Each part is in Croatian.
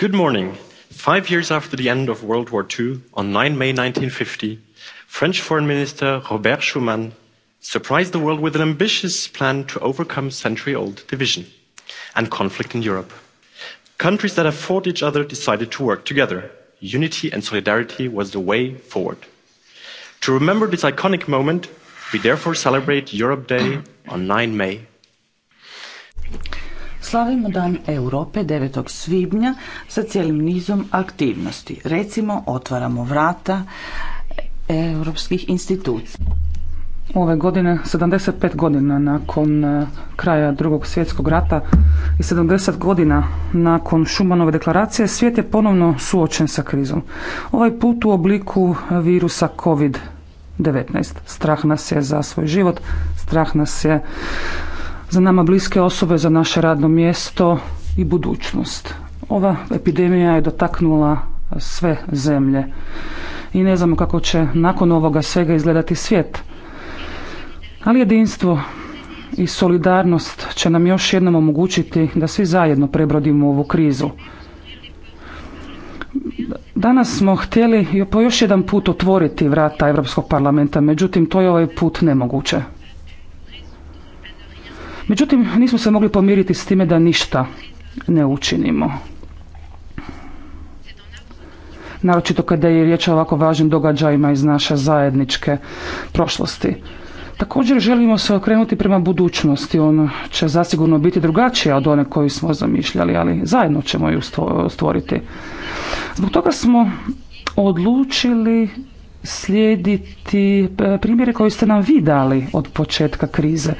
Good morning. Five years after the end of World War II, on 9 May fifty, French Foreign Minister Robert Schuman surprised the world with an ambitious plan to overcome century-old division and conflict in Europe. Countries that have fought each other decided to work together. Unity and solidarity was the way forward. To remember this iconic moment, we therefore celebrate Europe Day on 9 May slavimo Dan Europe 9. svibnja sa cijelim nizom aktivnosti. Recimo, otvaramo vrata europskih institucija. Ove godine, 75 godina nakon e, kraja drugog svjetskog rata i 70 godina nakon Šumanove deklaracije, svijet je ponovno suočen sa krizom. Ovaj put u obliku virusa COVID-19. Strah nas je za svoj život, strah nas je za nama bliske osobe, za naše radno mjesto i budućnost. Ova epidemija je dotaknula sve zemlje i ne znamo kako će nakon ovoga svega izgledati svijet. Ali jedinstvo i solidarnost će nam još jednom omogućiti da svi zajedno prebrodimo ovu krizu. Danas smo htjeli po još jedan put otvoriti vrata Europskog parlamenta, međutim to je ovaj put nemoguće. Međutim, nismo se mogli pomiriti s time da ništa ne učinimo. Naročito kada je riječ o ovako važnim događajima iz naše zajedničke prošlosti. Također želimo se okrenuti prema budućnosti. Ona će zasigurno biti drugačija od one koju smo zamišljali, ali zajedno ćemo ju stvoriti. Zbog toga smo odlučili slijediti e, primjere koje ste nam vi dali od početka krize.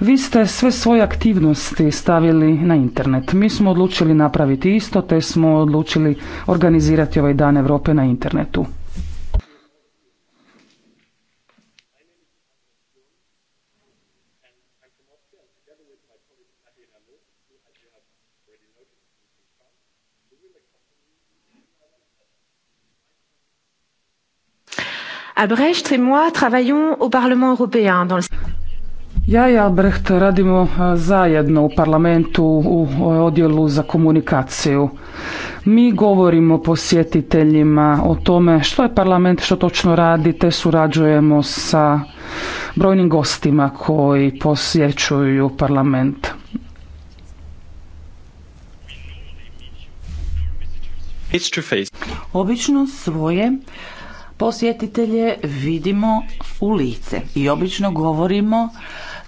Vi ste sve svoje aktivnosti stavili na internet. Mi smo odlučili napraviti isto, te smo odlučili organizirati ovaj Dan Europe na internetu. Albrecht et moi ja i Albrecht radimo eh, zajedno u parlamentu u odjelu za komunikaciju. Mi govorimo posjetiteljima o tome što je parlament, što točno radi, te surađujemo sa brojnim gostima koji posjećuju parlament. Obično svoje posjetitelje vidimo u lice i obično govorimo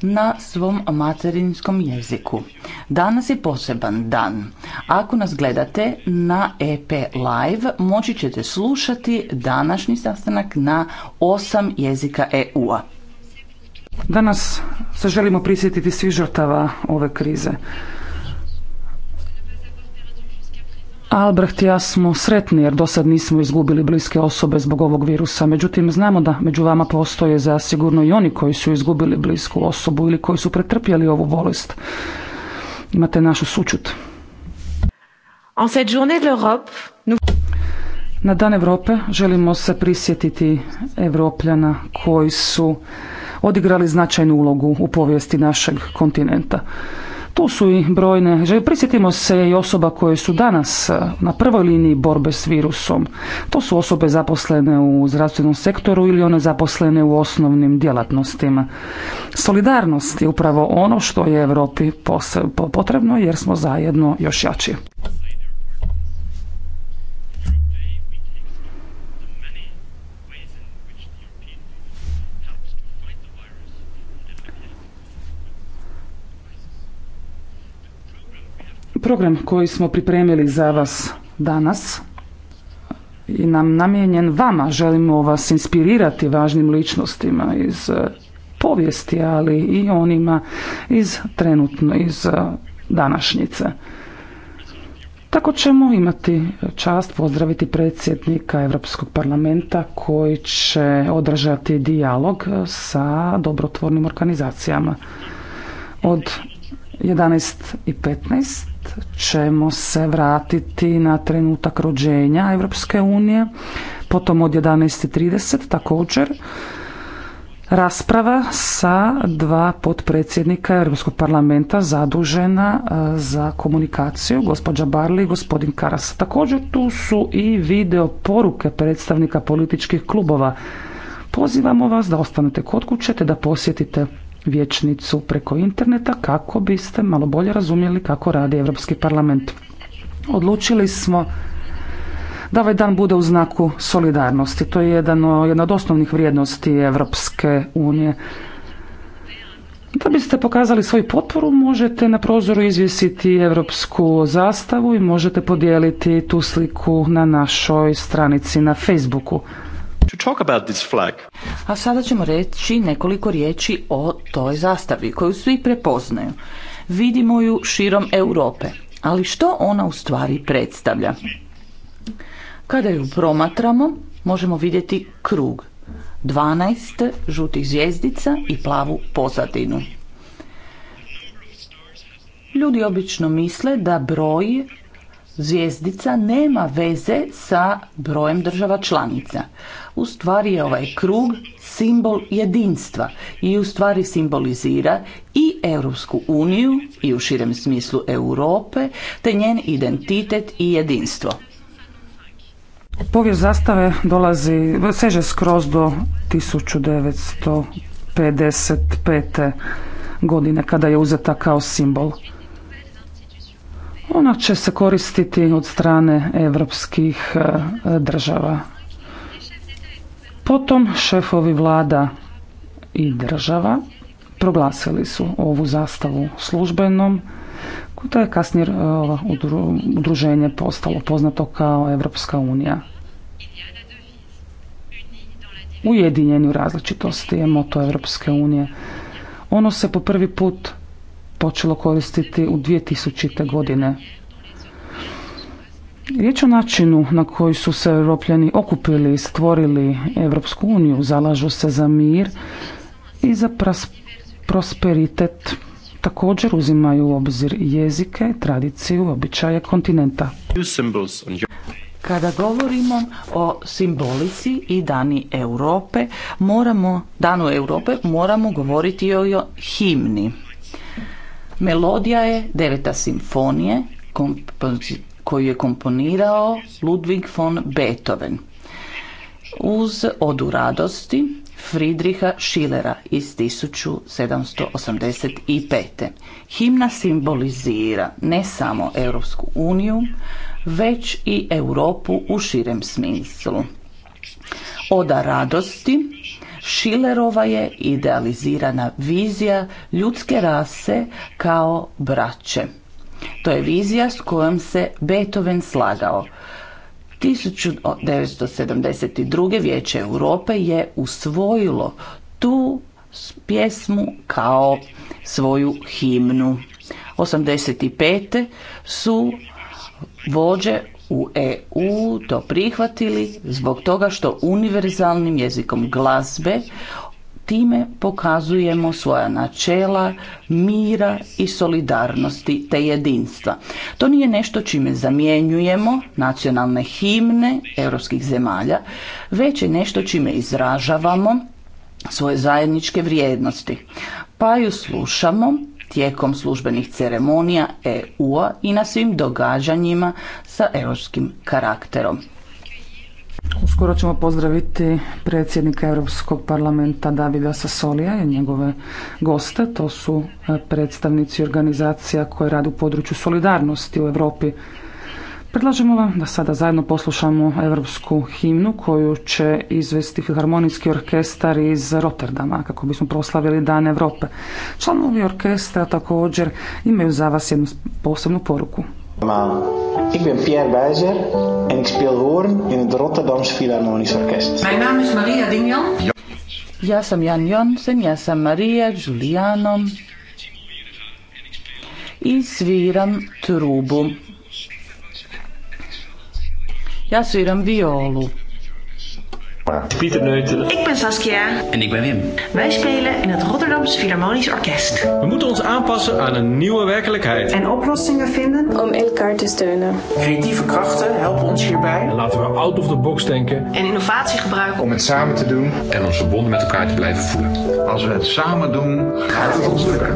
na svom materinskom jeziku. Danas je poseban dan. Ako nas gledate na EP Live, moći ćete slušati današnji sastanak na osam jezika EU-a. Danas se želimo prisjetiti svih žrtava ove krize. Albrecht i ja smo sretni jer do sad nismo izgubili bliske osobe zbog ovog virusa. Međutim, znamo da među vama postoje sigurno i oni koji su izgubili blisku osobu ili koji su pretrpjeli ovu bolest. Imate našu sučut. En Na Dan Europe želimo se prisjetiti Evropljana koji su odigrali značajnu ulogu u povijesti našeg kontinenta. Tu su i brojne, že, prisjetimo se i osoba koje su danas eh, na prvoj liniji borbe s virusom. To su osobe zaposlene u zdravstvenom sektoru ili one zaposlene u osnovnim djelatnostima. Solidarnost je upravo ono što je Europi potrebno jer smo zajedno još jači. Program koji smo pripremili za vas danas i nam namijenjen vama. Želimo vas inspirirati važnim ličnostima iz e, povijesti, ali i onima iz trenutno, iz e, današnjice. Tako ćemo imati čast pozdraviti predsjednika Europskog parlamenta koji će održati dijalog sa dobrotvornim organizacijama. Od i 11. 15 ćemo se vratiti na trenutak rođenja Europske unije, potom od 11.30 također rasprava sa dva potpredsjednika Europskog parlamenta zadužena e, za komunikaciju, gospođa Barli i gospodin Karas. Također tu su i video poruke predstavnika političkih klubova. Pozivamo vas da ostanete kod kuće te da posjetite vječnicu preko interneta kako biste malo bolje razumjeli kako radi Europski parlament. Odlučili smo da ovaj dan bude u znaku solidarnosti. To je jedna od osnovnih vrijednosti Europske unije. Da biste pokazali svoju potporu, možete na prozoru izvisiti europsku zastavu i možete podijeliti tu sliku na našoj stranici na Facebooku to A sada ćemo reći nekoliko riječi o toj zastavi koju svi prepoznaju. Vidimo ju širom Europe, ali što ona u stvari predstavlja? Kada ju promatramo, možemo vidjeti krug, 12 žutih zvjezdica i plavu pozadinu. Ljudi obično misle da broj zvijezdica nema veze sa brojem država članica u stvari je ovaj krug simbol jedinstva i u stvari simbolizira i Europsku uniju i u širem smislu Europe te njen identitet i jedinstvo. Povijest zastave dolazi, seže skroz do 1955. godine kada je uzeta kao simbol. Ona će se koristiti od strane evropskih eh, država. Potom šefovi vlada i država proglasili su ovu zastavu službenom, koja je kasnije e, udruženje postalo poznato kao Evropska unija. Ujedinjeni u različitosti je moto Evropske unije. Ono se po prvi put počelo koristiti u 2000. godine. Riječ o načinu na koji su se Europljani okupili i stvorili Europsku uniju, zalažu se za mir i za prosperitet. Također uzimaju u obzir jezike, tradiciju, običaje kontinenta. Kada govorimo o simbolici i dani Europe, moramo, danu Europe, moramo govoriti o himni. Melodija je deveta simfonije, koju je komponirao Ludwig von Beethoven. Uz odu radosti Friedricha Schillera iz 1785. Himna simbolizira ne samo Europsku uniju, već i Europu u širem smislu. Oda radosti Schillerova je idealizirana vizija ljudske rase kao braće. To je vizija s kojom se Beethoven slagao. 1972. Vijeće Europe je usvojilo tu pjesmu kao svoju himnu. 85. su vođe u EU to prihvatili zbog toga što univerzalnim jezikom glazbe Time pokazujemo svoja načela mira i solidarnosti te jedinstva. To nije nešto čime zamjenjujemo nacionalne himne europskih zemalja, već je nešto čime izražavamo svoje zajedničke vrijednosti. Pa ju slušamo tijekom službenih ceremonija EU-a i na svim događanjima sa europskim karakterom. Uskoro ćemo pozdraviti predsjednika Europskog parlamenta Davida Sasolija i njegove goste. To su e, predstavnici organizacija koje radu u području solidarnosti u Europi. Predlažemo vam da sada zajedno poslušamo europsku himnu koju će izvesti Filharmonijski orkestar iz Rotterdama kako bismo proslavili Dan Europe. Članovi orkestra također imaju za vas jednu posebnu poruku. Maan. ik ben Pierre Bijzer en ik speel hoorn in het Rotterdamse Philharmonisch Orkest. Mijn naam is Maria Dinjan. Ja sam Jan Jonsen, ja sam Maria Ik speel sviram trubu. Ja sviram violu. Pieter Neuten. Ik ben Saskia. En ik ben Wim. Wij spelen in het Rotterdams Philharmonisch Orkest. We moeten ons aanpassen aan een nieuwe werkelijkheid. En oplossingen vinden om elkaar te steunen. Creatieve krachten helpen ons hierbij. Laten we out of the box denken. En innovatie gebruiken om het samen te doen. En onze verbonden met elkaar te blijven voelen. Als we het samen doen, gaat het ons lukken.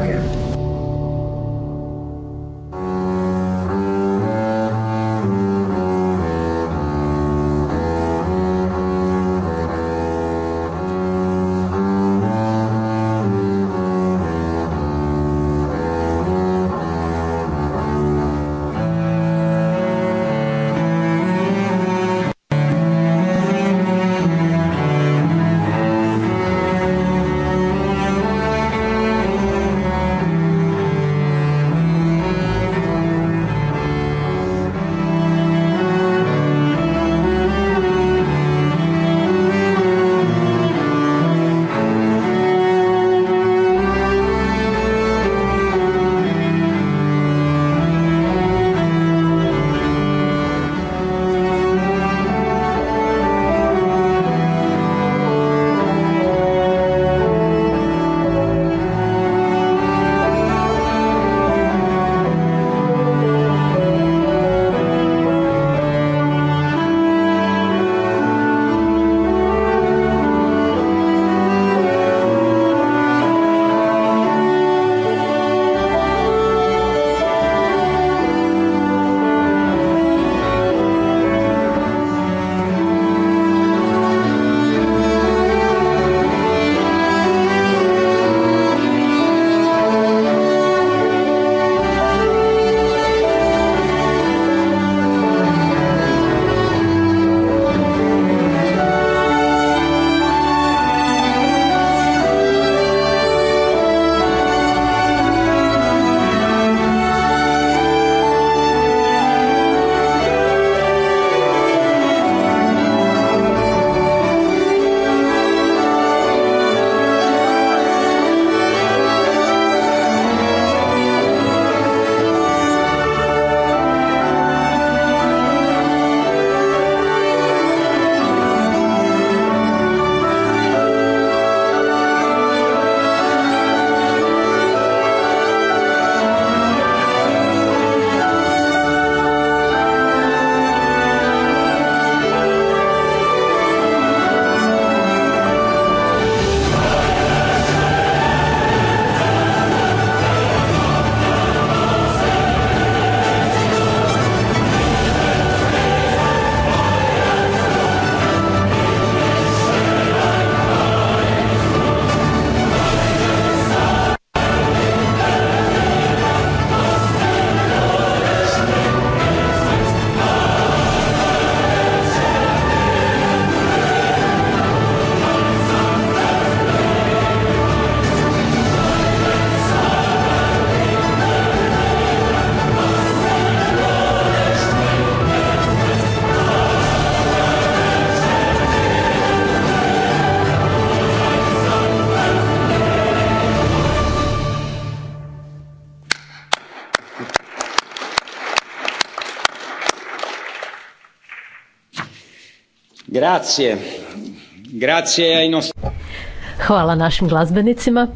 Hvala našim glazbenicima.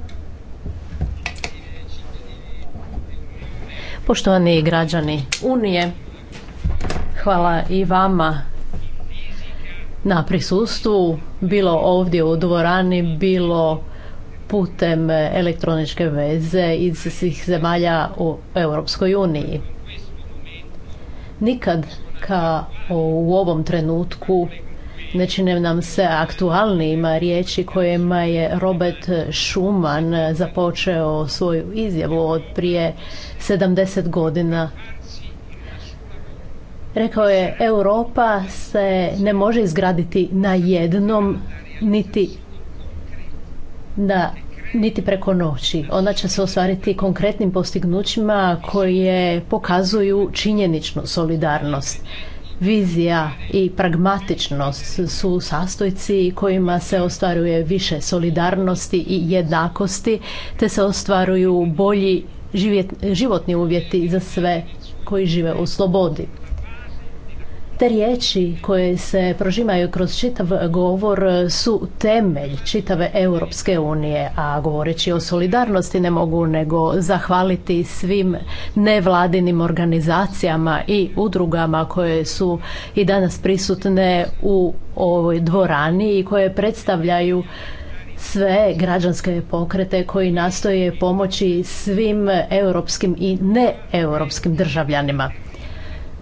Poštovani građani Unije, hvala i vama na prisustvu, bilo ovdje u dvorani, bilo putem elektroničke veze iz svih zemalja u Europskoj uniji. Nikad ka u ovom trenutku Znači, ne čine nam se aktualnijima riječi kojima je Robert Schumann započeo svoju izjavu od prije 70 godina. Rekao je, Europa se ne može izgraditi na jednom, niti, na, niti preko noći. Ona će se ostvariti konkretnim postignućima koje pokazuju činjeničnu solidarnost. Vizija i pragmatičnost su sastojci kojima se ostvaruje više solidarnosti i jednakosti, te se ostvaruju bolji životni uvjeti za sve koji žive u slobodi. Te riječi koje se prožimaju kroz čitav govor su temelj čitave Europske unije, a govoreći o solidarnosti ne mogu nego zahvaliti svim nevladinim organizacijama i udrugama koje su i danas prisutne u ovoj dvorani i koje predstavljaju sve građanske pokrete koji nastoje pomoći svim europskim i neeuropskim državljanima.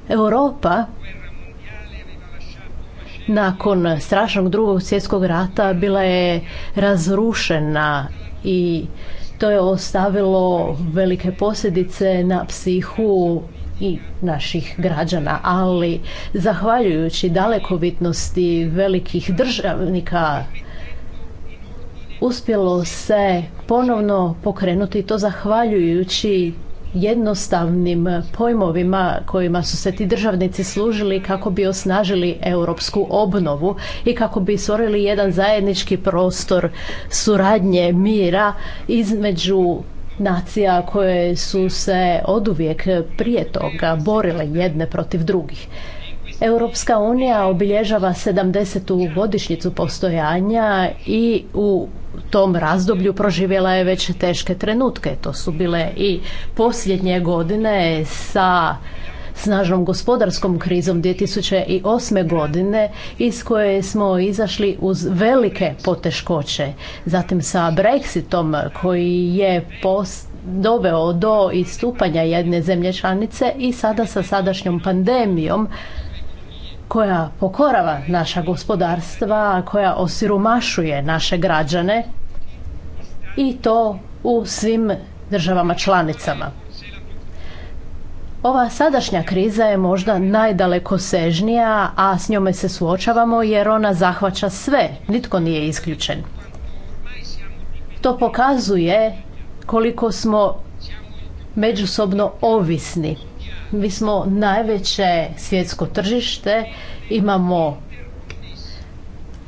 Europa nakon strašnog drugog svjetskog rata bila je razrušena i to je ostavilo velike posljedice na psihu i naših građana, ali zahvaljujući dalekovitnosti velikih državnika uspjelo se ponovno pokrenuti to zahvaljujući jednostavnim pojmovima kojima su se ti državnici služili kako bi osnažili europsku obnovu i kako bi stvorili jedan zajednički prostor suradnje mira između nacija koje su se oduvijek prije toga borile jedne protiv drugih. Europska unija obilježava 70. godišnjicu postojanja i u tom razdoblju proživjela je već teške trenutke. To su bile i posljednje godine sa snažnom gospodarskom krizom 2008. godine iz koje smo izašli uz velike poteškoće. Zatim sa Brexitom koji je doveo do istupanja jedne zemlje članice i sada sa sadašnjom pandemijom koja pokorava naša gospodarstva, koja osiromašuje naše građane i to u svim državama članicama. Ova sadašnja kriza je možda najdalekosežnija, a s njome se suočavamo jer ona zahvaća sve, nitko nije isključen. To pokazuje koliko smo međusobno ovisni mi smo najveće svjetsko tržište, imamo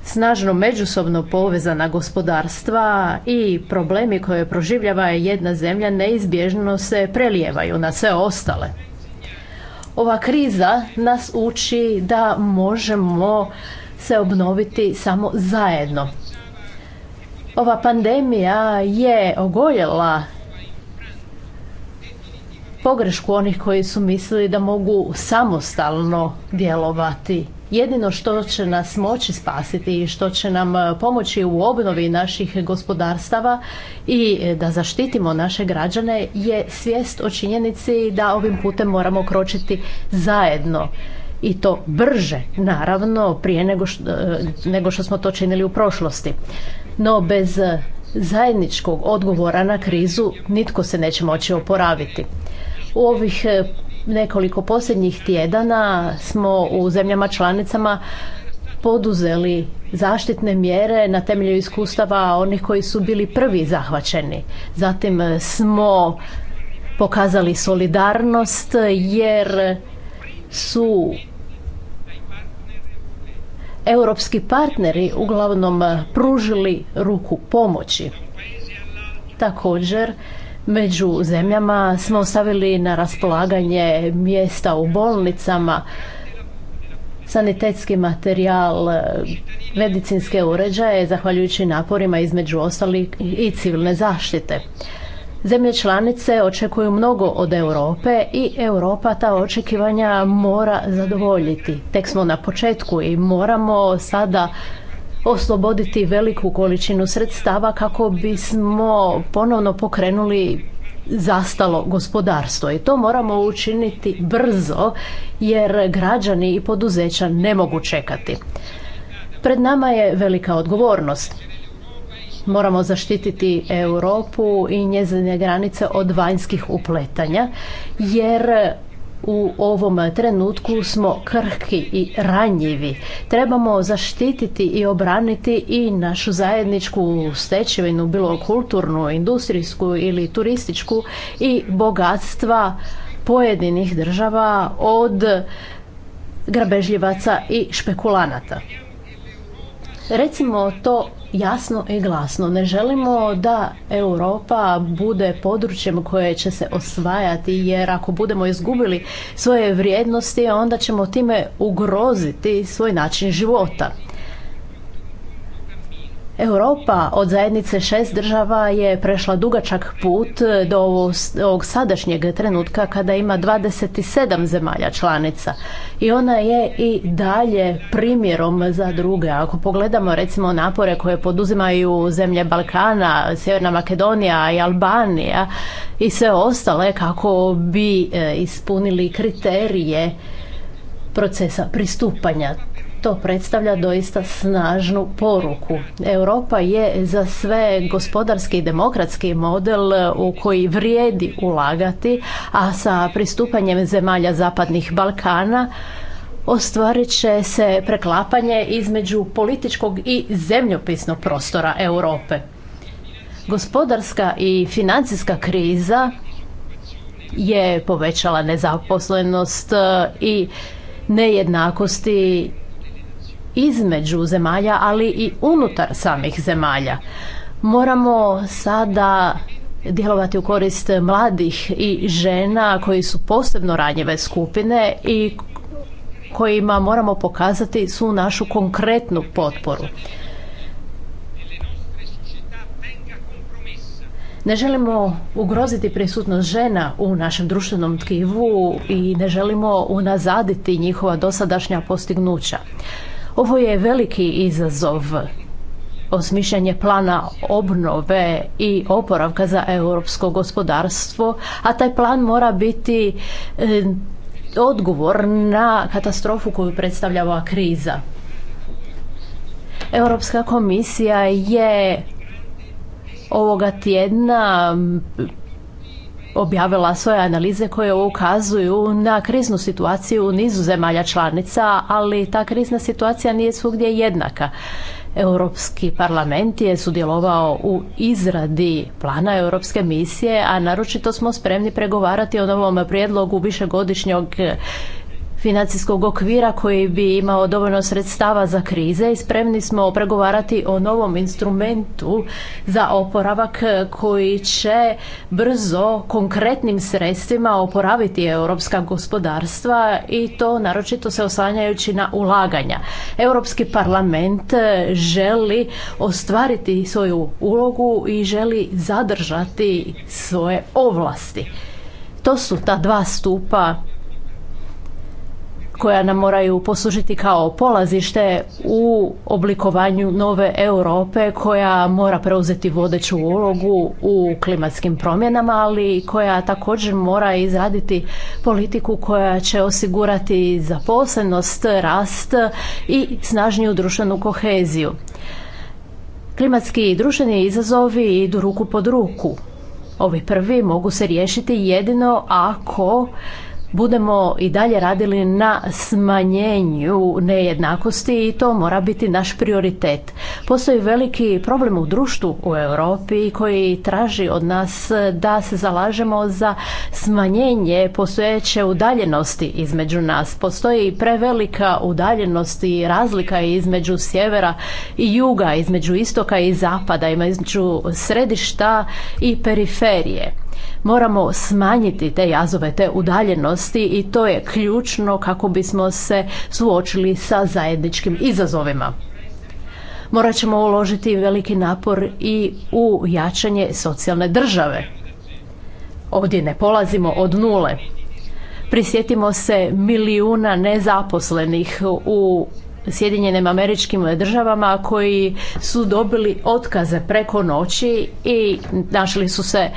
snažno međusobno povezana gospodarstva i problemi koje proživljava jedna zemlja neizbježno se prelijevaju na sve ostale. Ova kriza nas uči da možemo se obnoviti samo zajedno. Ova pandemija je ogoljela pogrešku onih koji su mislili da mogu samostalno djelovati. Jedino što će nas moći spasiti i što će nam e, pomoći u obnovi naših gospodarstava i e, da zaštitimo naše građane je svijest o činjenici da ovim putem moramo kročiti zajedno i to brže, naravno, prije nego što, e, nego što smo to činili u prošlosti. No bez zajedničkog odgovora na krizu nitko se neće moći oporaviti. U ovih e, nekoliko posljednjih tjedana smo u zemljama članicama poduzeli zaštitne mjere na temelju iskustava onih koji su bili prvi zahvaćeni. Zatim e, smo pokazali solidarnost jer su europski partneri uglavnom pružili ruku pomoći. Također među zemljama smo stavili na raspolaganje mjesta u bolnicama, sanitetski materijal, medicinske uređaje, zahvaljujući naporima između ostalih i civilne zaštite. Zemlje članice očekuju mnogo od Europe i Europa ta očekivanja mora zadovoljiti. Tek smo na početku i moramo sada osloboditi veliku količinu sredstava kako bismo ponovno pokrenuli zastalo gospodarstvo i to moramo učiniti brzo jer građani i poduzeća ne mogu čekati. Pred nama je velika odgovornost. Moramo zaštititi Europu i njezine granice od vanjskih upletanja jer u ovom trenutku smo krhki i ranjivi. Trebamo zaštititi i obraniti i našu zajedničku stečevinu, bilo kulturnu, industrijsku ili turističku i bogatstva pojedinih država od grabežljivaca i špekulanata. Recimo to jasno i glasno. Ne želimo da Europa bude područjem koje će se osvajati jer ako budemo izgubili svoje vrijednosti onda ćemo time ugroziti svoj način života. Europa od zajednice šest država je prešla dugačak put do ovog sadašnjeg trenutka kada ima 27 zemalja članica i ona je i dalje primjerom za druge. Ako pogledamo recimo napore koje poduzimaju zemlje Balkana, Sjeverna Makedonija i Albanija i sve ostale kako bi e, ispunili kriterije procesa pristupanja to predstavlja doista snažnu poruku. Europa je za sve gospodarski i demokratski model u koji vrijedi ulagati, a sa pristupanjem zemalja Zapadnih Balkana ostvarit će se preklapanje između političkog i zemljopisnog prostora Europe. Gospodarska i financijska kriza je povećala nezaposlenost i nejednakosti između zemalja, ali i unutar samih zemalja. Moramo sada djelovati u korist mladih i žena koji su posebno ranjive skupine i kojima moramo pokazati su našu konkretnu potporu. Ne želimo ugroziti prisutnost žena u našem društvenom tkivu i ne želimo unazaditi njihova dosadašnja postignuća. Ovo je veliki izazov osmišljanje plana obnove i oporavka za europsko gospodarstvo, a taj plan mora biti e, odgovor na katastrofu koju predstavljava kriza. Europska komisija je ovoga tjedna objavila svoje analize koje ukazuju na kriznu situaciju u nizu zemalja članica, ali ta krizna situacija nije svugdje jednaka. Europski parlament je sudjelovao u izradi plana europske misije, a naročito smo spremni pregovarati o novom prijedlogu višegodišnjog financijskog okvira koji bi imao dovoljno sredstava za krize i spremni smo pregovarati o novom instrumentu za oporavak koji će brzo konkretnim sredstvima oporaviti europska gospodarstva i to naročito se oslanjajući na ulaganja. Europski parlament želi ostvariti svoju ulogu i želi zadržati svoje ovlasti. To su ta dva stupa koja nam moraju poslužiti kao polazište u oblikovanju nove Europe koja mora preuzeti vodeću ulogu u klimatskim promjenama, ali koja također mora izraditi politiku koja će osigurati zaposlenost, rast i snažniju društvenu koheziju. Klimatski i društveni izazovi idu ruku pod ruku. Ovi prvi mogu se riješiti jedino ako budemo i dalje radili na smanjenju nejednakosti i to mora biti naš prioritet. Postoji veliki problem u društvu u Europi koji traži od nas da se zalažemo za smanjenje postojeće udaljenosti između nas. Postoji prevelika udaljenost i razlika između sjevera i juga, između istoka i zapada, između središta i periferije. Moramo smanjiti te jazove, te udaljenosti i to je ključno kako bismo se suočili sa zajedničkim izazovima. Morat ćemo uložiti veliki napor i u jačanje socijalne države. Ovdje ne polazimo od nule. Prisjetimo se milijuna nezaposlenih u Sjedinjenim američkim državama koji su dobili otkaze preko noći i našli su se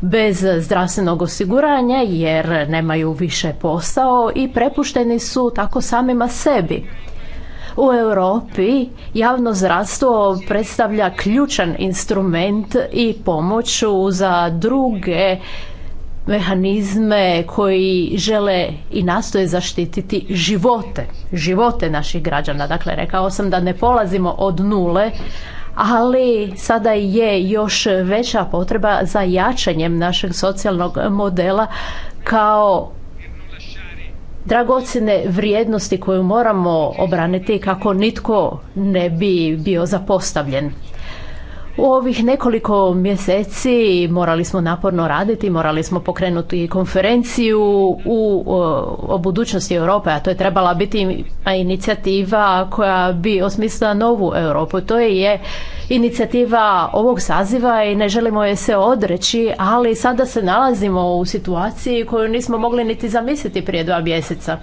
bez zdravstvenog osiguranja jer nemaju više posao i prepušteni su tako samima sebi. U Europi javno zdravstvo predstavlja ključan instrument i pomoć za druge mehanizme koji žele i nastoje zaštititi živote, živote naših građana. Dakle, rekao sam da ne polazimo od nule, ali sada je još veća potreba za jačanjem našeg socijalnog modela kao dragocjene vrijednosti koju moramo obraniti kako nitko ne bi bio zapostavljen. U ovih nekoliko mjeseci morali smo naporno raditi, morali smo pokrenuti konferenciju u, o, budućnosti Europe, a to je trebala biti inicijativa koja bi osmislila novu Europu. To je inicijativa ovog saziva i ne želimo je se odreći, ali sada se nalazimo u situaciji koju nismo mogli niti zamisliti prije dva mjeseca.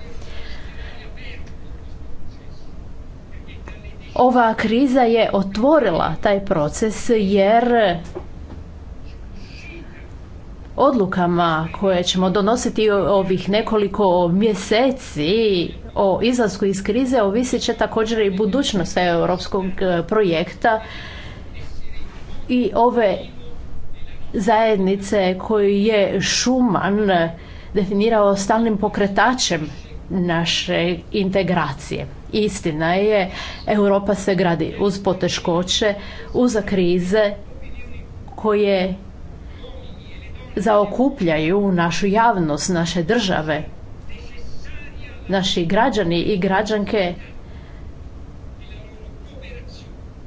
Ova kriza je otvorila taj proces jer odlukama koje ćemo donositi ovih nekoliko mjeseci o izlasku iz krize ovisit će također i budućnost europskog e, projekta i ove zajednice koju je Šuman definirao stalnim pokretačem naše integracije. Istina je, Europa se gradi uz poteškoće, uz krize koje zaokupljaju našu javnost, naše države. Naši građani i građanke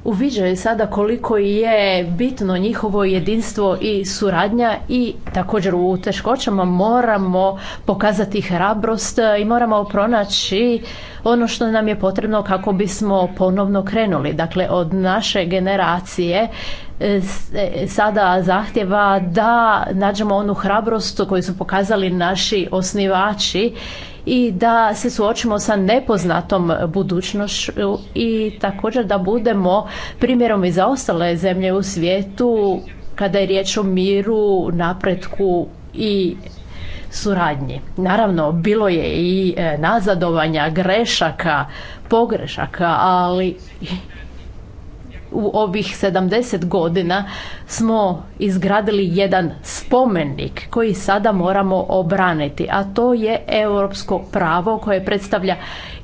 uviđaju sada koliko je bitno njihovo jedinstvo i suradnja i također u teškoćama moramo pokazati hrabrost i moramo pronaći ono što nam je potrebno kako bismo ponovno krenuli. Dakle, od naše generacije e, e, sada zahtjeva da nađemo onu hrabrost koju su pokazali naši osnivači i da se suočimo sa nepoznatom budućnošću i također da budemo primjerom i za ostale zemlje u svijetu kada je riječ o miru, napretku i suradnji. Naravno, bilo je i e, nazadovanja, grešaka, pogrešaka, ali u ovih 70 godina smo izgradili jedan spomenik koji sada moramo obraniti, a to je europsko pravo koje predstavlja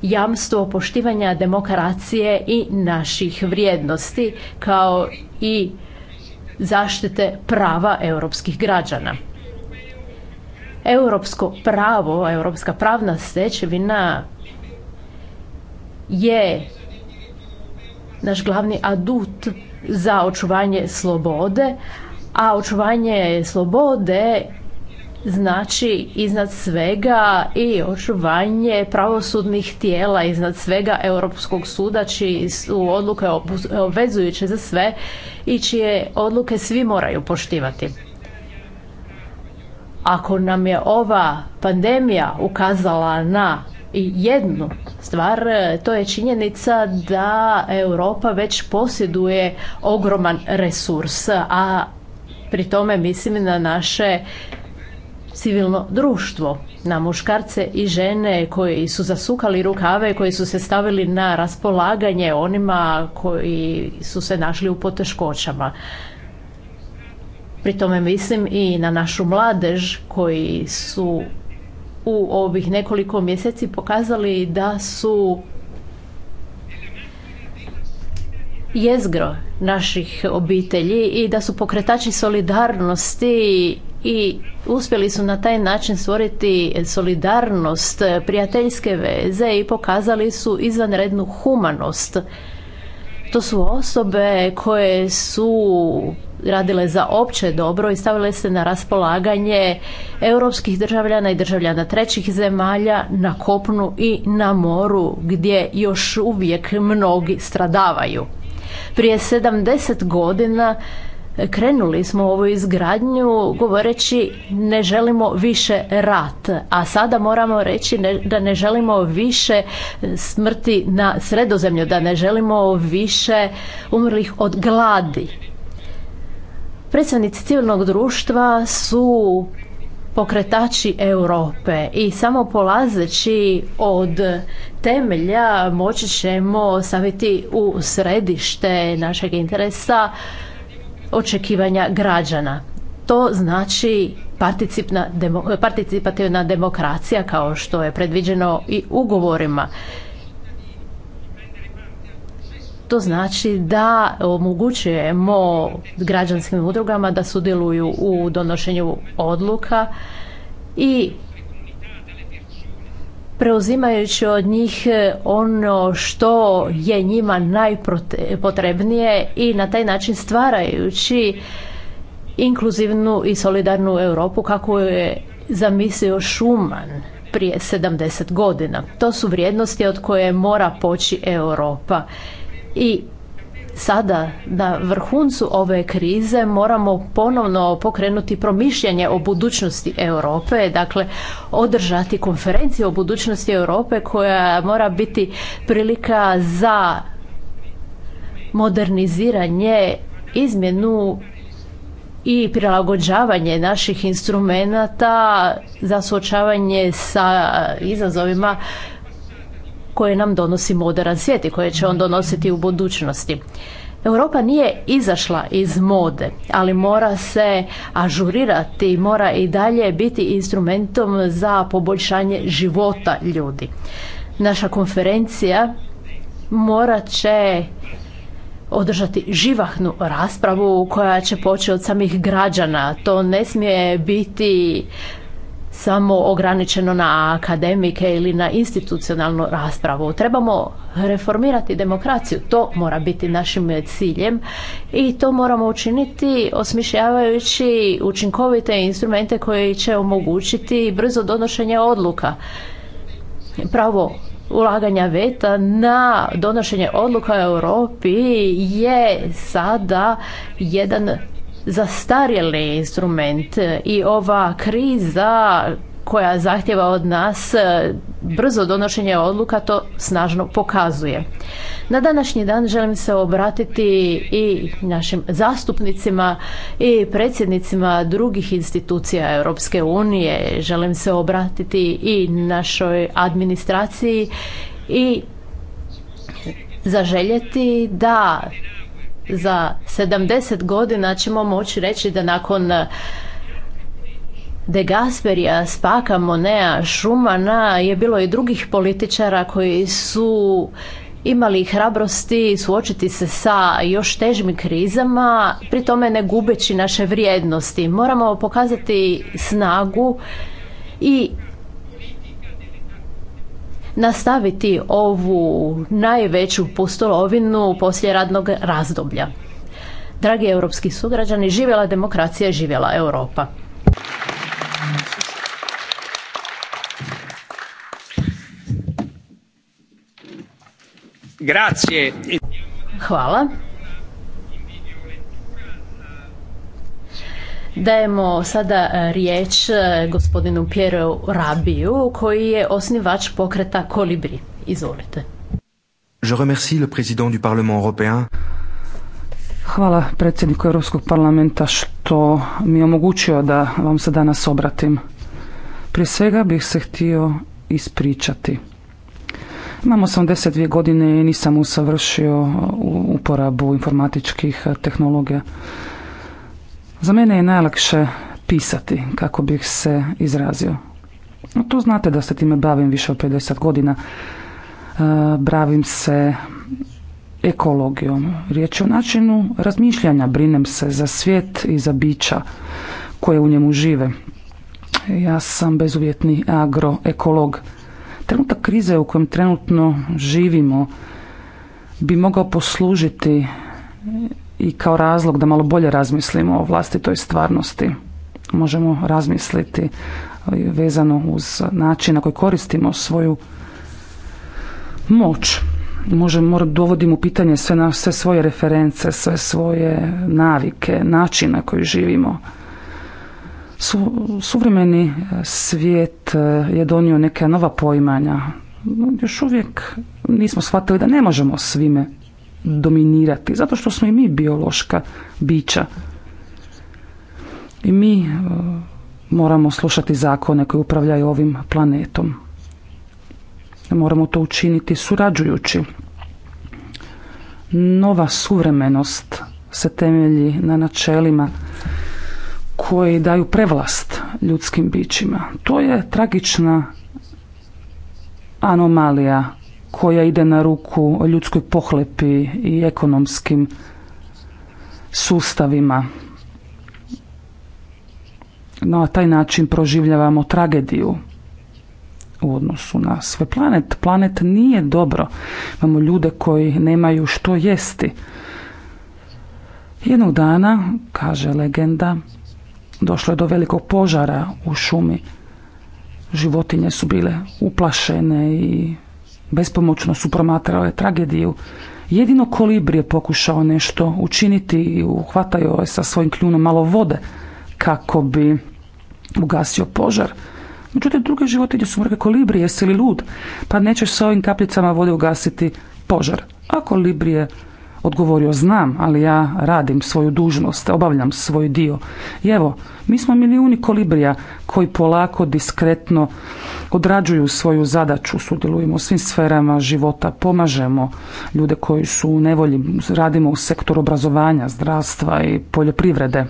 jamstvo poštivanja demokracije i naših vrijednosti kao i zaštite prava europskih građana. Europsko pravo, europska pravna stečevina je naš glavni adut za očuvanje slobode, a očuvanje slobode znači iznad svega i očuvanje pravosudnih tijela, iznad svega Europskog suda čiji su odluke obvezujuće za sve i čije odluke svi moraju poštivati. Ako nam je ova pandemija ukazala na jednu stvar, e, to je činjenica da Europa već posjeduje ogroman resurs, a pri tome mislim na naše civilno društvo, na muškarce i žene koji su zasukali rukave, koji su se stavili na raspolaganje onima koji su se našli u poteškoćama. Pri tome mislim i na našu mladež koji su u ovih nekoliko mjeseci pokazali da su jezgro naših obitelji i da su pokretači solidarnosti i uspjeli su na taj način stvoriti solidarnost, prijateljske veze i pokazali su izvanrednu humanost. To su osobe koje su radile za opće dobro i stavile se na raspolaganje europskih državljana i državljana trećih zemalja na kopnu i na moru gdje još uvijek mnogi stradavaju. Prije 70 godina krenuli smo u ovu izgradnju govoreći ne želimo više rat, a sada moramo reći da ne želimo više smrti na sredozemlju, da ne želimo više umrlih od gladi. Predstavnici civilnog društva su pokretači Europe i samo polazeći od temelja moći ćemo staviti u središte našeg interesa očekivanja građana. To znači participativna demokracija kao što je predviđeno i ugovorima. To znači da omogućujemo građanskim udrugama da sudjeluju u donošenju odluka i preuzimajući od njih e, ono što je njima najpotrebnije i na taj način stvarajući inkluzivnu i solidarnu Europu kako je zamislio Schumann prije 70 godina. To su vrijednosti od koje mora poći Europa i Sada, na vrhuncu ove krize, moramo ponovno pokrenuti promišljanje o budućnosti Europe, dakle održati konferenciju o budućnosti Europe koja mora biti prilika za moderniziranje, izmjenu i prilagođavanje naših instrumenata za suočavanje sa izazovima koje nam donosi moderan svijet i koje će on donositi u budućnosti. Europa nije izašla iz mode, ali mora se ažurirati, mora i dalje biti instrumentom za poboljšanje života ljudi. Naša konferencija mora će održati živahnu raspravu koja će poći od samih građana. To ne smije biti samo ograničeno na akademike ili na institucionalnu raspravu. Trebamo reformirati demokraciju, to mora biti našim ciljem i to moramo učiniti osmišljavajući učinkovite instrumente koji će omogućiti brzo donošenje odluka. Pravo ulaganja veta na donošenje odluka u Europi je sada jedan zastarjeli instrument e, i ova kriza koja zahtjeva od nas e, brzo donošenje odluka to snažno pokazuje. Na današnji dan želim se obratiti i našim zastupnicima i predsjednicima drugih institucija Europske unije. Želim se obratiti i našoj administraciji i zaželjeti da za 70 godina ćemo moći reći da nakon eh, De Gasperija, Spaka, Monea, Šumana je bilo i drugih političara koji su imali hrabrosti suočiti se sa još težim krizama, pri tome ne gubeći naše vrijednosti. Moramo pokazati snagu i nastaviti ovu najveću pustolovinu poslije radnog razdoblja. Dragi europski sugrađani, živjela demokracija, živjela Europa. Grazie. Hvala. Dajemo sada e, riječ e, gospodinu Pjeru Rabiju koji je osnivač pokreta Kolibri. Izvolite. Je remercie le président du Parlement européen. Hvala predsjedniku Europskog parlamenta što mi je omogućio da vam se danas obratim. Prije svega bih se htio ispričati. Imam 82 godine i nisam usavršio uporabu informatičkih tehnologija. Za mene je najlakše pisati, kako bih se izrazio. No, to znate da se time bavim više od 50 godina. E, Bravim se ekologijom. Riječ je o načinu razmišljanja. Brinem se za svijet i za bića koje u njemu žive. Ja sam bezuvjetni agroekolog. Trenutak krize u kojem trenutno živimo bi mogao poslužiti i kao razlog da malo bolje razmislimo o vlastitoj stvarnosti. Možemo razmisliti vezano uz način na koji koristimo svoju moć. Možemo, dovodimo u pitanje sve, na, sve svoje reference, sve svoje navike, način na koji živimo. Su, suvremeni svijet e, je donio neka nova poimanja. Još uvijek nismo shvatili da ne možemo svime dominirati, zato što smo i mi biološka bića. I mi e, moramo slušati zakone koji upravljaju ovim planetom. Moramo to učiniti surađujući. Nova suvremenost se temelji na načelima koji daju prevlast ljudskim bićima. To je tragična anomalija koja ide na ruku ljudskoj pohlepi i ekonomskim sustavima. No, na taj način proživljavamo tragediju u odnosu na sve planet. Planet nije dobro. Imamo ljude koji nemaju što jesti. Jednog dana, kaže legenda, došlo je do velikog požara u šumi. Životinje su bile uplašene i bespomoćno su je tragediju. Jedino kolibri je pokušao nešto učiniti i uhvatao je sa svojim kljunom malo vode kako bi ugasio požar. Međutim, druge životinje su mrke kolibri, jesi li lud? Pa nećeš sa ovim kapljicama vode ugasiti požar. A kolibri je odgovorio znam, ali ja radim svoju dužnost, obavljam svoj dio. I evo, mi smo milijuni kolibrija koji polako, diskretno odrađuju svoju zadaću, sudjelujemo u svim sferama života, pomažemo ljude koji su u nevolji, radimo u sektoru obrazovanja, zdravstva i poljoprivrede.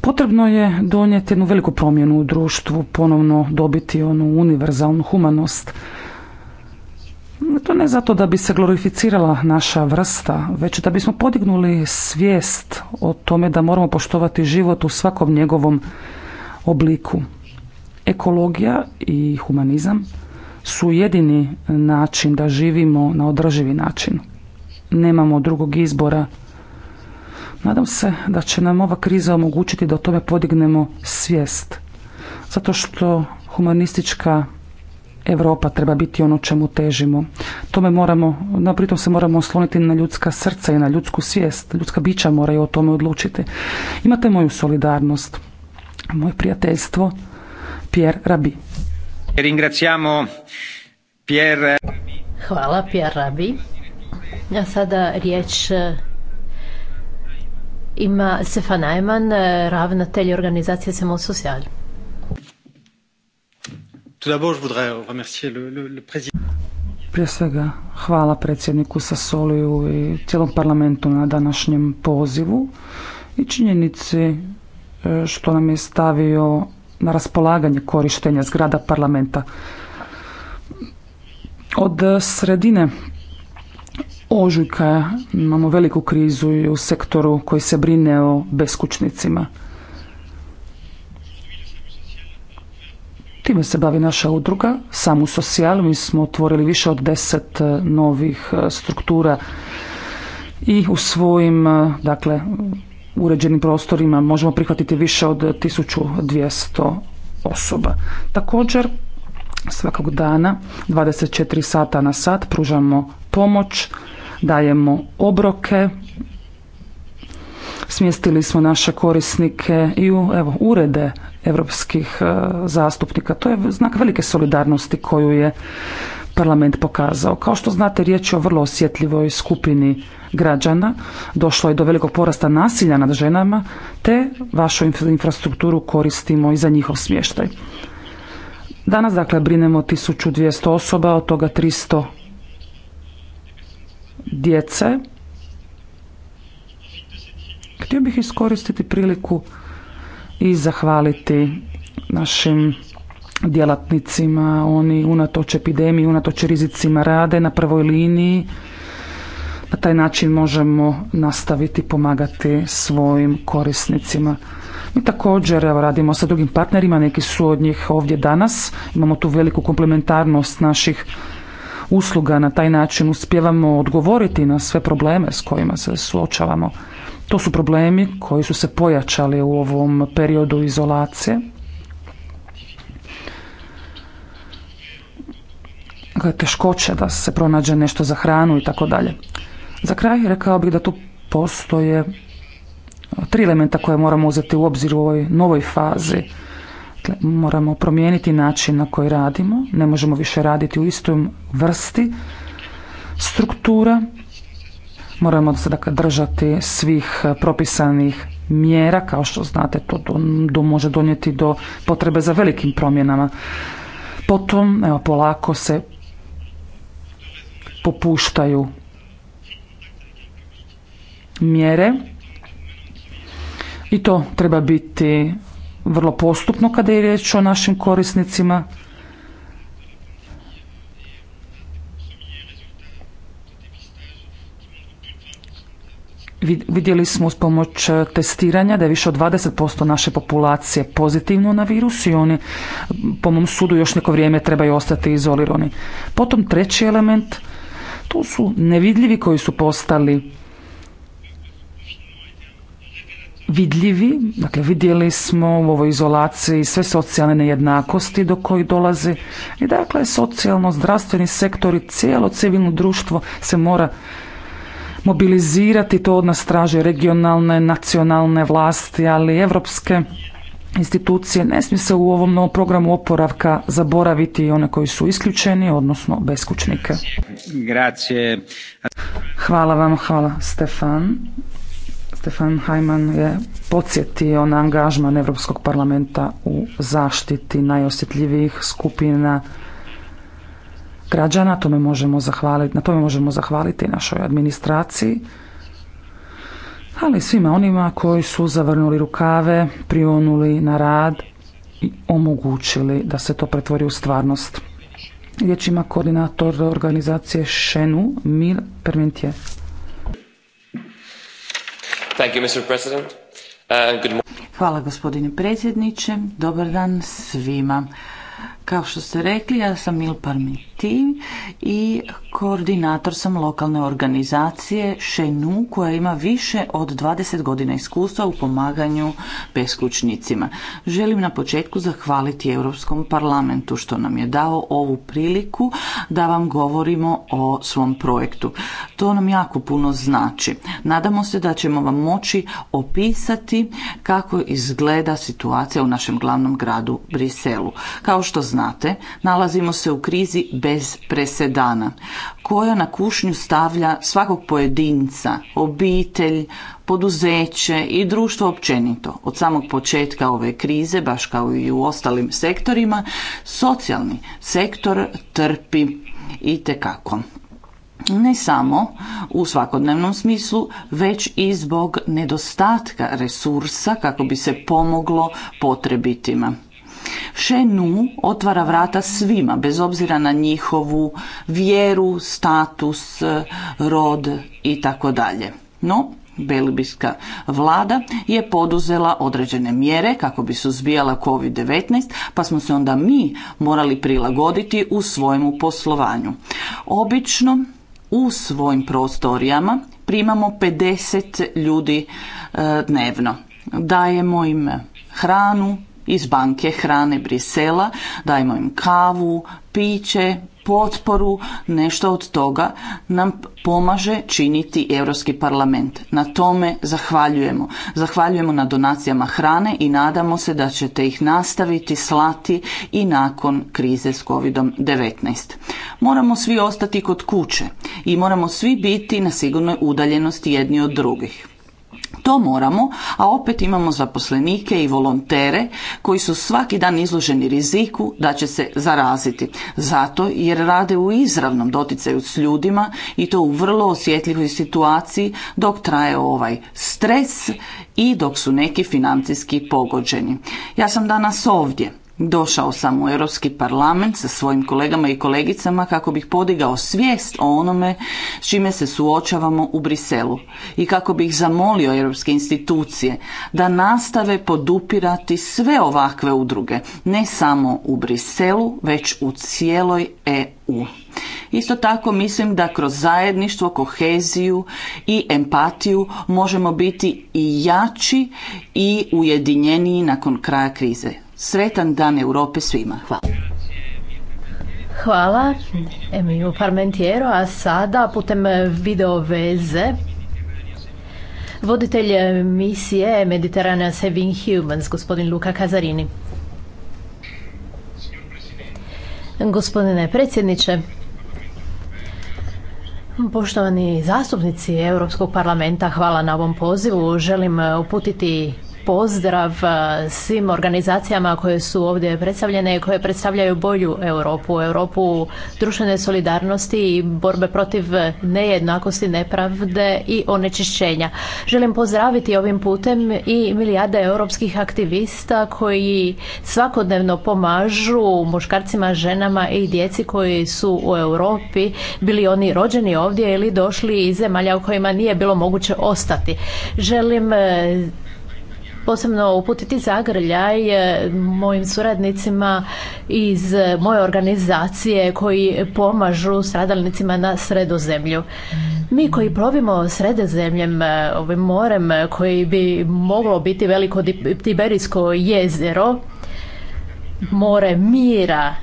Potrebno je donijeti jednu veliku promjenu u društvu, ponovno dobiti onu univerzalnu humanost to ne zato da bi se glorificirala naša vrsta, već da bismo podignuli svijest o tome da moramo poštovati život u svakom njegovom obliku. Ekologija i humanizam su jedini način da živimo na održivi način. Nemamo drugog izbora. Nadam se da će nam ova kriza omogućiti da o tome podignemo svijest. Zato što humanistička Europa treba biti ono čemu težimo. Tome moramo, na pritom se moramo osloniti na ljudska srca i na ljudsku svijest. Ljudska bića moraju o tome odlučiti. Imate moju solidarnost, moje prijateljstvo, Pierre Rabi. Ringraziamo Pierre Hvala Pierre Rabi. ja sada riječ e, ima Stefan Najman, e, ravnatelj organizacije Semo Social. Prije svega hvala predsjedniku Sasoliju i cijelom parlamentu na današnjem pozivu i činjenici e, što nam je stavio na raspolaganje korištenja zgrada parlamenta. Od sredine ožujka imamo veliku krizu i u sektoru koji se brine o beskućnicima. Time se bavi naša udruga, samu socijalu Mi smo otvorili više od deset e, novih e, struktura i u svojim e, dakle, uređenim prostorima možemo prihvatiti više od 1200 osoba. Također, svakog dana, 24 sata na sat, pružamo pomoć, dajemo obroke, smjestili smo naše korisnike i u evo, urede europskih e, zastupnika. To je znak velike solidarnosti koju je parlament pokazao. Kao što znate, riječ je o vrlo osjetljivoj skupini građana. Došlo je do velikog porasta nasilja nad ženama, te vašu infrastrukturu koristimo i za njihov smještaj. Danas, dakle, brinemo 1200 osoba, od toga 300 djece. Htio bih iskoristiti priliku i zahvaliti našim djelatnicima. Oni unatoč epidemiji, unatoč rizicima rade na prvoj liniji. Na taj način možemo nastaviti pomagati svojim korisnicima. Mi također evo, radimo sa drugim partnerima, neki su od njih ovdje danas. Imamo tu veliku komplementarnost naših usluga. Na taj način uspjevamo odgovoriti na sve probleme s kojima se suočavamo. To su problemi koji su se pojačali u ovom periodu izolacije. Dakle, teškoće da se pronađe nešto za hranu i tako dalje. Za kraj rekao bih da tu postoje tri elementa koje moramo uzeti u obzir u ovoj novoj fazi. Dakle, moramo promijeniti način na koji radimo, ne možemo više raditi u istom vrsti struktura, Moramo se dakle držati svih e, propisanih mjera, kao što znate to do, može donijeti do potrebe za velikim promjenama. Potom, evo, polako se popuštaju mjere i to treba biti vrlo postupno kada je riječ o našim korisnicima Vidjeli smo s pomoć e, testiranja da je više od 20% naše populacije pozitivno na virus i oni po mom sudu još neko vrijeme trebaju ostati izolirani. Potom treći element, to su nevidljivi koji su postali vidljivi, dakle vidjeli smo u ovoj izolaciji sve socijalne nejednakosti do koji dolazi i dakle socijalno-zdravstveni sektor i cijelo civilno društvo se mora mobilizirati, to od nas traže regionalne, nacionalne vlasti, ali evropske institucije. Ne smije se u ovom novom programu oporavka zaboraviti i one koji su isključeni, odnosno beskućnike. Hvala vam, hvala Stefan. Stefan Hajman je podsjetio na angažman Europskog parlamenta u zaštiti najosjetljivijih skupina građana, tome možemo zahvaliti, na tome možemo zahvaliti našoj administraciji, ali svima onima koji su zavrnuli rukave, prionuli na rad i omogućili da se to pretvori u stvarnost. Riječ ima koordinator organizacije Šenu, Mil Permentier. Thank you, Mr. President. Uh, Hvala gospodine predsjedniče, dobar dan svima. Kao što ste rekli, ja sam Mil Parmiti i koordinator sam lokalne organizacije Šenu koja ima više od 20 godina iskustva u pomaganju beskućnicima. Želim na početku zahvaliti Europskom parlamentu što nam je dao ovu priliku da vam govorimo o svom projektu. To nam jako puno znači. Nadamo se da ćemo vam moći opisati kako izgleda situacija u našem glavnom gradu Briselu. Kao što znate, nalazimo se u krizi bez presedana, koja na kušnju stavlja svakog pojedinca, obitelj, poduzeće i društvo općenito. Od samog početka ove krize, baš kao i u ostalim sektorima, socijalni sektor trpi i tekako ne samo u svakodnevnom smislu, već i zbog nedostatka resursa kako bi se pomoglo potrebitima. Šenu otvara vrata svima, bez obzira na njihovu vjeru, status, rod i tako dalje. No, belibijska vlada je poduzela određene mjere kako bi suzbijala COVID-19, pa smo se onda mi morali prilagoditi u svojemu poslovanju. Obično u svojim prostorijama primamo 50 ljudi e, dnevno. Dajemo im hranu, iz banke hrane Brisela, dajmo im kavu, piće, potporu, nešto od toga nam pomaže činiti Europski parlament. Na tome zahvaljujemo. Zahvaljujemo na donacijama hrane i nadamo se da ćete ih nastaviti slati i nakon krize s COVID-19. Moramo svi ostati kod kuće i moramo svi biti na sigurnoj udaljenosti jedni od drugih. To moramo, a opet imamo zaposlenike i volontere koji su svaki dan izloženi riziku da će se zaraziti. Zato jer rade u izravnom doticaju s ljudima i to u vrlo osjetljivoj situaciji dok traje ovaj stres i dok su neki financijski pogođeni. Ja sam danas ovdje Došao sam u Europski parlament sa svojim kolegama i kolegicama kako bih podigao svijest o onome s čime se suočavamo u Briselu i kako bih zamolio europske institucije da nastave podupirati sve ovakve udruge, ne samo u Briselu, već u cijeloj EU. Isto tako mislim da kroz zajedništvo, koheziju i empatiju možemo biti i jači i ujedinjeniji nakon kraja krize. Sretan dan Europe svima. Hvala. Hvala Emilu Parmentiero, a sada putem video veze voditelj misije Mediterranean Saving Humans, gospodin Luka Kazarini. Gospodine predsjedniče, Poštovani zastupnici Europskog parlamenta, hvala na ovom pozivu. Želim uputiti pozdrav e, svim organizacijama koje su ovdje predstavljene i koje predstavljaju bolju Europu, Europu društvene solidarnosti i borbe protiv nejednakosti, nepravde i onečišćenja. Želim pozdraviti ovim putem i milijarde europskih aktivista koji svakodnevno pomažu muškarcima, ženama i djeci koji su u Europi, bili oni rođeni ovdje ili došli iz zemalja u kojima nije bilo moguće ostati. Želim e, posebno uputiti zagrljaj eh, mojim suradnicima iz eh, moje organizacije koji pomažu stradalnicima na sredozemlju. Mi koji plovimo sredozemljem, eh, ovim morem koji bi moglo biti veliko Tiberijsko jezero, more mira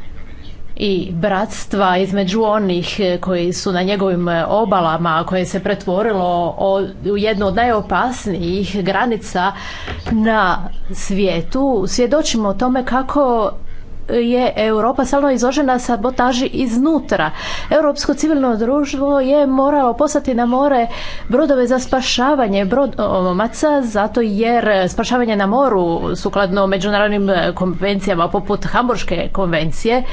i bratstva između onih e, koji su na njegovim e, obalama koje se pretvorilo u jednu od najopasnijih granica na svijetu svjedočimo o tome kako je Europa stalno izložena sabotaži iznutra. Europsko civilno društvo je moralo poslati na more brodove za spašavanje brodomaca zato jer spašavanje na moru sukladno međunarodnim e, konvencijama poput Hamburške konvencije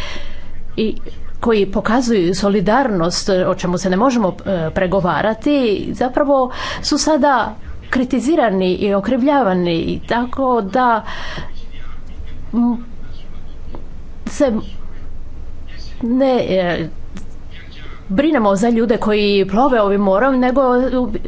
i koji pokazuju solidarnost, o čemu se ne možemo e, pregovarati, zapravo su sada kritizirani i okrivljavani tako da se ne e, brinemo za ljude koji plove ovim morom, nego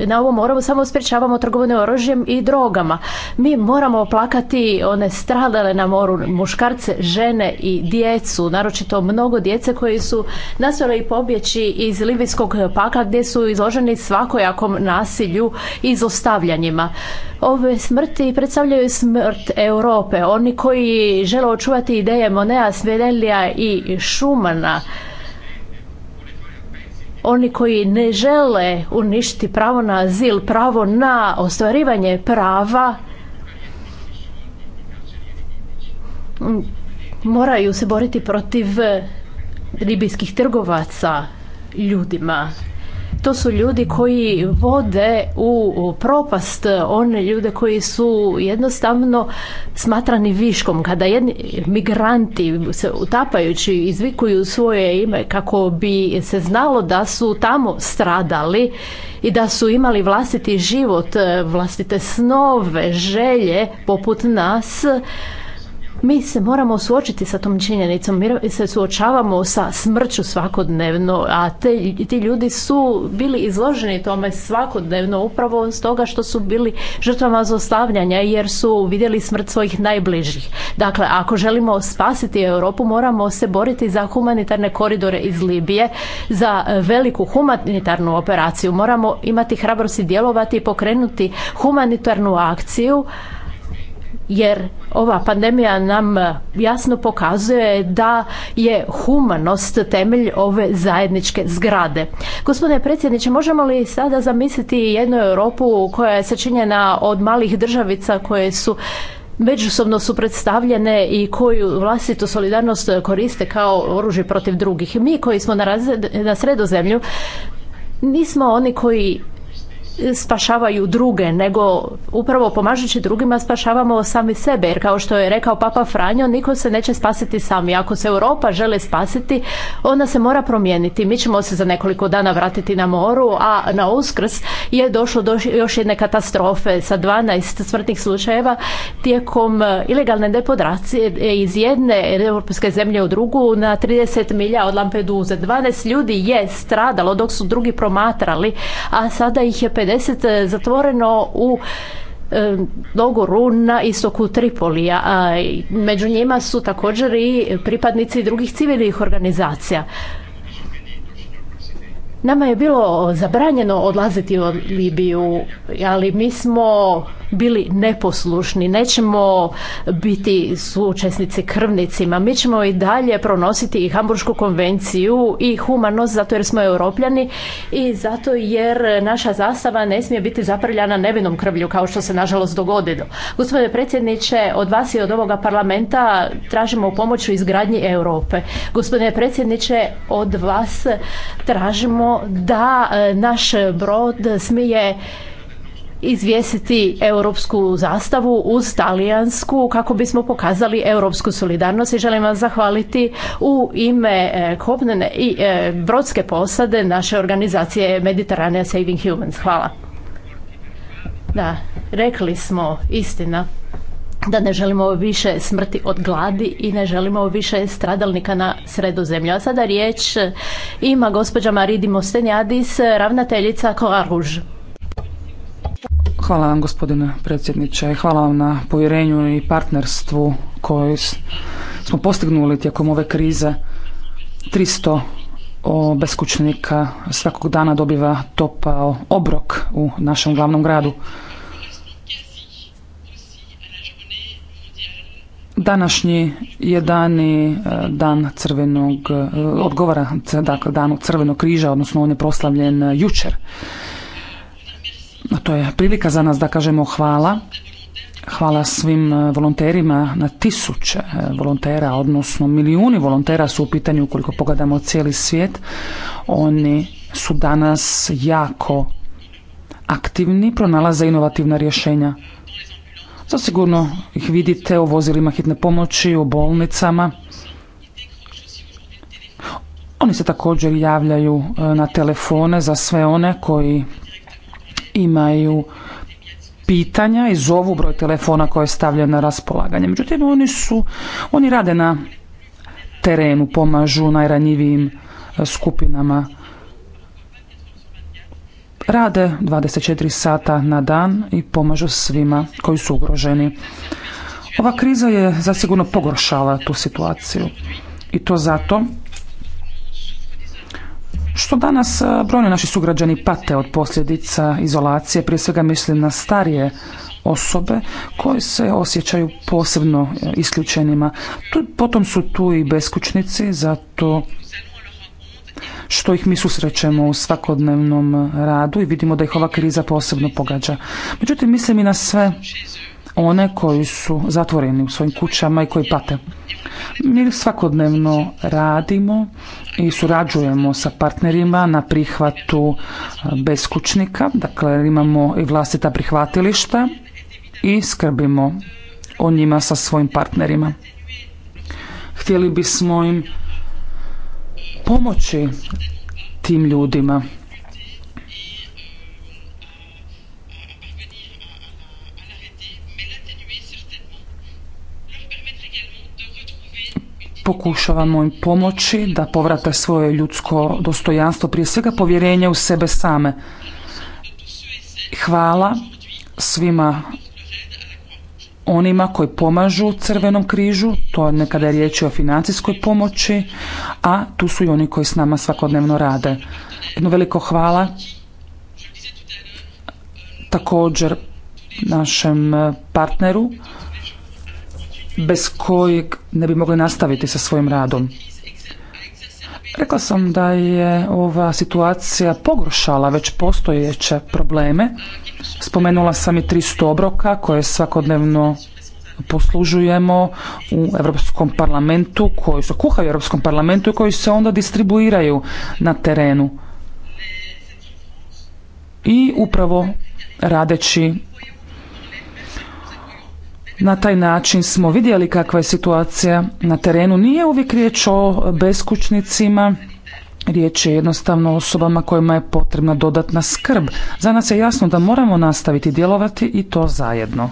na ovom moru samo sprječavamo trgovine oružjem i drogama. Mi moramo plakati one stradale na moru, muškarce, žene i djecu, naročito mnogo djece koji su nastojali pobjeći iz libijskog paka gdje su izloženi svakojakom nasilju i zostavljanjima. Ove smrti predstavljaju smrt Europe. Oni koji žele očuvati ideje Monea, Svedelija i Šumana, oni koji ne žele uništiti pravo na azil, pravo na ostvarivanje prava moraju se boriti protiv libijskih trgovaca ljudima. To su ljudi koji vode u propast one ljude koji su jednostavno smatrani viškom. Kada jedni migranti se utapajući izvikuju svoje ime kako bi se znalo da su tamo stradali i da su imali vlastiti život, vlastite snove, želje poput nas, mi se moramo suočiti sa tom činjenicom, mi se suočavamo sa smrću svakodnevno, a te, ti ljudi su bili izloženi tome svakodnevno upravo stoga što su bili žrtvama zostavljanja jer su vidjeli smrt svojih najbližih. Dakle, ako želimo spasiti Europu, moramo se boriti za humanitarne koridore iz Libije, za veliku humanitarnu operaciju. Moramo imati hrabrosti djelovati i pokrenuti humanitarnu akciju jer ova pandemija nam jasno pokazuje da je humanost temelj ove zajedničke zgrade. Gospodine predsjedniče, možemo li sada zamisliti jednu Europu koja je sačinjena od malih državica koje su međusobno su predstavljene i koju vlastitu solidarnost koriste kao oružje protiv drugih. Mi koji smo na, na sredozemlju nismo oni koji spašavaju druge, nego upravo pomažući drugima spašavamo sami sebe. Jer kao što je rekao Papa Franjo, niko se neće spasiti sami. Ako se Europa žele spasiti, ona se mora promijeniti. Mi ćemo se za nekoliko dana vratiti na moru, a na uskrs je došlo do još jedne katastrofe sa 12 smrtnih slučajeva tijekom e, ilegalne depodracije iz jedne europske zemlje u drugu na 30 milja od Lampeduze. 12 ljudi je stradalo dok su drugi promatrali, a sada ih je 50 eh, zatvoreno u eh, logoru na istoku Tripolija. među njima su također i pripadnici drugih civilnih organizacija. Nama je bilo zabranjeno odlaziti u Libiju, ali mi smo bili neposlušni, nećemo biti suučesnici krvnicima. Mi ćemo i dalje pronositi i Hamburšku konvenciju i humanost zato jer smo europljani i zato jer naša zastava ne smije biti zaprljana nevinom krvlju kao što se nažalost dogodilo. Gospodine predsjedniče, od vas i od ovoga parlamenta tražimo pomoć u izgradnji Europe. Gospodine predsjedniče, od vas tražimo da e, naš brod smije izvjesiti europsku zastavu uz talijansku kako bismo pokazali europsku solidarnost i želim vam zahvaliti u ime e, kopnene i e, brodske posade naše organizacije Mediterranea Saving Humans. Hvala. Da, rekli smo istina da ne želimo više smrti od gladi i ne želimo više stradalnika na sredozemlju. A sada riječ ima gospođa Maridi Mostenjadis, ravnateljica Koaruž. Hvala vam gospodine predsjedniče, hvala vam na povjerenju i partnerstvu koje smo postignuli tijekom ove krize. 300 beskućnika svakog dana dobiva topao obrok u našem glavnom gradu. Današnji je dani e, dan crvenog, e, odgovara dakle danu crvenog križa, odnosno on je proslavljen e, jučer. To je prilika za nas da kažemo hvala. Hvala svim e, volonterima na tisuće e, volontera, odnosno milijuni volontera su u pitanju ukoliko pogledamo cijeli svijet. Oni su danas jako aktivni, pronalaze inovativna rješenja. Zasigurno ih vidite u vozilima hitne pomoći, u bolnicama. Oni se također javljaju e, na telefone za sve one koji imaju pitanja i zovu broj telefona koje stavljaju na raspolaganje. Međutim, oni su, oni rade na terenu, pomažu najranjivijim e, skupinama. Rade 24 sata na dan i pomažu svima koji su ugroženi. Ova kriza je zasigurno pogoršala tu situaciju. I to zato što danas e, brojni naši sugrađani pate od posljedica izolacije, prije svega mislim na starije osobe koje se osjećaju posebno e, isključenima. potom su tu i beskućnici, zato što ih mi susrećemo u svakodnevnom e, radu i vidimo da ih ova kriza posebno pogađa. Međutim, mislim i na sve one koji su zatvoreni u svojim kućama i koji pate. Mi svakodnevno radimo i surađujemo sa partnerima na prihvatu e, beskućnika, dakle imamo i vlastita prihvatilišta i skrbimo o njima sa svojim partnerima. Htjeli bismo im pomoći tim ljudima pokušavamo im pomoći da povrate svoje ljudsko dostojanstvo, prije svega povjerenje u sebe same. Hvala svima onima koji pomažu Crvenom križu, to je nekada je riječ o financijskoj pomoći, a tu su i oni koji s nama svakodnevno rade. Jedno veliko hvala također našem partneru bez kojeg ne bi mogli nastaviti sa svojim radom. Rekla sam da je ova situacija pogrošala već postojeće probleme. Spomenula sam i 300 obroka koje svakodnevno poslužujemo u Europskom parlamentu, koji se kuhaju u Europskom parlamentu i koji se onda distribuiraju na terenu. I upravo radeći na taj način smo vidjeli kakva je situacija na terenu. Nije uvijek riječ o beskućnicima, Riječ je jednostavno o osobama kojima je potrebna dodatna skrb. Za nas je jasno da moramo nastaviti djelovati i to zajedno.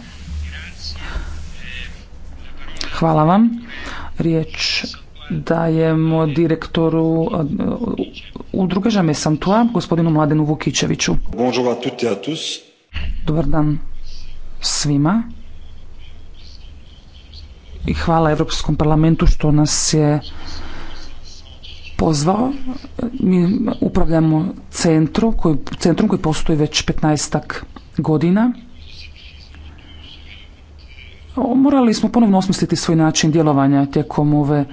Hvala vam. Riječ dajemo direktoru uh, udruge Žame Santua, gospodinu Mladenu Vukičeviću. Dobar dan svima i hvala Europskom parlamentu što nas je pozvao. Mi upravljamo centru koji, centrom koji postoji već 15 godina. Morali smo ponovno osmisliti svoj način djelovanja tijekom ove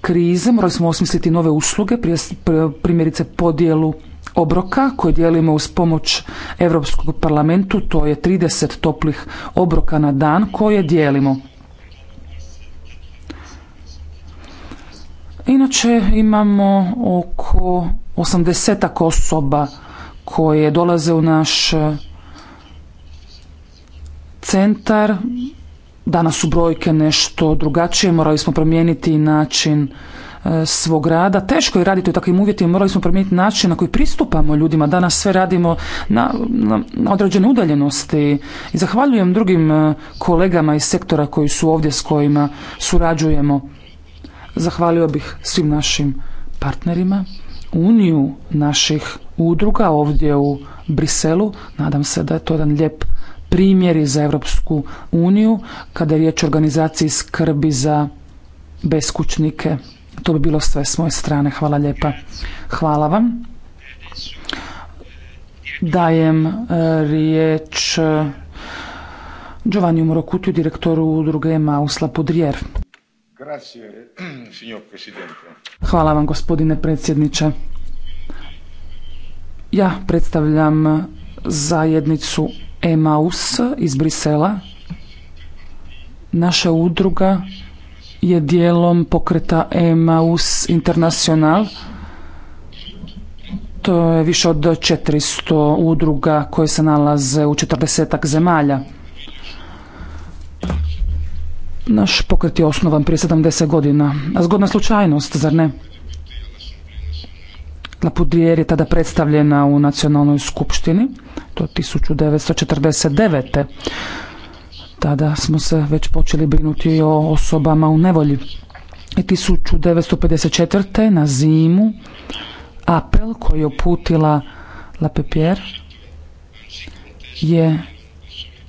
krize. Morali smo osmisliti nove usluge, primjerice podjelu obroka koje dijelimo uz pomoć Europskog parlamentu, to je 30 toplih obroka na dan koje dijelimo. Inače imamo oko 80 osoba koje dolaze u naš e, centar. Danas su brojke nešto drugačije, morali smo promijeniti način E, svog rada. Teško je raditi u takvim uvjetima, morali smo promijeniti način na koji pristupamo ljudima. Danas sve radimo na, na, određene udaljenosti i zahvaljujem drugim e, kolegama iz sektora koji su ovdje s kojima surađujemo. Zahvalio bih svim našim partnerima, uniju naših udruga ovdje u Briselu. Nadam se da je to jedan lijep primjeri za Europsku uniju kada je riječ o organizaciji skrbi za beskućnike. To bi bilo sve s moje strane. Hvala lijepa. Hvala vam. Dajem e, riječ e, Giovanni Morokutiju, direktoru udruge Mausla Podrijer. Hvala vam gospodine predsjedniče. Ja predstavljam zajednicu Emaus iz Brisela. Naša udruga je dijelom pokreta Emaus International. To je više od 400 udruga koje se nalaze u 40 zemalja. Naš pokret je osnovan prije 70 godina. A zgodna slučajnost, zar ne? na je tada predstavljena u Nacionalnoj skupštini, to je 1949. Tada smo se već počeli brinuti o osobama u nevolji. I 1954. na zimu apel koji je uputila La Pepier je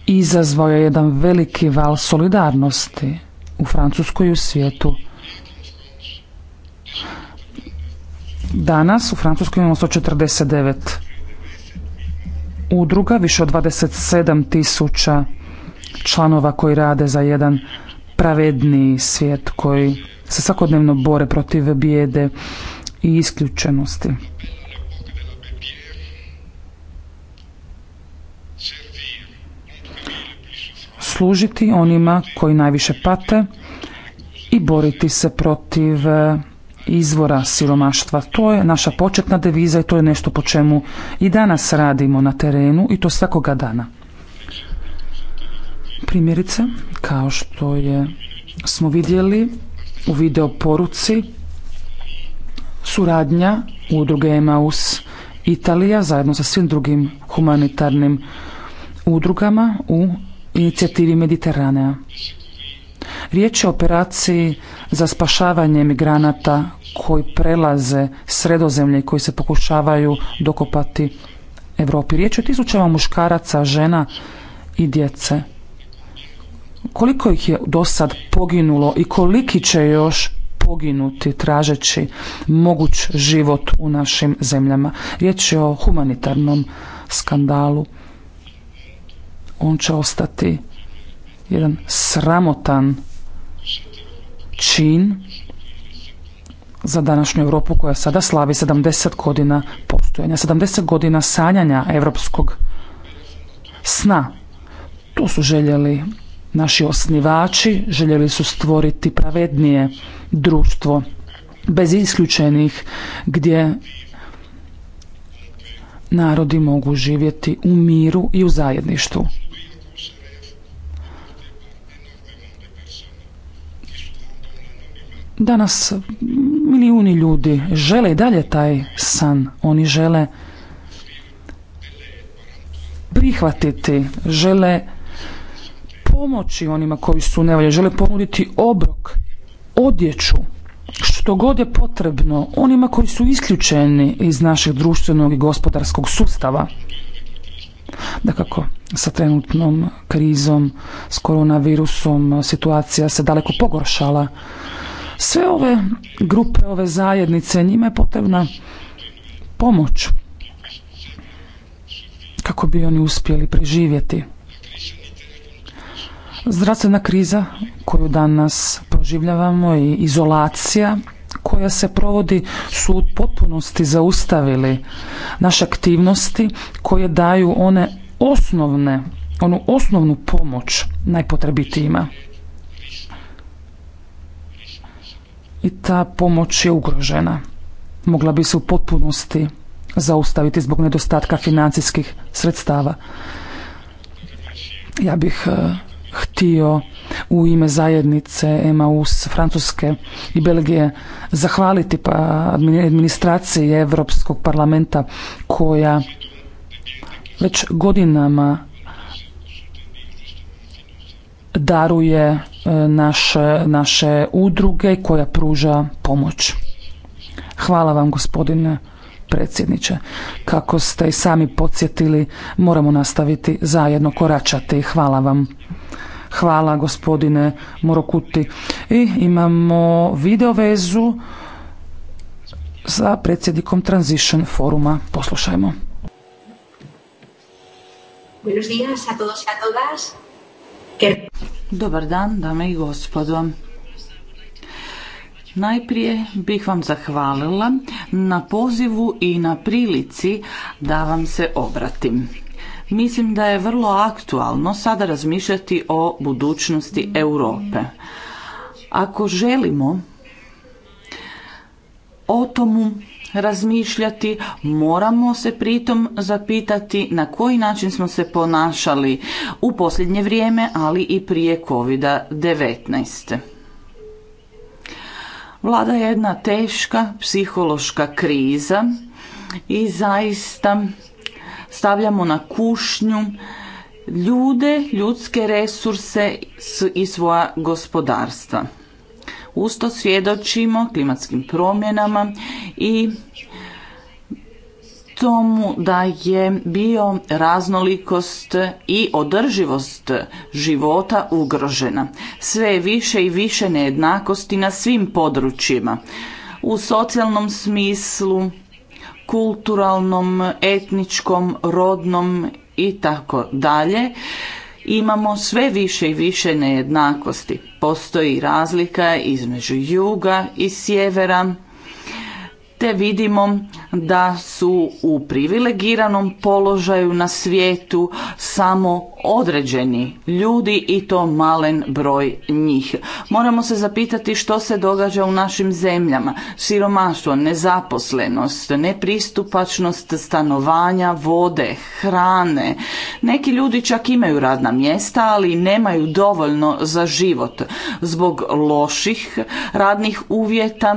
izazvao jedan veliki val solidarnosti u Francuskoj i u svijetu. Danas u Francuskoj imamo 149 udruga, više od 27 tisuća članova koji rade za jedan pravedni svijet koji se svakodnevno bore protiv bijede i isključenosti. Služiti onima koji najviše pate i boriti se protiv e, izvora siromaštva. To je naša početna deviza i to je nešto po čemu i danas radimo na terenu i to svakoga dana. Primjerice, kao što je smo vidjeli u video poruci suradnja udruge Emaus Italija zajedno sa svim drugim humanitarnim udrugama u inicijativi Mediteranea. Riječ je o operaciji za spašavanje migranata koji prelaze sredozemlje i koji se pokušavaju dokopati Europi. Riječ je o tisućama muškaraca, žena i djece koliko ih je do sad poginulo i koliki će još poginuti tražeći moguć život u našim zemljama. Riječ je o humanitarnom skandalu. On će ostati jedan sramotan čin za današnju Europu koja sada slavi 70 godina postojanja, 70 godina sanjanja europskog sna. To su željeli Naši osnivači željeli su stvoriti pravednije društvo bez isključenih gdje narodi mogu živjeti u miru i u zajedništvu. Danas milijuni ljudi žele dalje taj san. Oni žele prihvatiti, žele pomoći onima koji su nevalje, žele ponuditi obrok, odjeću, što god je potrebno onima koji su isključeni iz našeg društvenog i gospodarskog sustava. Dakako, sa trenutnom krizom, s koronavirusom, situacija se daleko pogoršala. Sve ove grupe, ove zajednice, njima je potrebna pomoć kako bi oni uspjeli preživjeti. Zdravstvena kriza koju danas proživljavamo i izolacija koja se provodi su u potpunosti zaustavili naše aktivnosti koje daju one osnovne, onu osnovnu pomoć najpotrebitijima. I ta pomoć je ugrožena. Mogla bi se u potpunosti zaustaviti zbog nedostatka financijskih sredstava. Ja bih e, htio u ime zajednice Emaus Francuske i Belgije zahvaliti pa administraciji Europskog parlamenta koja već godinama daruje e, naše, naše udruge koja pruža pomoć. Hvala vam gospodine predsjedniče. Kako ste i sami podsjetili, moramo nastaviti zajedno koračati. Hvala vam. Hvala gospodine Morokuti. I imamo videovezu sa predsjednikom Transition foruma. Poslušajmo. Dobar dan, dame i gospodo. Najprije bih vam zahvalila na pozivu i na prilici da vam se obratim. Mislim da je vrlo aktualno sada razmišljati o budućnosti Europe. Ako želimo o tomu razmišljati, moramo se pritom zapitati na koji način smo se ponašali u posljednje vrijeme, ali i prije COVID-19. Vlada je jedna teška psihološka kriza i zaista stavljamo na kušnju ljude, ljudske resurse i svoja gospodarstva. Usto svjedočimo klimatskim promjenama i tomu da je bio raznolikost i održivost života ugrožena. Sve više i više nejednakosti na svim područjima. U socijalnom smislu, kulturalnom, etničkom, rodnom i tako dalje imamo sve više i više nejednakosti. Postoji razlika između juga i sjevera, te vidimo da su u privilegiranom položaju na svijetu samo određeni ljudi i to malen broj njih. Moramo se zapitati što se događa u našim zemljama. Siromaštvo, nezaposlenost, nepristupačnost stanovanja, vode, hrane. Neki ljudi čak imaju radna mjesta, ali nemaju dovoljno za život. Zbog loših radnih uvjeta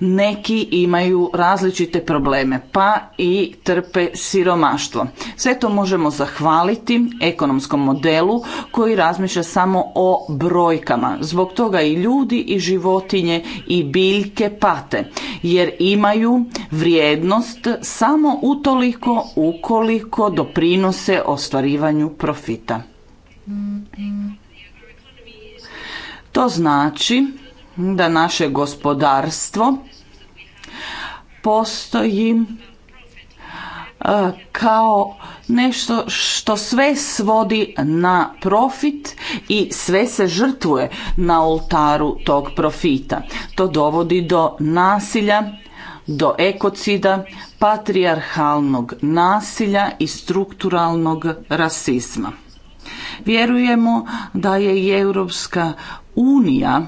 neki imaju različite probleme, pa i trpe siromaštvo. Sve to možemo zahvaliti ekonomskom modelu koji razmišlja samo o brojkama. Zbog toga i ljudi i životinje i biljke pate jer imaju vrijednost samo utoliko ukoliko doprinose ostvarivanju profita. To znači da naše gospodarstvo postoji e, kao nešto što sve svodi na profit i sve se žrtvuje na oltaru tog profita. To dovodi do nasilja, do ekocida, patrijarhalnog nasilja i strukturalnog rasizma. Vjerujemo da je i Europska unija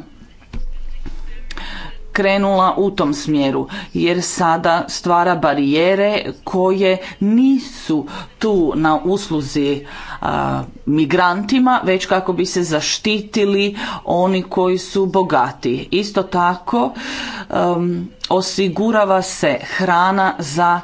krenula u tom smjeru jer sada stvara barijere koje nisu tu na usluzi migrantima već kako bi se zaštitili oni koji su bogati. Isto tako osigurava se hrana za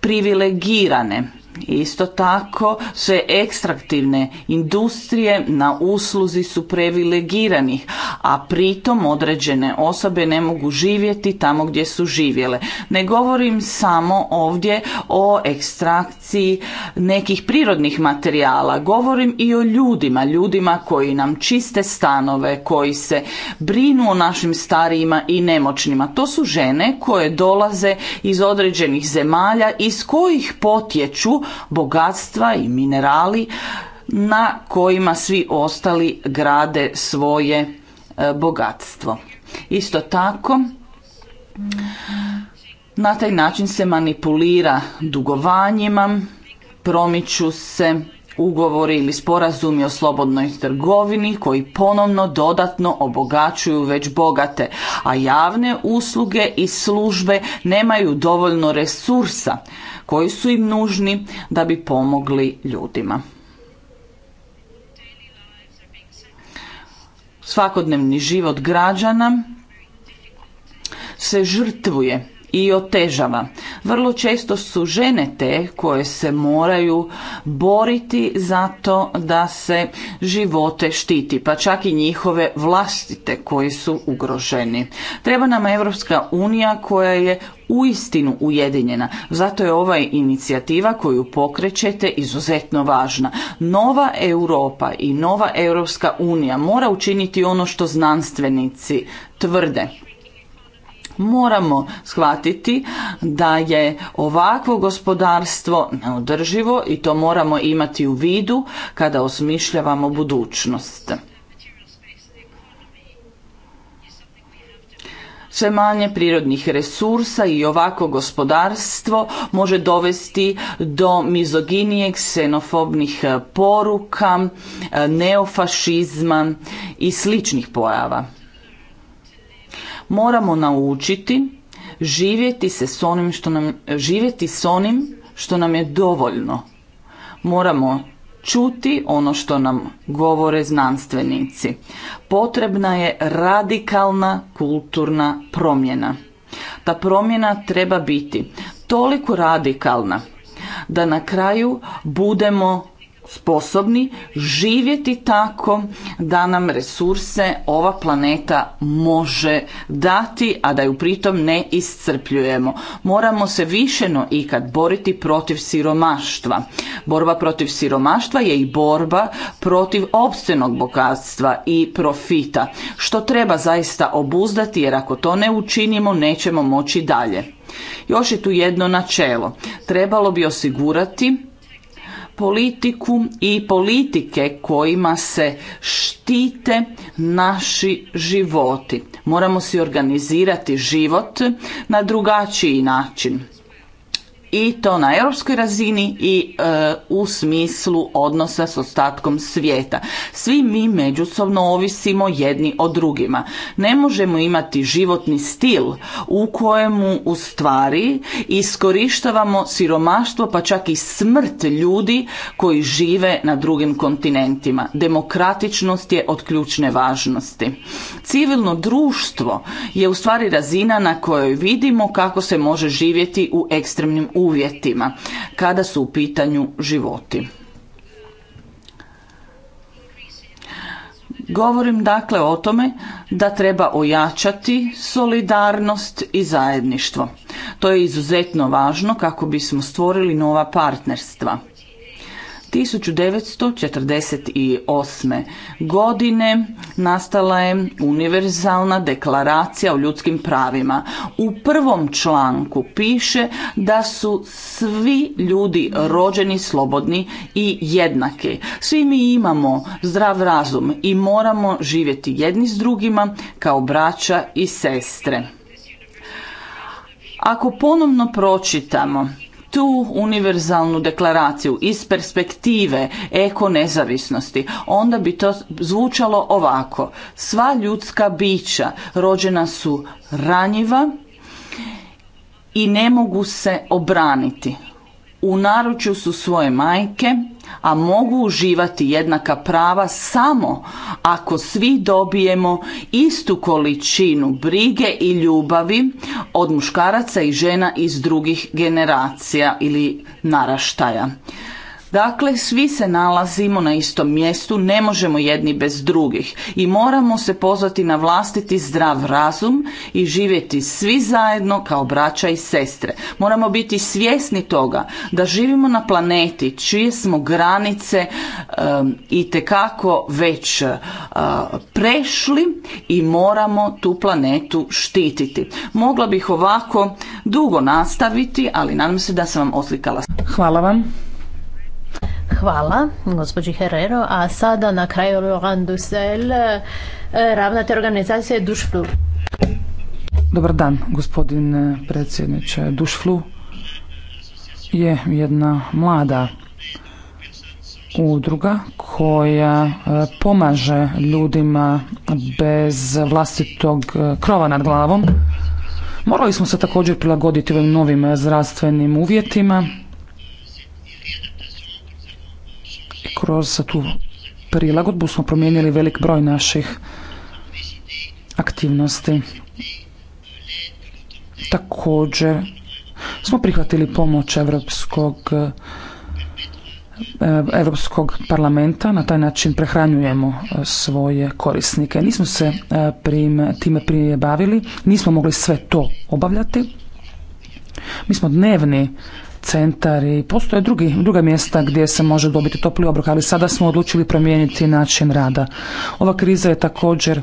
privilegirane Isto tako, sve ekstraktivne industrije na usluzi su privilegiranih, a pritom određene osobe ne mogu živjeti tamo gdje su živjele. Ne govorim samo ovdje o ekstrakciji nekih prirodnih materijala, govorim i o ljudima, ljudima koji nam čiste stanove, koji se brinu o našim starijima i nemoćnima. To su žene koje dolaze iz određenih zemalja iz kojih potječu bogatstva i minerali na kojima svi ostali grade svoje e, bogatstvo. Isto tako, na taj način se manipulira dugovanjima, promiču se ugovori ili sporazumi o slobodnoj trgovini koji ponovno dodatno obogaćuju već bogate, a javne usluge i službe nemaju dovoljno resursa koji su im nužni da bi pomogli ljudima. Svakodnevni život građana se žrtvuje i otežava. Vrlo često su žene te koje se moraju boriti za to da se živote štiti, pa čak i njihove vlastite koji su ugroženi. Treba nam Evropska unija koja je uistinu ujedinjena. Zato je ova inicijativa koju pokrećete izuzetno važna. Nova Europa i nova Europska unija mora učiniti ono što znanstvenici tvrde moramo shvatiti da je ovakvo gospodarstvo neodrživo i to moramo imati u vidu kada osmišljavamo budućnost. sve manje prirodnih resursa i ovako gospodarstvo može dovesti do mizoginije, ksenofobnih poruka, neofašizma i sličnih pojava. Moramo naučiti živjeti se s onim što nam, živjeti s onim što nam je dovoljno. Moramo čuti ono što nam govore znanstvenici. Potrebna je radikalna kulturna promjena. Ta promjena treba biti toliko radikalna da na kraju budemo sposobni živjeti tako da nam resurse ova planeta može dati, a da ju pritom ne iscrpljujemo. Moramo se više no ikad boriti protiv siromaštva. Borba protiv siromaštva je i borba protiv opstenog bogatstva i profita, što treba zaista obuzdati jer ako to ne učinimo nećemo moći dalje. Još je tu jedno načelo. Trebalo bi osigurati politiku i politike kojima se štite naši životi. Moramo si organizirati život na drugačiji način i to na europskoj razini i e, u smislu odnosa s ostatkom svijeta. Svi mi međusobno ovisimo jedni o drugima. Ne možemo imati životni stil u kojemu u stvari iskorištavamo siromaštvo pa čak i smrt ljudi koji žive na drugim kontinentima. Demokratičnost je od ključne važnosti. Civilno društvo je u stvari razina na kojoj vidimo kako se može živjeti u ekstremnim uvjetima kada su u pitanju životi. Govorim dakle o tome da treba ojačati solidarnost i zajedništvo. To je izuzetno važno kako bismo stvorili nova partnerstva. 1948. godine nastala je univerzalna deklaracija o ljudskim pravima. U prvom članku piše da su svi ljudi rođeni slobodni i jednaki. Svi mi imamo zdrav razum i moramo živjeti jedni s drugima kao braća i sestre. Ako ponovno pročitamo tu univerzalnu deklaraciju iz perspektive eko nezavisnosti, onda bi to zvučalo ovako. Sva ljudska bića rođena su ranjiva i ne mogu se obraniti. U naručju su svoje majke, a mogu uživati jednaka prava samo ako svi dobijemo istu količinu brige i ljubavi od muškaraca i žena iz drugih generacija ili naraštaja. Dakle, svi se nalazimo na istom mjestu, ne možemo jedni bez drugih i moramo se pozvati na vlastiti zdrav razum i živjeti svi zajedno kao braća i sestre. Moramo biti svjesni toga da živimo na planeti čije smo granice um, i tekako već eh, prešli i moramo tu planetu štititi. Mogla bih ovako dugo nastaviti, ali nadam se da sam vam oslikala. Hvala vam. Hvala, gospođi Herrero. A sada na kraju Laurent Dussel, e, ravnate organizacije Dušflu. Dobar dan, gospodin e, predsjedniče. Dušflu je jedna mlada udruga koja e, pomaže ljudima bez vlastitog krova nad glavom. Morali smo se također prilagoditi ovim novim zdravstvenim uvjetima kroz tu prilagodbu smo promijenili velik broj naših aktivnosti. Također smo prihvatili pomoć Evropskog eh, Evropskog parlamenta, na taj način prehranjujemo eh, svoje korisnike. Nismo se eh, time prije bavili, nismo mogli sve to obavljati. Mi smo dnevni centar i postoje drugi, druga mjesta gdje se može dobiti topli obrok, ali sada smo odlučili promijeniti način rada. Ova kriza je također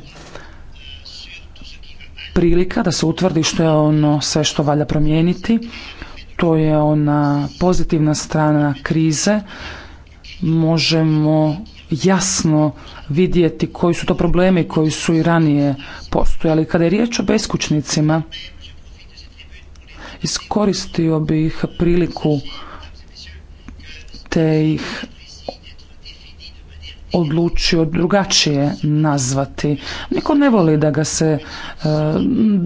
prilika da se utvrdi što je ono sve što valja promijeniti. To je ona pozitivna strana krize. Možemo jasno vidjeti koji su to problemi koji su i ranije postojali. Kada je riječ o beskućnicima, Iskoristio bih priliku te ih odlučio drugačije nazvati. Niko ne voli da ga se e,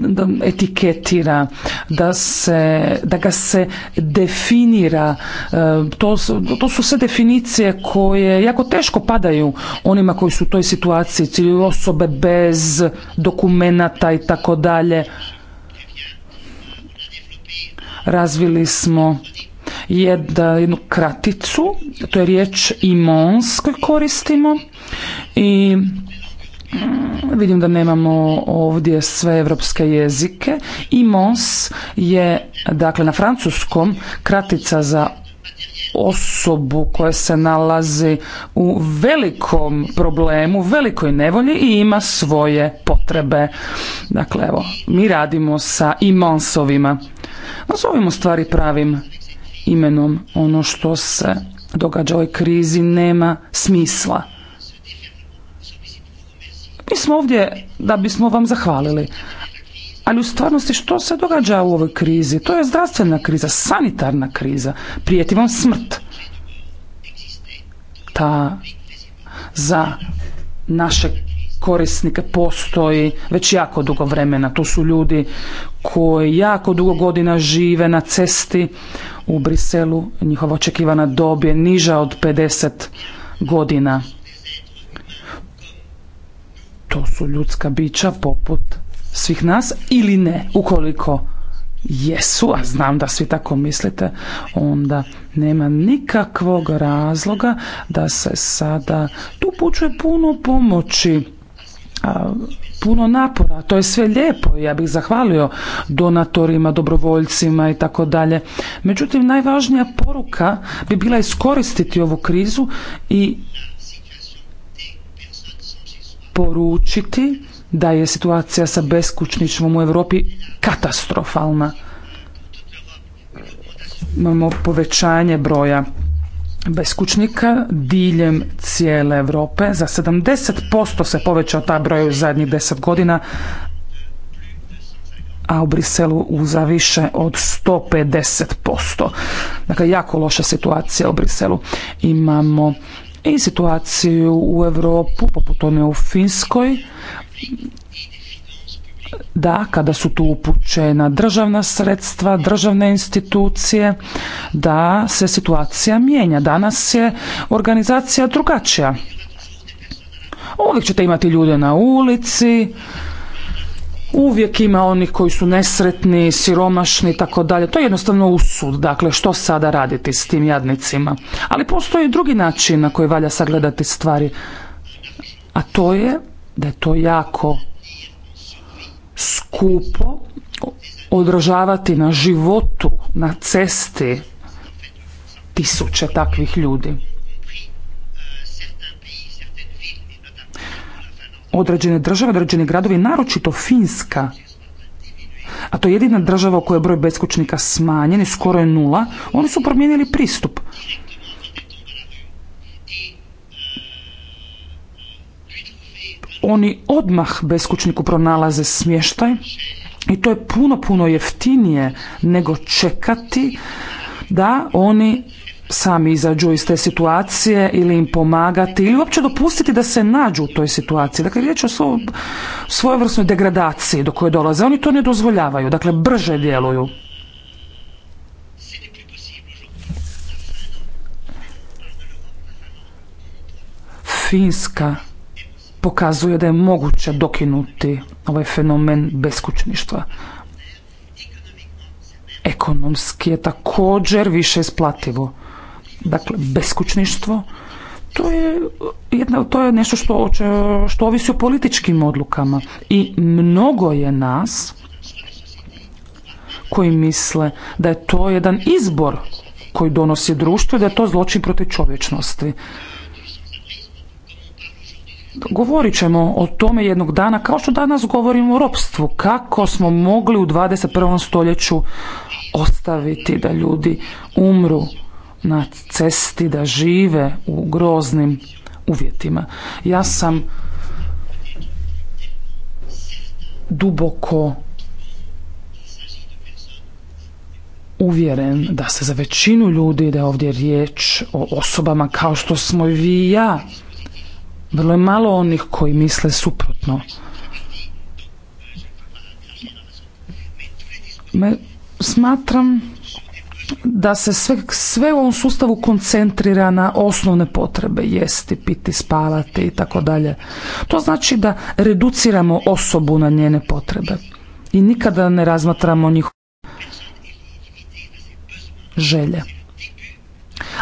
da etiketira, da, se, da ga se definira. E, to, to su sve definicije koje jako teško padaju onima koji su u toj situaciji, osobe bez dokumenata i tako dalje. Razvili smo jednu kraticu, to je riječ imons koju koristimo i mm, Vidim da nemamo ovdje sve evropske jezike. Imons je, dakle, na francuskom kratica za osobu koja se nalazi u velikom problemu, velikoj nevolji i ima svoje potrebe. Dakle, evo, mi radimo sa imonsovima. Nazovimo stvari pravim imenom. Ono što se događa u ovoj krizi nema smisla. Mi smo ovdje da bismo vam zahvalili. Ali u stvarnosti što se događa u ovoj krizi? To je zdravstvena kriza, sanitarna kriza. Prijeti vam smrt. Ta za naše korisnike postoji već jako dugo vremena. To su ljudi koji jako dugo godina žive na cesti u Briselu. Njihova očekivana dob je niža od 50 godina. To su ljudska bića poput svih nas ili ne. Ukoliko jesu, a znam da svi tako mislite, onda nema nikakvog razloga da se sada tu pučuje puno pomoći puno napora, to je sve lijepo, ja bih zahvalio donatorima, dobrovoljcima i tako dalje. Međutim, najvažnija poruka bi bila iskoristiti ovu krizu i poručiti da je situacija sa beskućničvom u Europi katastrofalna. Imamo povećanje broja beskućnika diljem cijele Europe. Za 70% se povećao taj broj u zadnjih 10 godina, a u Briselu uza više od 150%. Dakle, jako loša situacija u Briselu. Imamo i situaciju u Europu, poput one u Finskoj, da kada su tu upućena državna sredstva, državne institucije, da se situacija mijenja. Danas je organizacija drugačija. Uvijek ćete imati ljude na ulici, uvijek ima onih koji su nesretni, siromašni i tako dalje. To je jednostavno usud, dakle što sada raditi s tim jadnicima. Ali postoji drugi način na koji valja sagledati stvari, a to je da je to jako skupo odražavati na životu, na cesti tisuće takvih ljudi. Određene države, određeni gradovi, naročito Finska, a to je jedina država u kojoj je broj beskućnika smanjen i skoro je nula, oni su promijenili pristup. oni odmah beskućniku pronalaze smještaj i to je puno, puno jeftinije nego čekati da oni sami izađu iz te situacije ili im pomagati ili uopće dopustiti da se nađu u toj situaciji. Dakle, riječ je o svojevrsnoj degradaciji do koje dolaze. Oni to ne dozvoljavaju, dakle, brže djeluju. Finska pokazuje da je moguće dokinuti ovaj fenomen beskućništva. Ekonomski je također više isplativo. Dakle, beskućništvo to je, jedna, to je nešto što, što ovisi o političkim odlukama. I mnogo je nas koji misle da je to jedan izbor koji donosi društvo i da je to zločin protiv čovječnosti. Govorit ćemo o tome jednog dana, kao što danas govorimo o ropstvu. Kako smo mogli u 21. stoljeću ostaviti da ljudi umru na cesti, da žive u groznim uvjetima. Ja sam duboko uvjeren da se za većinu ljudi da je ovdje riječ o osobama kao što smo i vi i ja vrlo je malo onih koji misle suprotno. Me, smatram da se sve, sve u ovom sustavu koncentrira na osnovne potrebe, jesti, piti, spavati i tako dalje. To znači da reduciramo osobu na njene potrebe i nikada ne razmatramo njihove želje.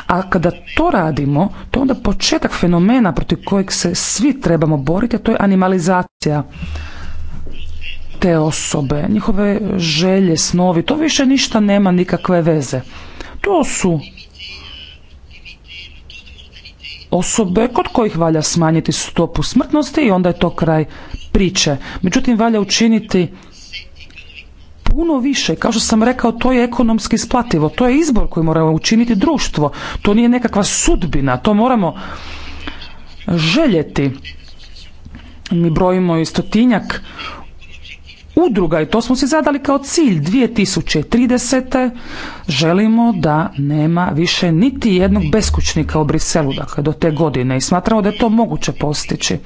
A kada to radimo, to je onda početak fenomena protiv kojeg se svi trebamo boriti, a to je animalizacija te osobe, njihove želje, snovi, to više ništa nema nikakve veze. To su osobe kod kojih valja smanjiti stopu smrtnosti i onda je to kraj priče. Međutim, valja učiniti puno više. Kao što sam rekao, to je ekonomski isplativo. To je izbor koji moramo učiniti društvo. To nije nekakva sudbina. To moramo željeti. Mi brojimo i stotinjak udruga i to smo si zadali kao cilj 2030. želimo da nema više niti jednog beskućnika u Briselu, dakle do te godine i smatramo da je to moguće postići.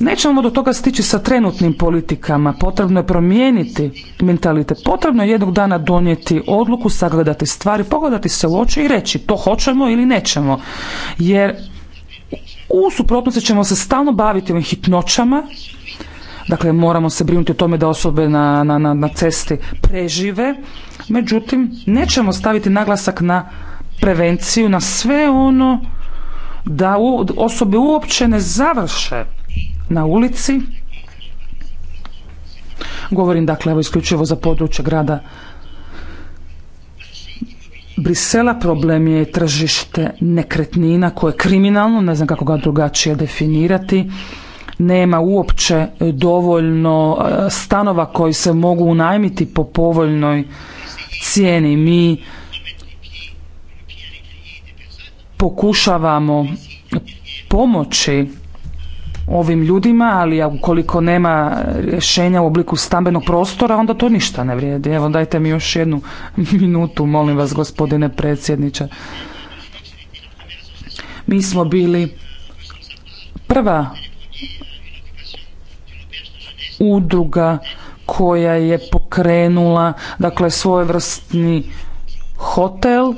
Nećemo do toga stići sa trenutnim politikama, potrebno je promijeniti mentalitet, potrebno je jednog dana donijeti odluku, sagledati stvari, pogledati se u oči i reći to hoćemo ili nećemo. Jer u suprotnosti ćemo se stalno baviti ovim hitnoćama, dakle moramo se brinuti o tome da osobe na, na, na cesti prežive, međutim nećemo staviti naglasak na prevenciju, na sve ono da osobe uopće ne završe na ulici. Govorim dakle evo isključivo za područje grada Brisela. Problem je tržište nekretnina koje je kriminalno, ne znam kako ga drugačije definirati. Nema uopće dovoljno e, stanova koji se mogu unajmiti po povoljnoj cijeni. Mi pokušavamo pomoći ovim ljudima, ali ukoliko nema rješenja u obliku stambenog prostora, onda to ništa ne vrijedi. Evo, dajte mi još jednu minutu, molim vas, gospodine predsjedniče. Mi smo bili prva udruga koja je pokrenula dakle svojevrsni hotel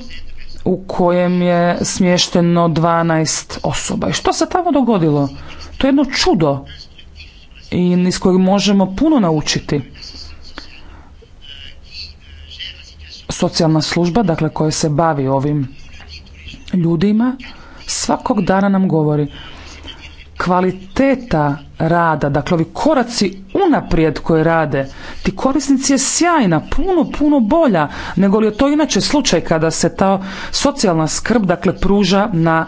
u kojem je smješteno 12 osoba. I što se tamo dogodilo? To je jedno čudo i iz kojeg možemo puno naučiti. Socijalna služba, dakle koja se bavi ovim ljudima, svakog dana nam govori kvaliteta rada, dakle ovi koraci unaprijed koje rade, ti korisnici je sjajna, puno, puno bolja nego li je to inače slučaj kada se ta socijalna skrb dakle pruža na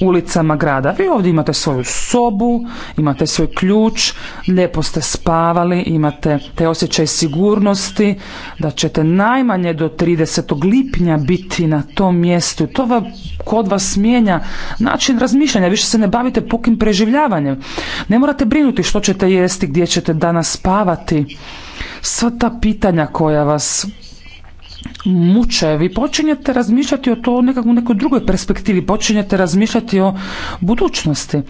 ulicama grada. Vi ovdje imate svoju sobu, imate svoj ključ, lijepo ste spavali, imate te osjećaj sigurnosti, da ćete najmanje do 30. lipnja biti na tom mjestu. To va, kod vas mijenja način razmišljanja, više se ne bavite pukim preživljavanjem. Ne morate brinuti što ćete jesti, gdje ćete danas spavati. Sva ta pitanja koja vas muče, vi počinjete razmišljati o to nekako, nekoj drugoj perspektivi, počinjete razmišljati o budućnosti.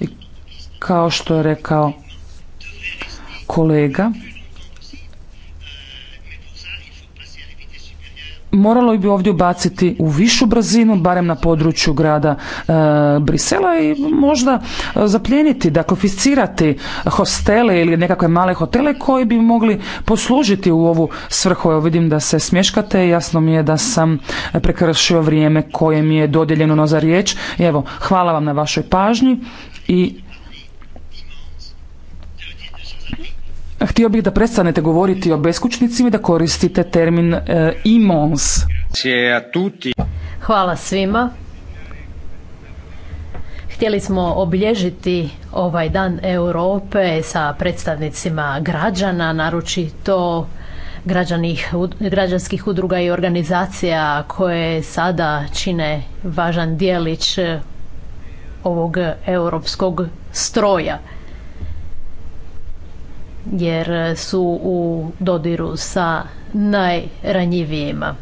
I kao što je rekao kolega, moralo bi ovdje ubaciti u višu brzinu, barem na području grada e, Brisela i možda e, zapljeniti, da fiscirati hostele ili nekakve male hotele koji bi mogli poslužiti u ovu svrhu. Evo vidim da se smješkate i jasno mi je da sam prekršio vrijeme koje mi je dodijeljeno za riječ. Evo, hvala vam na vašoj pažnji i Htio bih da prestanete govoriti o beskućnicima i da koristite termin eh, imons. Hvala svima. Htjeli smo obilježiti ovaj dan Europe sa predstavnicima građana, naročito građanih, građanskih udruga i organizacija koje sada čine važan dijelić eh, ovog europskog stroja jer su u dodiru sa najranjivijima.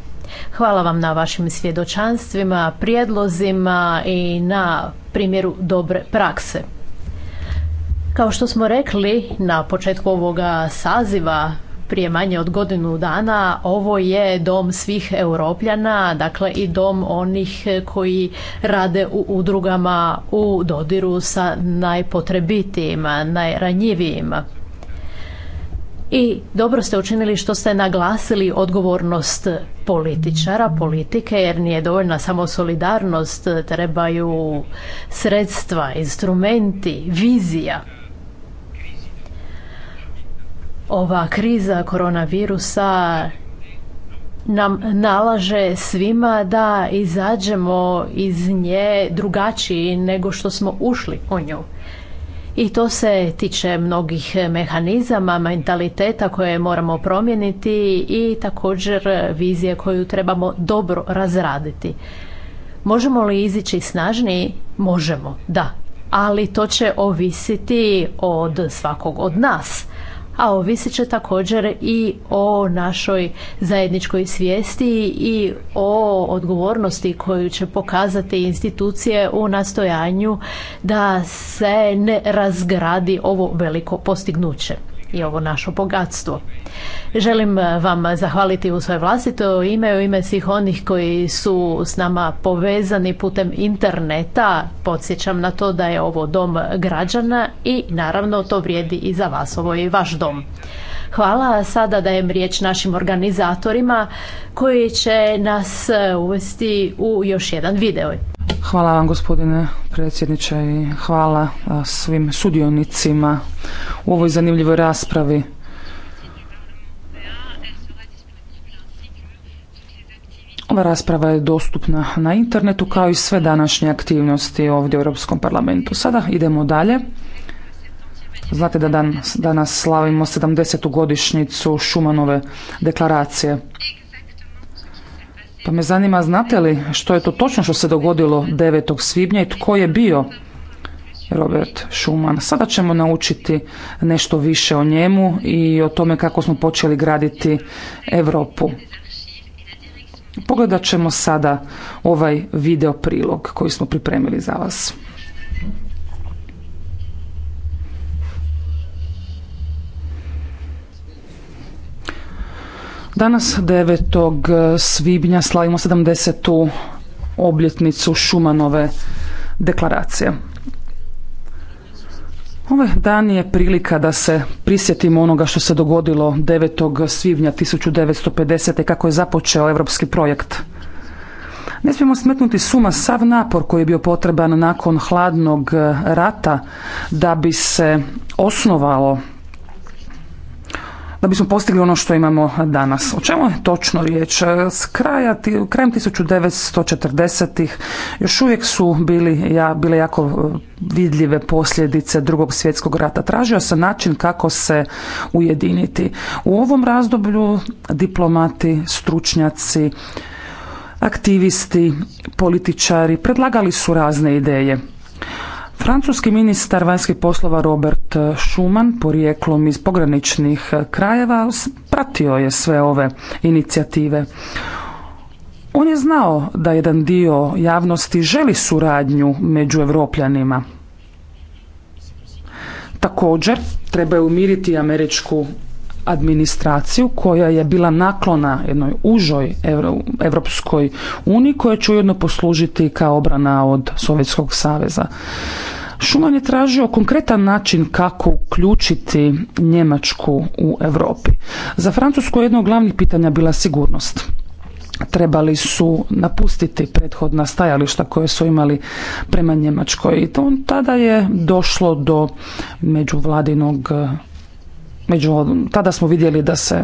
Hvala vam na vašim svjedočanstvima, prijedlozima i na primjeru dobre prakse. Kao što smo rekli na početku ovoga saziva, prije manje od godinu dana, ovo je dom svih europljana, dakle i dom onih koji rade u udrugama u dodiru sa najpotrebitijima, najranjivijima i dobro ste učinili što ste naglasili odgovornost političara, politike, jer nije dovoljna samo solidarnost, trebaju sredstva, instrumenti, vizija. Ova kriza koronavirusa nam nalaže svima da izađemo iz nje drugačiji nego što smo ušli u nju. I to se tiče mnogih mehanizama, mentaliteta koje moramo promijeniti i također vizije koju trebamo dobro razraditi. Možemo li izići snažniji? Možemo, da. Ali to će ovisiti od svakog od nas a ovisit će također i o našoj zajedničkoj svijesti i o odgovornosti koju će pokazati institucije u nastojanju da se ne razgradi ovo veliko postignuće i ovo naše bogatstvo. Želim eh, vam zahvaliti u svoje vlastito ime, u ime svih onih koji su s nama povezani putem interneta. Podsjećam na to da je ovo dom građana i naravno to vrijedi i za vas. Ovo je i vaš dom. Hvala. Sada dajem riječ našim organizatorima koji će nas eh, uvesti u još jedan video. Hvala vam gospodine predsjedniče i hvala eh, svim sudionicima u ovoj zanimljivoj raspravi raspravi. Ova rasprava je dostupna na internetu kao i sve današnje aktivnosti ovdje u Europskom parlamentu. Sada idemo dalje. Znate da dan, danas slavimo 70. godišnjicu Šumanove deklaracije. Pa me zanima, znate li što je to točno što se dogodilo 9. svibnja i tko je bio Robert Schumann. Sada ćemo naučiti nešto više o njemu i o tome kako smo počeli graditi Europu. Pogledat ćemo sada ovaj video prilog koji smo pripremili za vas. Danas 9. svibnja slavimo 70. obljetnicu Šumanove deklaracije. Ovaj dan je prilika da se prisjetimo onoga što se dogodilo 9. svibnja 1950. kako je započeo europski projekt. Ne smijemo smetnuti suma sav napor koji je bio potreban nakon hladnog rata da bi se osnovalo da bismo postigli ono što imamo danas. O čemu je točno riječ? S kraja, krajem 1940-ih još uvijek su bili, ja, bile jako e, vidljive posljedice drugog svjetskog rata. Tražio se način kako se ujediniti. U ovom razdoblju diplomati, stručnjaci, aktivisti, političari predlagali su razne ideje. Francuski ministar vanjskih poslova Robert Schuman, porijeklom iz pograničnih krajeva, pratio je sve ove inicijative. On je znao da jedan dio javnosti želi suradnju među Evropljanima. Također, treba umiriti američku administraciju koja je bila naklona jednoj užoj Evropskoj uniji koja će ujedno poslužiti kao obrana od Sovjetskog saveza. Šumar je tražio konkretan način kako uključiti Njemačku u Europi. Za Francusku jedno od glavnih pitanja bila sigurnost trebali su napustiti prethodna stajališta koje su imali prema Njemačkoj. I to, tada je došlo do međuvladinog Među, tada smo vidjeli da se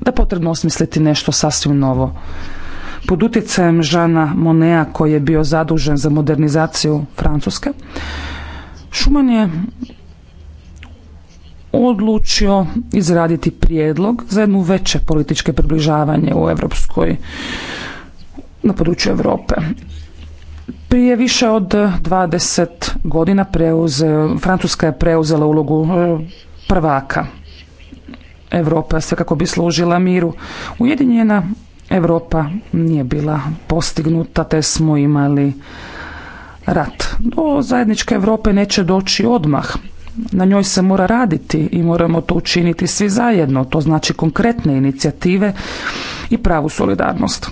da je potrebno osmisliti nešto sasvim novo. Pod utjecajem Žana Monea koji je bio zadužen za modernizaciju Francuske, Šuman je odlučio izraditi prijedlog za jednu veće političke približavanje u Europskoj na području Europe. Prije više od 20 godina preuze, Francuska je preuzela ulogu e, prvaka. Europa se kako bi služila miru. Ujedinjena Europa nije bila postignuta, te smo imali rat. Do zajedničke Europe neće doći odmah. Na njoj se mora raditi i moramo to učiniti svi zajedno. To znači konkretne inicijative i pravu solidarnost.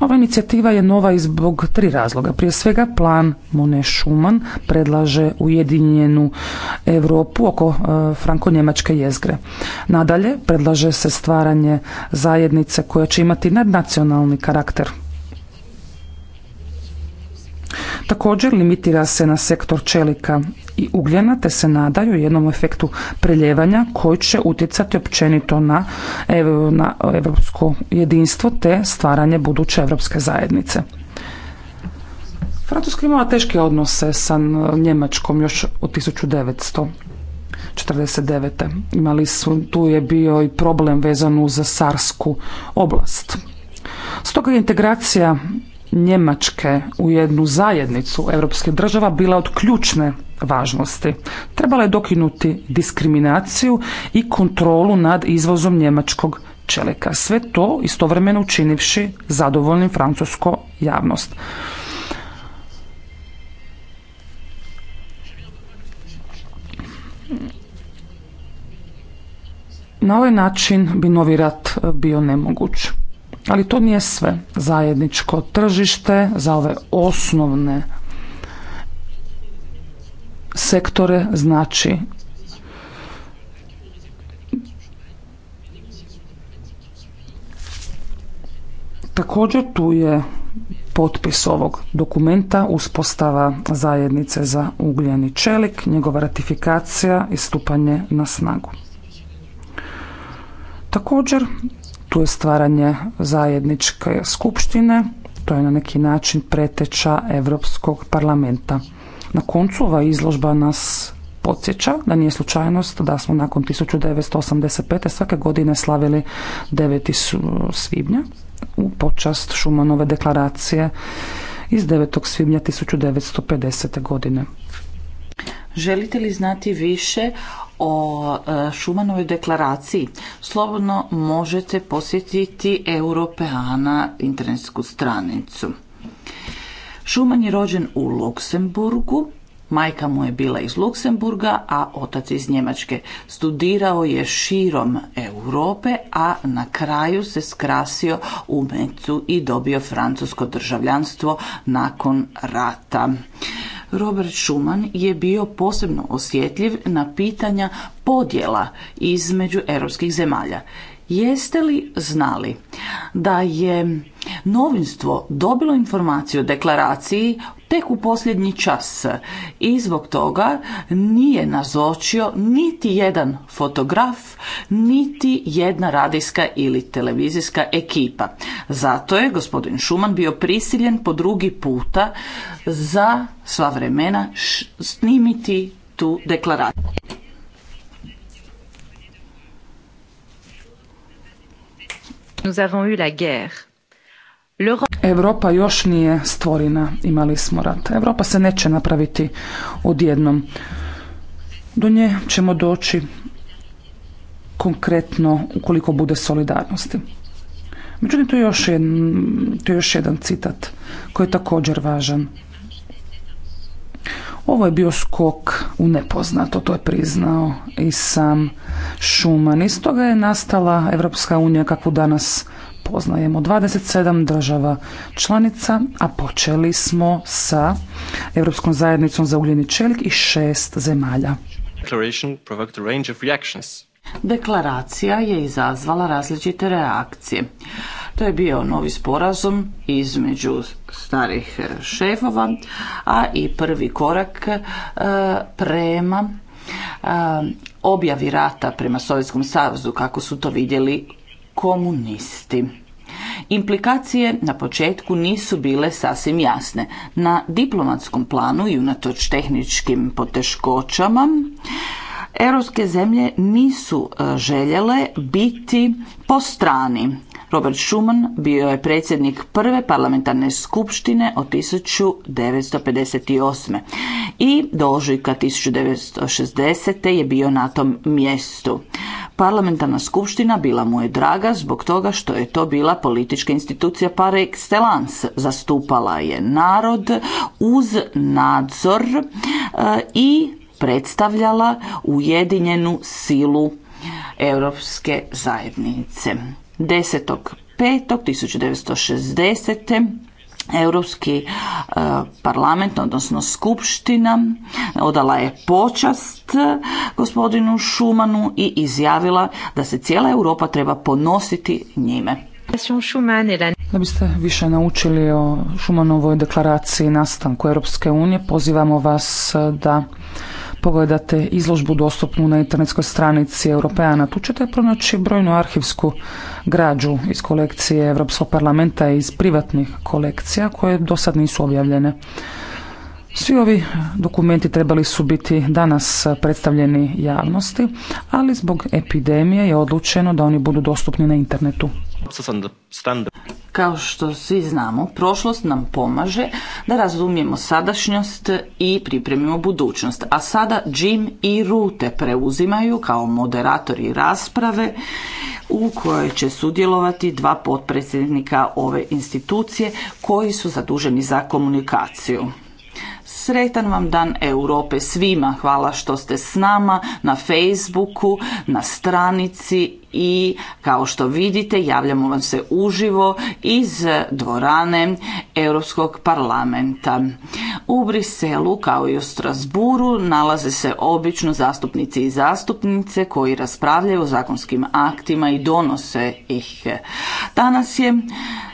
Ova inicijativa je nova i zbog tri razloga. Prije svega plan Mone Schumann predlaže ujedinjenu Europu oko e, franko-njemačke jezgre. Nadalje predlaže se stvaranje zajednice koja će imati nadnacionalni karakter. Također limitira se na sektor čelika i ugljena te se nadaju jednom efektu preljevanja koji će utjecati općenito na, evropsko jedinstvo te stvaranje buduće evropske zajednice. Francuska imala teške odnose sa Njemačkom još od 1900. 49. Imali su, tu je bio i problem vezan uz Sarsku oblast. Stoga je integracija Njemačke u jednu zajednicu europskih država bila od ključne važnosti. Trebala je dokinuti diskriminaciju i kontrolu nad izvozom njemačkog čelika. Sve to istovremeno učinivši zadovoljnim francusko javnost. Na ovaj način bi novi rat bio nemoguć. Ali to nije sve. Zajedničko tržište za ove osnovne sektore znači Također tu je potpis ovog dokumenta uspostava zajednice za ugljeni čelik, njegova ratifikacija i stupanje na snagu. Također tu je stvaranje zajedničke skupštine, to je na neki način preteča Europskog parlamenta. Na koncu ova izložba nas podsjeća da nije slučajnost da smo nakon 1985. svake godine slavili 9. svibnja u počast Šumanove deklaracije iz 9. svibnja 1950. godine. Želite li znati više o e, Šumanovoj deklaraciji, slobodno možete posjetiti Europeana internetsku stranicu. Šuman je rođen u Luksemburgu, Majka mu je bila iz Luksemburga, a otac iz Njemačke. Studirao je širom Europe, a na kraju se skrasio u Mecu i dobio francusko državljanstvo nakon rata. Robert Schuman je bio posebno osjetljiv na pitanja podjela između europskih zemalja Jeste li znali da je novinstvo dobilo informaciju o deklaraciji tek u posljednji čas i zbog toga nije nazočio niti jedan fotograf, niti jedna radijska ili televizijska ekipa. Zato je gospodin Šuman bio prisiljen po drugi puta za sva vremena snimiti tu deklaraciju. Europa još nije stvorena, imali smo rat. Europa se neće napraviti odjednom. Do nje ćemo doći konkretno ukoliko bude solidarnosti. Međutim, to je još, jedan, tu još jedan citat koji je također važan. Ovo je bio skok u nepoznato, to je priznao i sam Šuman. Iz toga je nastala Evropska unija kakvu danas poznajemo 27 država članica, a počeli smo sa Europskom zajednicom za ugljeni čelik i šest zemalja. Deklaracija je izazvala različite reakcije. To je bio novi sporazum između starih šefova, a i prvi korak e, prema e, objavi rata prema Sovjetskom savezu kako su to vidjeli komunisti. Implikacije na početku nisu bile sasvim jasne. Na diplomatskom planu i unatoč tehničkim poteškoćama Europske zemlje nisu e, željele biti po strani. Robert Schuman bio je predsjednik prve parlamentarne skupštine od 1958. i do ožujka 1960. je bio na tom mjestu. Parlamentarna skupština bila mu je draga zbog toga što je to bila politička institucija par excellence. Zastupala je narod uz nadzor e, i predstavljala ujedinjenu silu Europske zajednice. 10.5.1960. Europski e, parlament, odnosno skupština, odala je počast e, gospodinu Šumanu i izjavila da se cijela Europa treba ponositi njime. Da biste više naučili o Šumanovoj deklaraciji nastanku Europske unije, pozivamo vas e, da pogledate izložbu dostupnu na internetskoj stranici Europeana. Tu ćete pronaći brojnu arhivsku građu iz kolekcije Europskog parlamenta i iz privatnih kolekcija koje do sad nisu objavljene. Svi ovi dokumenti trebali su biti danas predstavljeni javnosti, ali zbog epidemije je odlučeno da oni budu dostupni na internetu. Kao što svi znamo, prošlost nam pomaže da razumijemo sadašnjost i pripremimo budućnost. A sada Jim i Rute preuzimaju kao moderatori rasprave u kojoj će sudjelovati dva potpredsjednika ove institucije koji su zaduženi za komunikaciju. Sretan vam dan Europe svima. Hvala što ste s nama na Facebooku, na stranici i kao što vidite javljamo vam se uživo iz dvorane Europskog parlamenta. U Briselu kao i u Strasburu nalaze se obično zastupnici i zastupnice koji raspravljaju o zakonskim aktima i donose ih. Danas je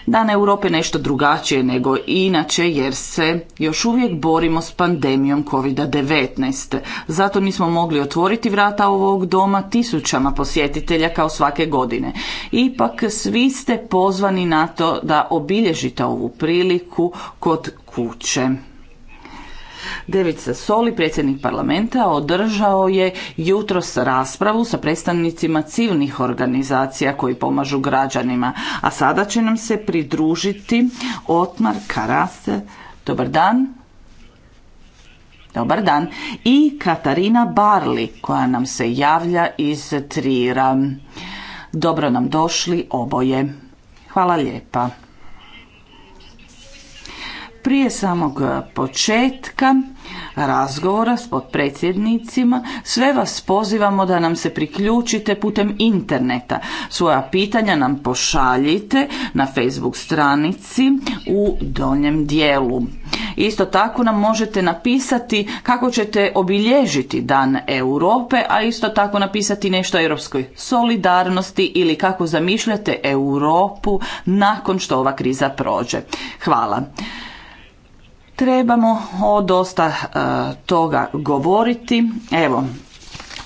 Dan Europe nešto drugačije nego inače jer se još uvijek borimo s pandemijom COVID-19. Zato nismo mogli otvoriti vrata ovog doma tisućama posjetitelja kao svake godine. Ipak svi ste pozvani na to da obilježite ovu priliku kod kuće. Devica Soli, predsjednik parlamenta, održao je jutros raspravu sa predstavnicima civilnih organizacija koji pomažu građanima. A sada će nam se pridružiti Otmar Karase. Dobar dan. Dobar dan. I Katarina Barli koja nam se javlja iz Trira. Dobro nam došli oboje. Hvala lijepa. Prije samog e, početka razgovora s potpredsjednicima sve vas pozivamo da nam se priključite putem interneta. Svoja pitanja nam pošaljite na Facebook stranici u donjem dijelu. Isto tako nam možete napisati kako ćete obilježiti Dan Europe, a isto tako napisati nešto o europskoj solidarnosti ili kako zamišljate Europu nakon što ova kriza prođe. Hvala. Trebamo o dosta e, toga govoriti. Evo,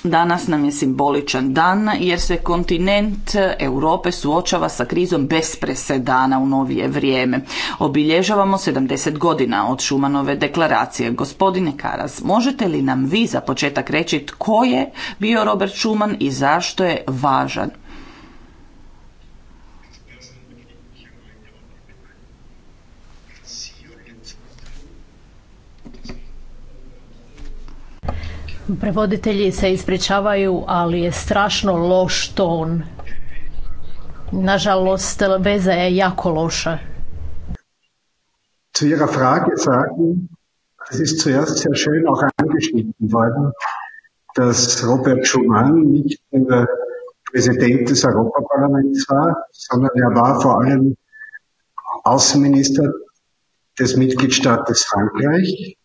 Danas nam je simboličan dan jer se kontinent Europe suočava sa krizom bez presedana u novije vrijeme. Obilježavamo 70 godina od Šumanove deklaracije. Gospodine Karas, možete li nam vi za početak reći tko je bio Robert Šuman i zašto je važan Prevoditelji se ispričavaju, ali je strašno loš ton. Nažalost, veza je jako loša. Zu Ihrer Frage sagen, es ist zuerst sehr schön auch angeschnitten worden, dass Robert Schumann nicht nur Präsident des Europaparlaments war, sondern er war vor allem Außenminister des Mitgliedstaates Frankreich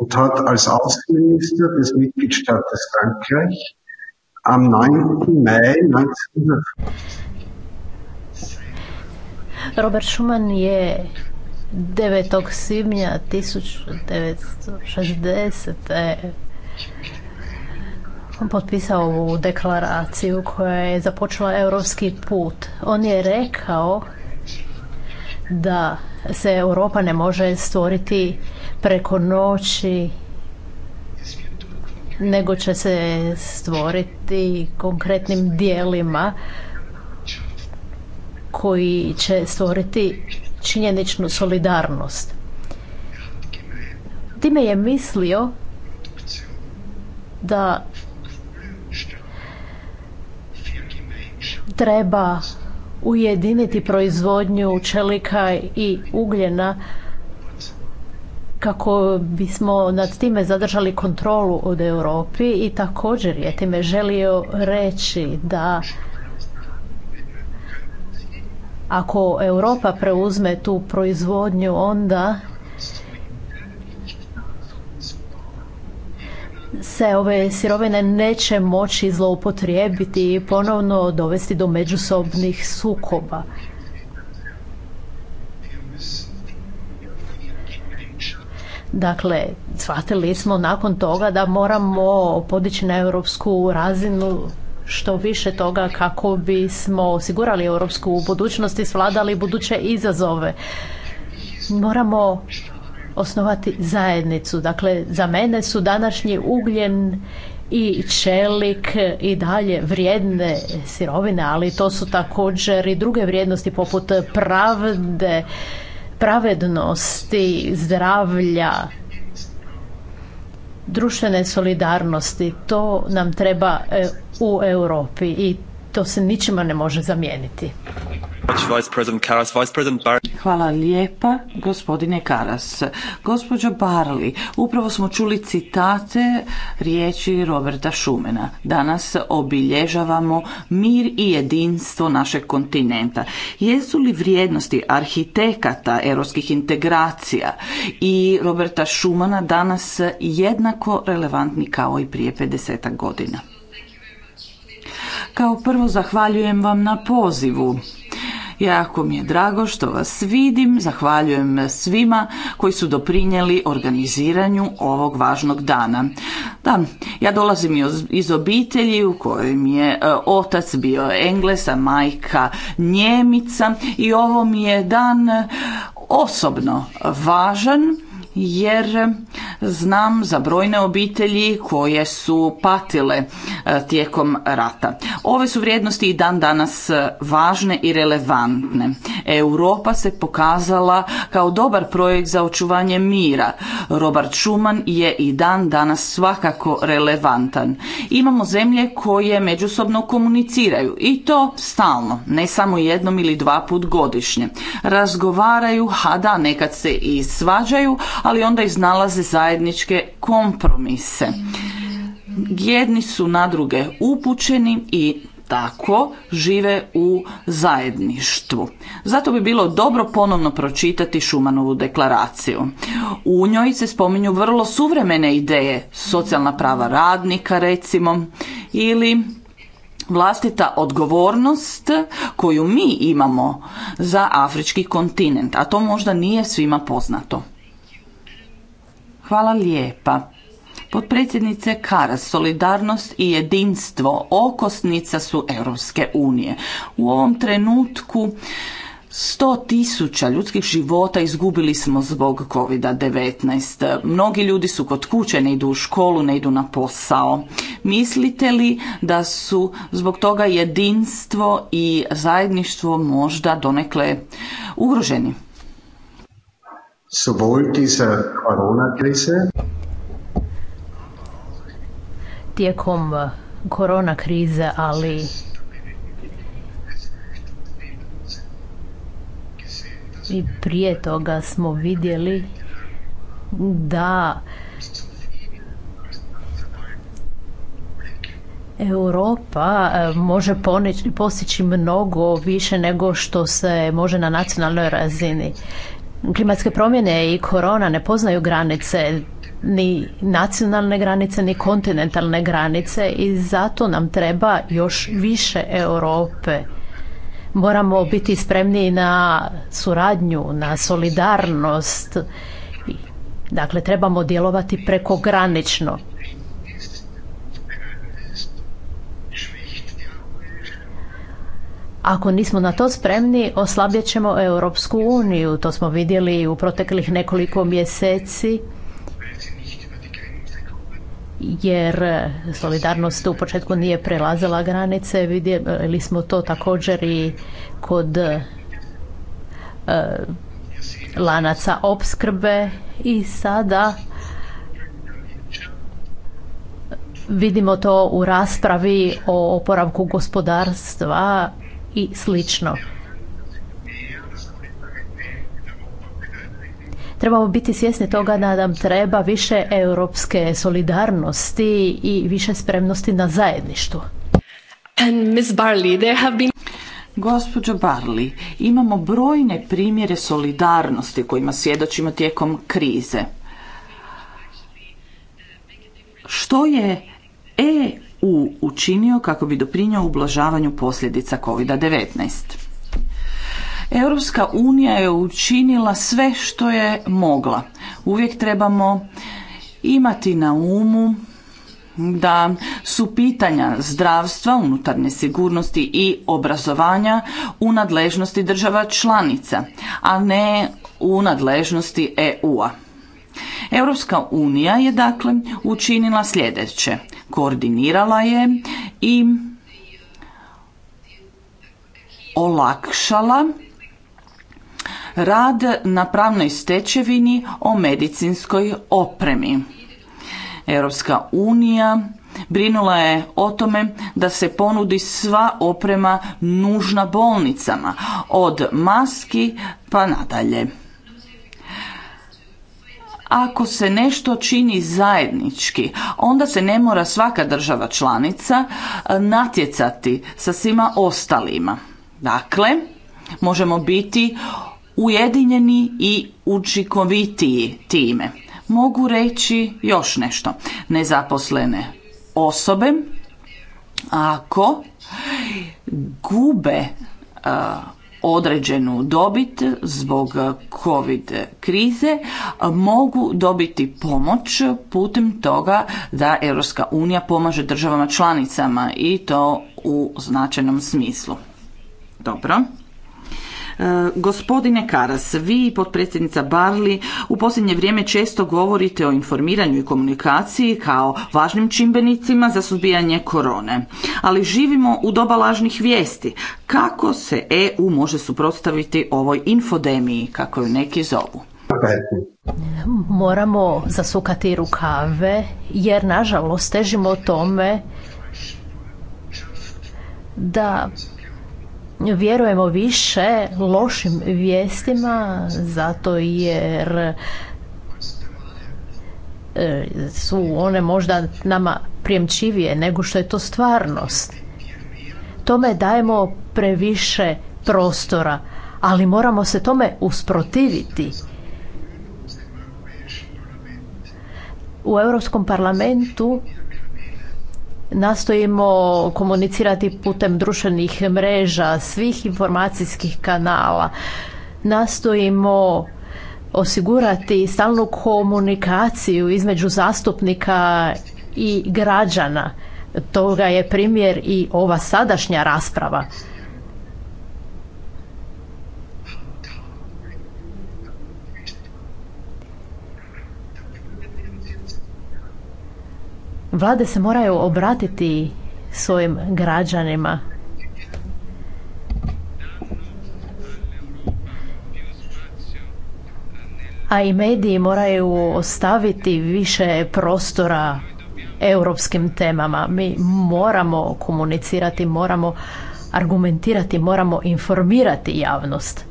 und hat als Außenminister des Mitgliedstaates Frankreich am 9. Mai 1950 Robert Schumann je 9. svibnja 1960. on potpisao ovu deklaraciju koja je započela europski put. On je rekao da se Europa ne može stvoriti preko noći nego će se stvoriti konkretnim dijelima koji će stvoriti činjeničnu solidarnost. Time je mislio da treba ujediniti proizvodnju čelika i ugljena kako bismo nad time zadržali kontrolu od Europi i također je time želio reći da ako Europa preuzme tu proizvodnju onda se ove sirovine neće moći zloupotrijebiti i ponovno dovesti do međusobnih sukoba. Dakle, shvatili smo nakon toga da moramo podići na europsku razinu što više toga kako bismo osigurali europsku budućnost i svladali buduće izazove. Moramo osnovati zajednicu. Dakle, za mene su današnji ugljen i čelik i dalje vrijedne sirovine, ali to su također i druge vrijednosti poput pravde, pravednosti, zdravlja, društvene solidarnosti. To nam treba e, u Europi i to se ničima ne može zamijeniti. Hvala lijepa, gospodine Karas. Gospođo Barli, upravo smo čuli citate riječi Roberta Šumena. Danas obilježavamo mir i jedinstvo našeg kontinenta. Jesu li vrijednosti arhitekata europskih integracija i Roberta Šumana danas jednako relevantni kao i prije 50 godina? Kao prvo zahvaljujem vam na pozivu Jako mi je drago što vas vidim, zahvaljujem svima koji su doprinijeli organiziranju ovog važnog dana. Da, ja dolazim iz obitelji u kojem je e, otac bio Englesa, majka Njemica i ovo mi je dan osobno važan jer znam za brojne obitelji koje su patile e, tijekom rata. Ove su vrijednosti i dan danas e, važne i relevantne. Europa se pokazala kao dobar projekt za očuvanje mira. Robert Schuman je i dan danas svakako relevantan. Imamo zemlje koje međusobno komuniciraju i to stalno, ne samo jednom ili dva put godišnje. Razgovaraju, hada da nekad se i svađaju, ali onda iznalaze zajedničke kompromise. Jedni su na druge upućeni i tako žive u zajedništvu. Zato bi bilo dobro ponovno pročitati Šumanovu deklaraciju. U njoj se spominju vrlo suvremene ideje, socijalna prava radnika recimo, ili vlastita odgovornost koju mi imamo za afrički kontinent, a to možda nije svima poznato. Hvala lijepa. Potpredsjednice Kara, solidarnost i jedinstvo okosnica su Europske unije. U ovom trenutku Sto tisuća ljudskih života izgubili smo zbog COVID-19. Mnogi ljudi su kod kuće, ne idu u školu, ne idu na posao. Mislite li da su zbog toga jedinstvo i zajedništvo možda donekle ugroženi? sowohl dieser Corona-Krise tijekom uh, korona krize, ali i prije toga smo vidjeli da Europa uh, može postići mnogo više nego što se može na nacionalnoj razini. Klimatske promjene i korona ne poznaju granice, ni nacionalne granice, ni kontinentalne granice i zato nam treba još više Europe. Moramo biti spremni na suradnju, na solidarnost. Dakle, trebamo djelovati prekogranično. Ako nismo na to spremni, oslabjet ćemo Europsku uniju. To smo vidjeli u proteklih nekoliko mjeseci jer solidarnost u početku nije prelazila granice. Vidjeli smo to također i kod e, lanaca opskrbe i sada vidimo to u raspravi o oporavku gospodarstva i slično. Trebamo biti svjesni toga da nam treba više europske solidarnosti i više spremnosti na zajedništvo. And Barley, imamo brojne primjere solidarnosti kojima svjedočimo tijekom krize. Što je e učinio kako bi doprinio ublažavanju posljedica COVID-19. Europska unija je učinila sve što je mogla. Uvijek trebamo imati na umu da su pitanja zdravstva, unutarnje sigurnosti i obrazovanja u nadležnosti država članica, a ne u nadležnosti EU-a. Europska unija je dakle učinila sljedeće. Koordinirala je i olakšala rad na pravnoj stečevini o medicinskoj opremi. Europska unija brinula je o tome da se ponudi sva oprema nužna bolnicama, od maski pa nadalje. Ako se nešto čini zajednički, onda se ne mora svaka država članica e, natjecati sa svima ostalima. Dakle, možemo biti ujedinjeni i učinkovitiji time. Mogu reći još nešto. Nezaposlene osobe ako gube e, određenu dobit zbog COVID krize mogu dobiti pomoć putem toga da Europska unija pomaže državama članicama i to u značajnom smislu. Dobro. E, gospodine Karas, vi potpredsjednica Barli u posljednje vrijeme često govorite o informiranju i komunikaciji kao važnim čimbenicima za suzbijanje korone. Ali živimo u doba lažnih vijesti. Kako se EU može suprotstaviti ovoj infodemiji, kako ju neki zovu? Moramo zasukati rukave jer nažalost težimo tome da vjerujemo više lošim vijestima zato jer e, su one možda nama prijemčivije nego što je to stvarnost. Tome dajemo previše prostora, ali moramo se tome usprotiviti. U Europskom parlamentu nastojimo komunicirati putem društvenih mreža, svih informacijskih kanala. Nastojimo osigurati stalnu komunikaciju između zastupnika i građana. Toga je primjer i ova sadašnja rasprava. Vlade se moraju obratiti svojim građanima. A i mediji moraju ostaviti više prostora europskim temama. Mi moramo komunicirati, moramo argumentirati, moramo informirati javnost.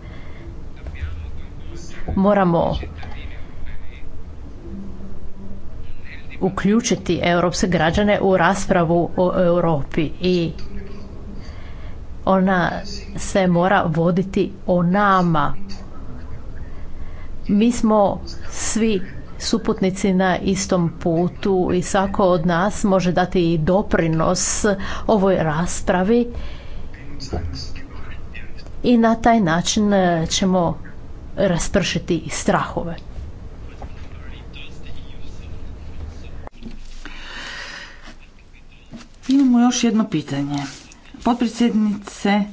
Moramo uključiti europske građane u raspravu o Europi i ona se mora voditi o nama. Mi smo svi suputnici na istom putu i svako od nas može dati i doprinos ovoj raspravi i na taj način ćemo raspršiti strahove. Imamo još jedno pitanje. Potpredsjednice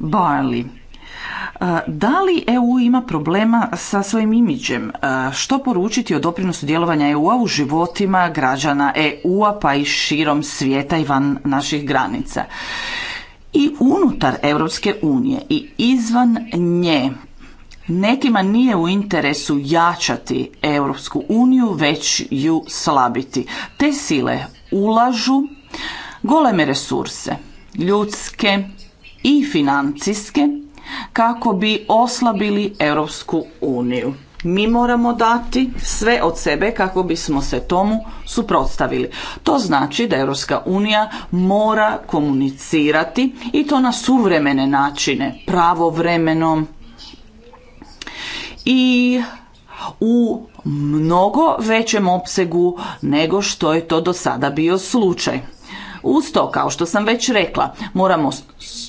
Barley, eh, da li EU ima problema sa svojim imidžem? Eh, što poručiti o doprinosu djelovanja EU-a u životima građana EU-a pa i širom svijeta i van naših granica? I unutar Europske unije i izvan nje Nekima nije u interesu jačati Europsku uniju, već ju slabiti. Te sile ulažu goleme resurse, ljudske i financijske, kako bi oslabili Europsku uniju. Mi moramo dati sve od sebe kako bismo se tomu suprotstavili. To znači da Europska unija mora komunicirati i to na suvremene načine, pravovremeno i u mnogo većem opsegu nego što je to do sada bio slučaj. Uz to, kao što sam već rekla, moramo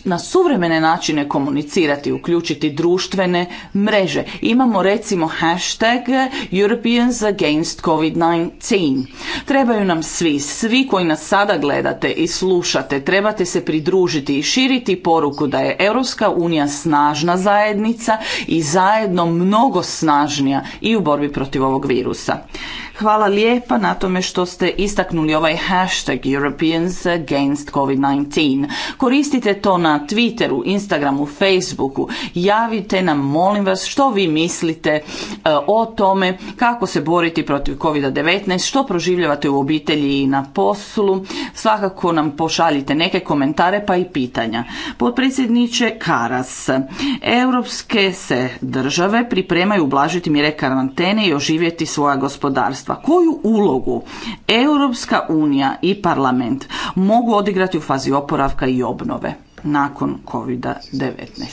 na suvremene načine komunicirati, uključiti društvene mreže. Imamo recimo hashtag Europeans against COVID-19. Trebaju nam svi, svi koji nas sada gledate i slušate, trebate se pridružiti i širiti poruku da je Europska unija snažna zajednica i zajedno mnogo snažnija i u borbi protiv ovog virusa. Hvala lijepa na tome što ste istaknuli ovaj hashtag Europeans against COVID-19. Koristite to na Twitteru, Instagramu, Facebooku. Javite nam, molim vas, što vi mislite e, o tome kako se boriti protiv COVID-19, što proživljavate u obitelji i na poslu. Svakako nam pošaljite neke komentare pa i pitanja. Potpredsjedniče Karas, europske se države pripremaju ublažiti mire karantene i oživjeti svoja gospodarstva. Koju ulogu Europska unija i parlament mogu odigrati u fazi oporavka i obnove? nakon COVID-19.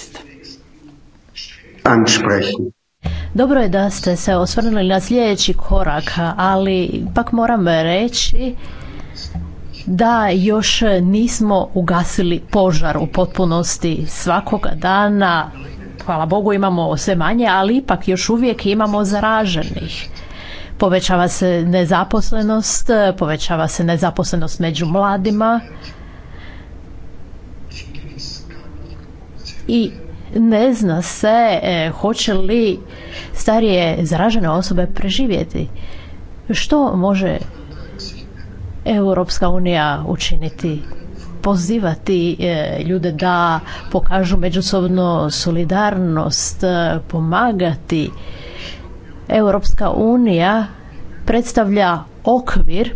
Dobro je da ste se osvrnuli na sljedeći korak, ali ipak moram reći da još nismo ugasili požar u potpunosti svakoga dana. Hvala Bogu imamo sve manje, ali ipak još uvijek imamo zaraženih. Povećava se nezaposlenost, povećava se nezaposlenost među mladima i ne zna se e, hoće li starije zaražene osobe preživjeti. Što može Europska unija učiniti? Pozivati e, ljude da pokažu međusobno solidarnost, e, pomagati. Europska unija predstavlja okvir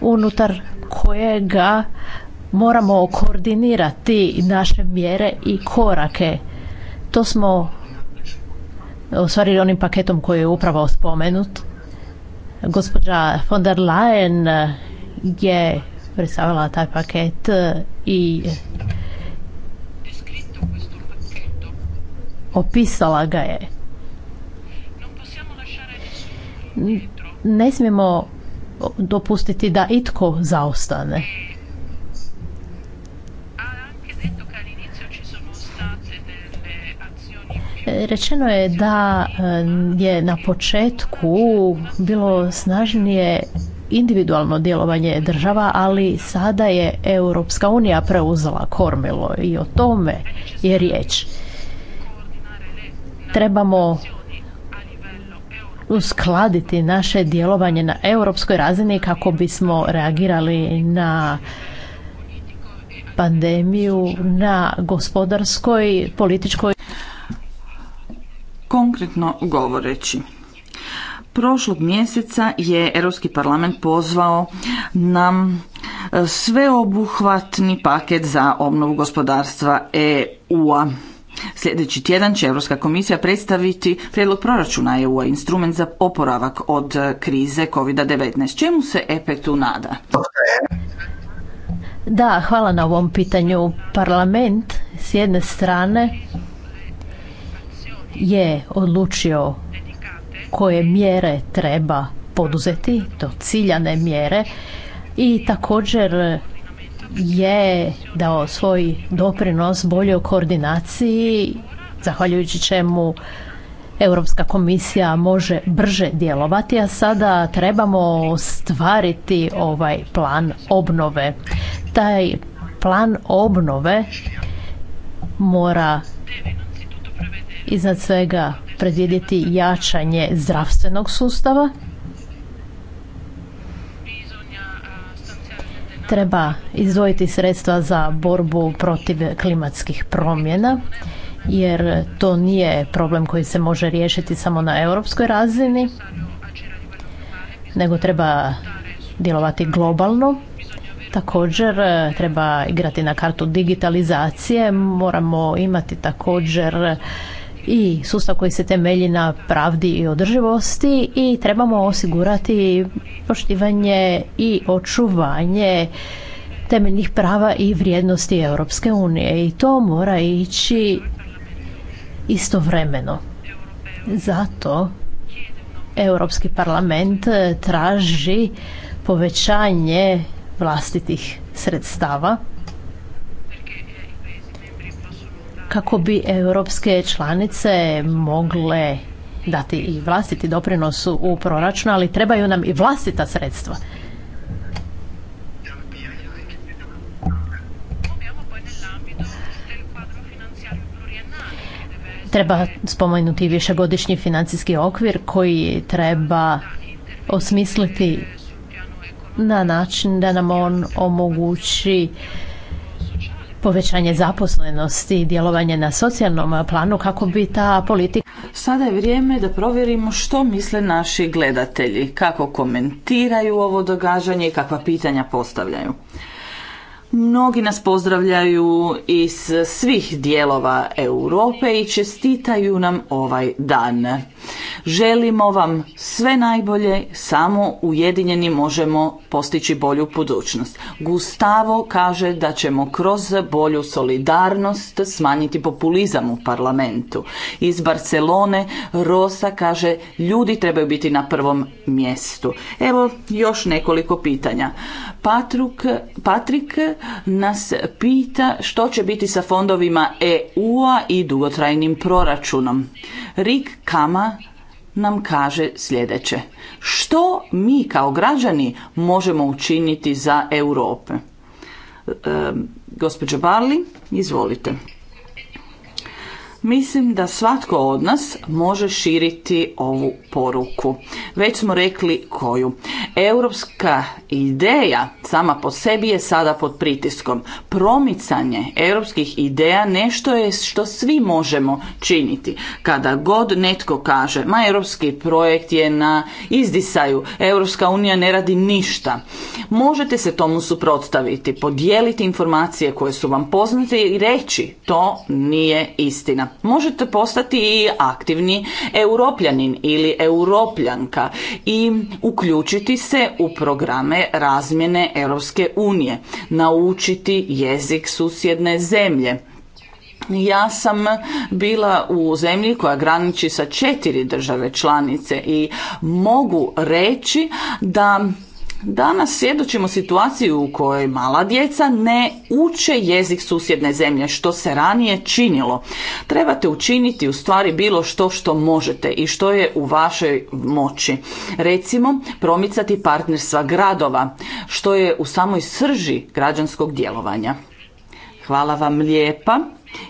unutar kojega moramo koordinirati naše mjere i korake. To smo ostvarili onim paketom koji je upravo spomenut. Gospođa von der Leyen je predstavila taj paket i opisala ga je. Ne smijemo dopustiti da itko zaostane. Rečeno je da e, je na početku bilo snažnije individualno djelovanje država, ali sada je Europska unija preuzela kormilo i o tome je riječ. Trebamo uskladiti naše djelovanje na europskoj razini kako bismo reagirali na pandemiju na gospodarskoj, političkoj Konkretno govoreći, prošlog mjeseca je Europski parlament pozvao nam e, sveobuhvatni paket za obnovu gospodarstva EU-a. Sljedeći tjedan će Europska komisija predstaviti prijedlog proračuna EU-a, instrument za oporavak od e, krize COVID-19. Čemu se EPE e nada? Da, hvala na ovom pitanju. Parlament s jedne strane je odlučio koje mjere treba poduzeti, to ciljane mjere i također je dao svoj doprinos boljoj koordinaciji zahvaljujući čemu Europska komisija može brže djelovati, a sada trebamo stvariti ovaj plan obnove. Taj plan obnove mora iznad svega predvidjeti jačanje zdravstvenog sustava. Treba izdvojiti sredstva za borbu protiv klimatskih promjena jer to nije problem koji se može riješiti samo na europskoj razini nego treba djelovati globalno. Također treba igrati na kartu digitalizacije, moramo imati također i sustav koji se temelji na pravdi i održivosti i trebamo osigurati poštivanje i očuvanje temeljnih prava i vrijednosti Europske unije i to mora ići istovremeno. Zato Europski parlament traži povećanje vlastitih sredstava kako bi europske članice mogle dati i vlastiti doprinos u proračun, ali trebaju nam i vlastita sredstva. Treba spomenuti višegodišnji financijski okvir koji treba osmisliti na način da nam on omogući povećanje zaposlenosti i djelovanje na socijalnom planu kako bi ta politika... Sada je vrijeme da provjerimo što misle naši gledatelji, kako komentiraju ovo događanje i kakva pitanja postavljaju. Mnogi nas pozdravljaju iz svih dijelova Europe i čestitaju nam ovaj dan. Želimo vam sve najbolje, samo ujedinjeni možemo postići bolju budućnost. Gustavo kaže da ćemo kroz bolju solidarnost smanjiti populizam u parlamentu. Iz Barcelone Rosa kaže ljudi trebaju biti na prvom mjestu. Evo još nekoliko pitanja. Patruk, Patrik nas pita što će biti sa fondovima EU-a i dugotrajnim proračunom. Rik Kama nam kaže sljedeće. Što mi kao građani možemo učiniti za Europe? E, Barli, izvolite. Mislim da svatko od nas može širiti ovu poruku. Već smo rekli koju. Europska ideja sama po sebi je sada pod pritiskom. Promicanje europskih ideja nešto je što svi možemo činiti. Kada god netko kaže, ma europski projekt je na izdisaju, Europska unija ne radi ništa. Možete se tomu suprotstaviti, podijeliti informacije koje su vam poznate i reći to nije istina. Možete postati i aktivni europljanin ili europljanka i uključiti se u programe razmjene Europske unije, naučiti jezik susjedne zemlje. Ja sam bila u zemlji koja graniči sa četiri države članice i mogu reći da Danas svjedočimo situaciju u kojoj mala djeca ne uče jezik susjedne zemlje, što se ranije činilo. Trebate učiniti u stvari bilo što što možete i što je u vašoj moći. Recimo, promicati partnerstva gradova, što je u samoj srži građanskog djelovanja. Hvala vam lijepa.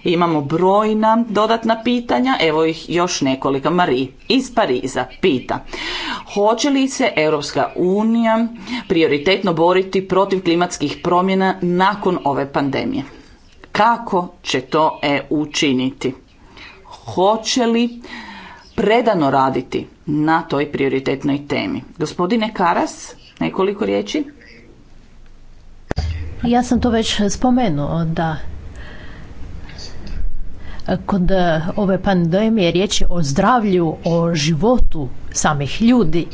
Imamo brojna dodatna pitanja, evo ih još nekoliko. Marie iz Pariza pita, hoće li se Europska unija prioritetno boriti protiv klimatskih promjena nakon ove pandemije? Kako će to e učiniti? Hoće li predano raditi na toj prioritetnoj temi? Gospodine Karas, nekoliko riječi? Ja sam to već spomenuo, da Kod e, ove pandemije riječ je o zdravlju, o životu samih ljudi.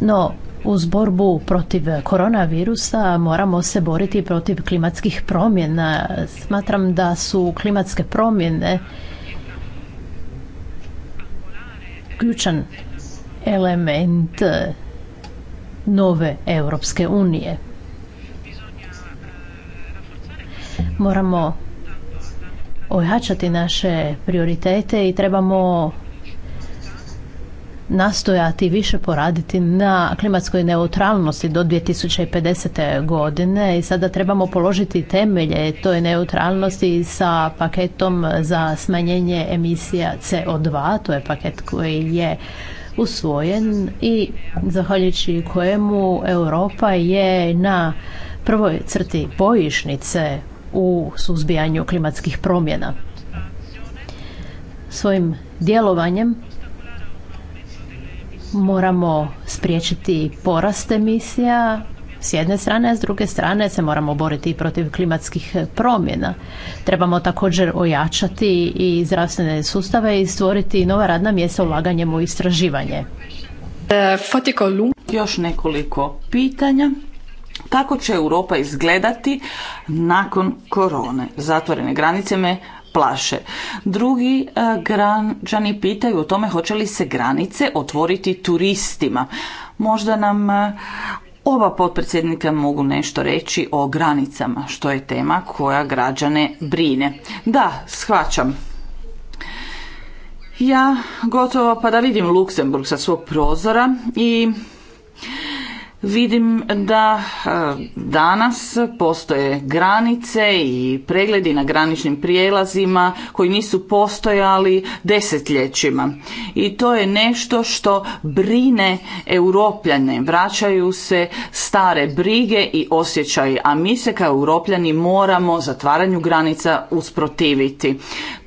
No, uz borbu protiv koronavirusa moramo se boriti protiv klimatskih promjena. Smatram da su klimatske promjene ključan element nove Europske unije. Moramo ojačati naše prioritete i trebamo nastojati više poraditi na klimatskoj neutralnosti do 2050. godine i sada trebamo položiti temelje toj neutralnosti sa paketom za smanjenje emisija CO2, to je paket koji je usvojen i zahvaljujući kojemu Europa je na prvoj crti bojišnice u suzbijanju klimatskih promjena. Svojim djelovanjem moramo spriječiti porast emisija, s jedne strane, a s druge strane se moramo boriti i protiv klimatskih e, promjena. Trebamo također ojačati i zdravstvene sustave i stvoriti nova radna mjesta ulaganjem u istraživanje. E, Još nekoliko pitanja. Kako će Europa izgledati nakon korone? Zatvorene granice me plaše. Drugi e, građani pitaju o tome hoće li se granice otvoriti turistima. Možda nam Oba potpredsjednika mogu nešto reći o granicama, što je tema koja građane brine. Da, shvaćam. Ja gotovo pa da vidim Luksemburg sa svog prozora i Vidim da e, danas postoje granice i pregledi na graničnim prijelazima koji nisu postojali desetljećima. I to je nešto što brine europljane. Vraćaju se stare brige i osjećaji, a mi se kao europljani moramo zatvaranju granica usprotiviti.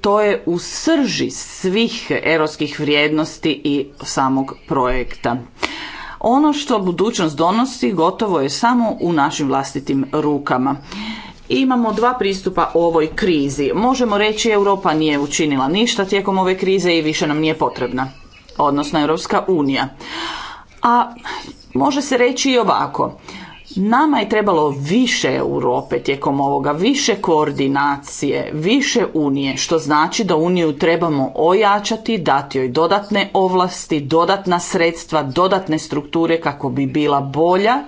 To je u srži svih europskih vrijednosti i samog projekta. Ono što budućnost donosi gotovo je samo u našim vlastitim rukama. Imamo dva pristupa ovoj krizi. Možemo reći Europa nije učinila ništa tijekom ove krize i više nam nije potrebna, odnosno Europska unija. A može se reći i ovako. Nama je trebalo više Europe tijekom ovoga, više koordinacije, više Unije, što znači da Uniju trebamo ojačati, dati joj dodatne ovlasti, dodatna sredstva, dodatne strukture kako bi bila bolja,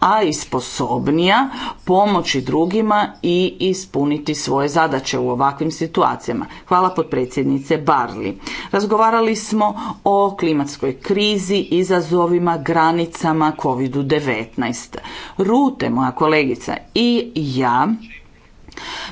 a i sposobnija pomoći drugima i ispuniti svoje zadaće u ovakvim situacijama. Hvala potpredsjednice Barli. Razgovarali smo o klimatskoj krizi, izazovima, granicama COVID-19. Rute, moja kolegica i ja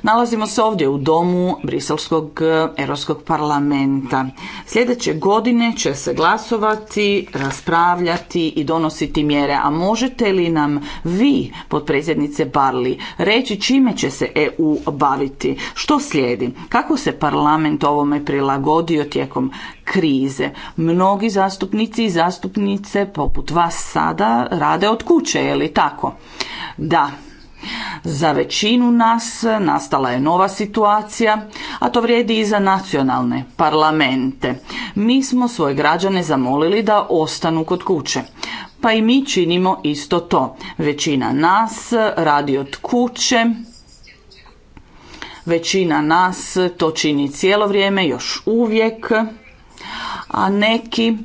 Nalazimo se ovdje u domu Briselskog eh, Europskog parlamenta. Sljedeće godine će se glasovati, raspravljati i donositi mjere. A možete li nam vi, potpredsjednice Barli, reći čime će se EU baviti? Što slijedi? Kako se parlament ovome prilagodio tijekom krize? Mnogi zastupnici i zastupnice poput vas sada rade od kuće, je li tako? Da, za većinu nas nastala je nova situacija, a to vrijedi i za nacionalne parlamente. Mi smo svoje građane zamolili da ostanu kod kuće. Pa i mi činimo isto to. Većina nas radi od kuće, većina nas to čini cijelo vrijeme, još uvijek, a neki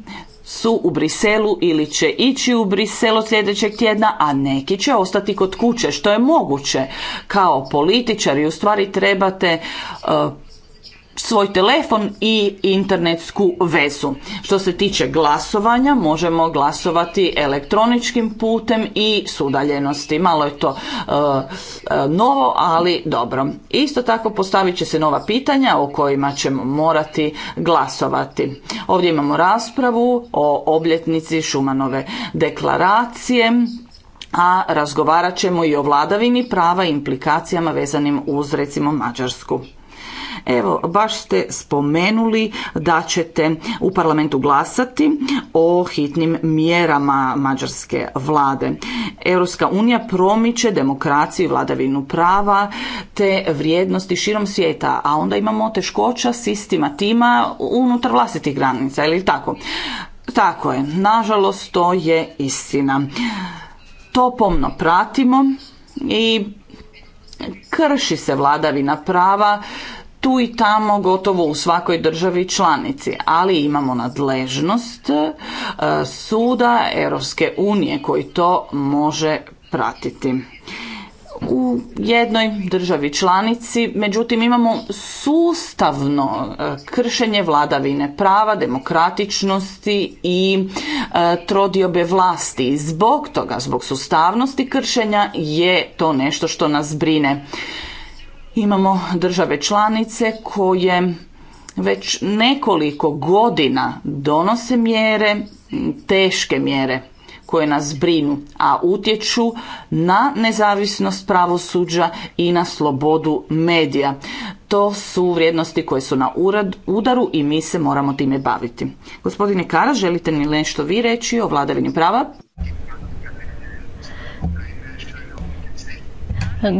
su u Briselu ili će ići u Briselu sljedećeg tjedna, a neki će ostati kod kuće, što je moguće. Kao političari u stvari trebate e, svoj telefon i internetsku vezu. Što se tiče glasovanja, možemo glasovati elektroničkim putem i s udaljenosti. Malo je to e, e, novo, ali dobro. Isto tako postavit će se nova pitanja o kojima ćemo morati glasovati. Ovdje imamo raspravu o obljetnici Šumanove deklaracije a razgovarat ćemo i o vladavini prava i implikacijama vezanim uz recimo Mađarsku. Evo, baš ste spomenuli da ćete u parlamentu glasati o hitnim mjerama mađarske vlade. Europska unija promiče demokraciju i vladavinu prava te vrijednosti širom svijeta, a onda imamo teškoća s istima tima unutar vlastitih granica, ili tako? Tako je, nažalost to je istina. To pomno pratimo i krši se vladavina prava tu i tamo gotovo u svakoj državi članici, ali imamo nadležnost e, suda Europske unije koji to može pratiti. U jednoj državi članici, međutim imamo sustavno e, kršenje vladavine prava, demokratičnosti i e, trodiobe vlasti. zbog toga, zbog sustavnosti kršenja je to nešto što nas brine. Imamo države članice koje već nekoliko godina donose mjere, teške mjere koje nas brinu, a utječu na nezavisnost pravosuđa i na slobodu medija. To su vrijednosti koje su na udaru i mi se moramo time baviti. Gospodine Kara, želite li nešto vi reći o vladavini prava?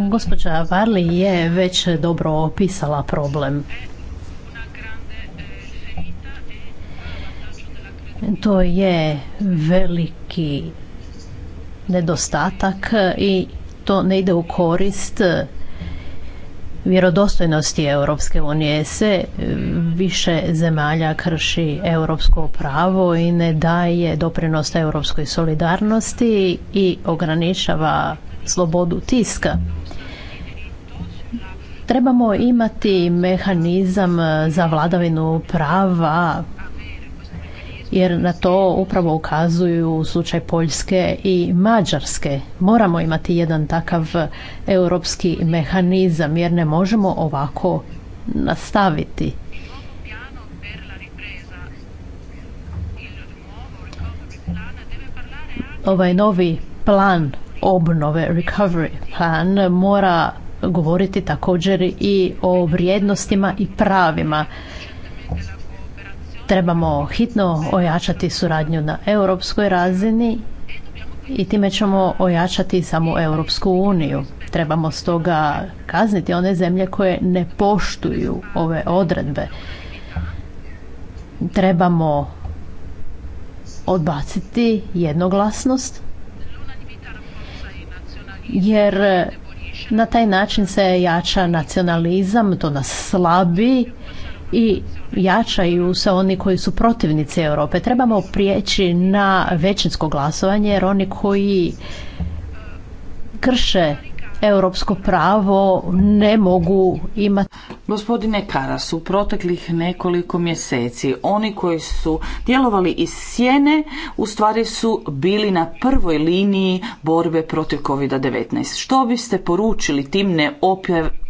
Gospođa Varli je već dobro opisala problem. To je veliki nedostatak i to ne ide u korist vjerodostojnosti Europske unije se više zemalja krši europsko pravo i ne daje doprinos europskoj solidarnosti i ograničava slobodu tiska. Trebamo imati mehanizam e, za vladavinu prava jer na to upravo ukazuju slučaj Poljske i Mađarske. Moramo imati jedan takav europski mehanizam jer ne možemo ovako nastaviti. Ovaj novi plan obnove recovery plan mora govoriti također i o vrijednostima i pravima. Trebamo hitno ojačati suradnju na europskoj razini i time ćemo ojačati samo Europsku uniju. Trebamo stoga kazniti one zemlje koje ne poštuju ove odredbe. Trebamo odbaciti jednoglasnost jer e, na taj način se jača nacionalizam, to nas slabi i jačaju se oni koji su protivnici Europe. Trebamo prijeći na većinsko glasovanje jer oni koji krše europsko pravo ne mogu imati. Gospodine Karas, u proteklih nekoliko mjeseci oni koji su djelovali iz sjene u stvari su bili na prvoj liniji borbe protiv COVID-19. Što biste poručili tim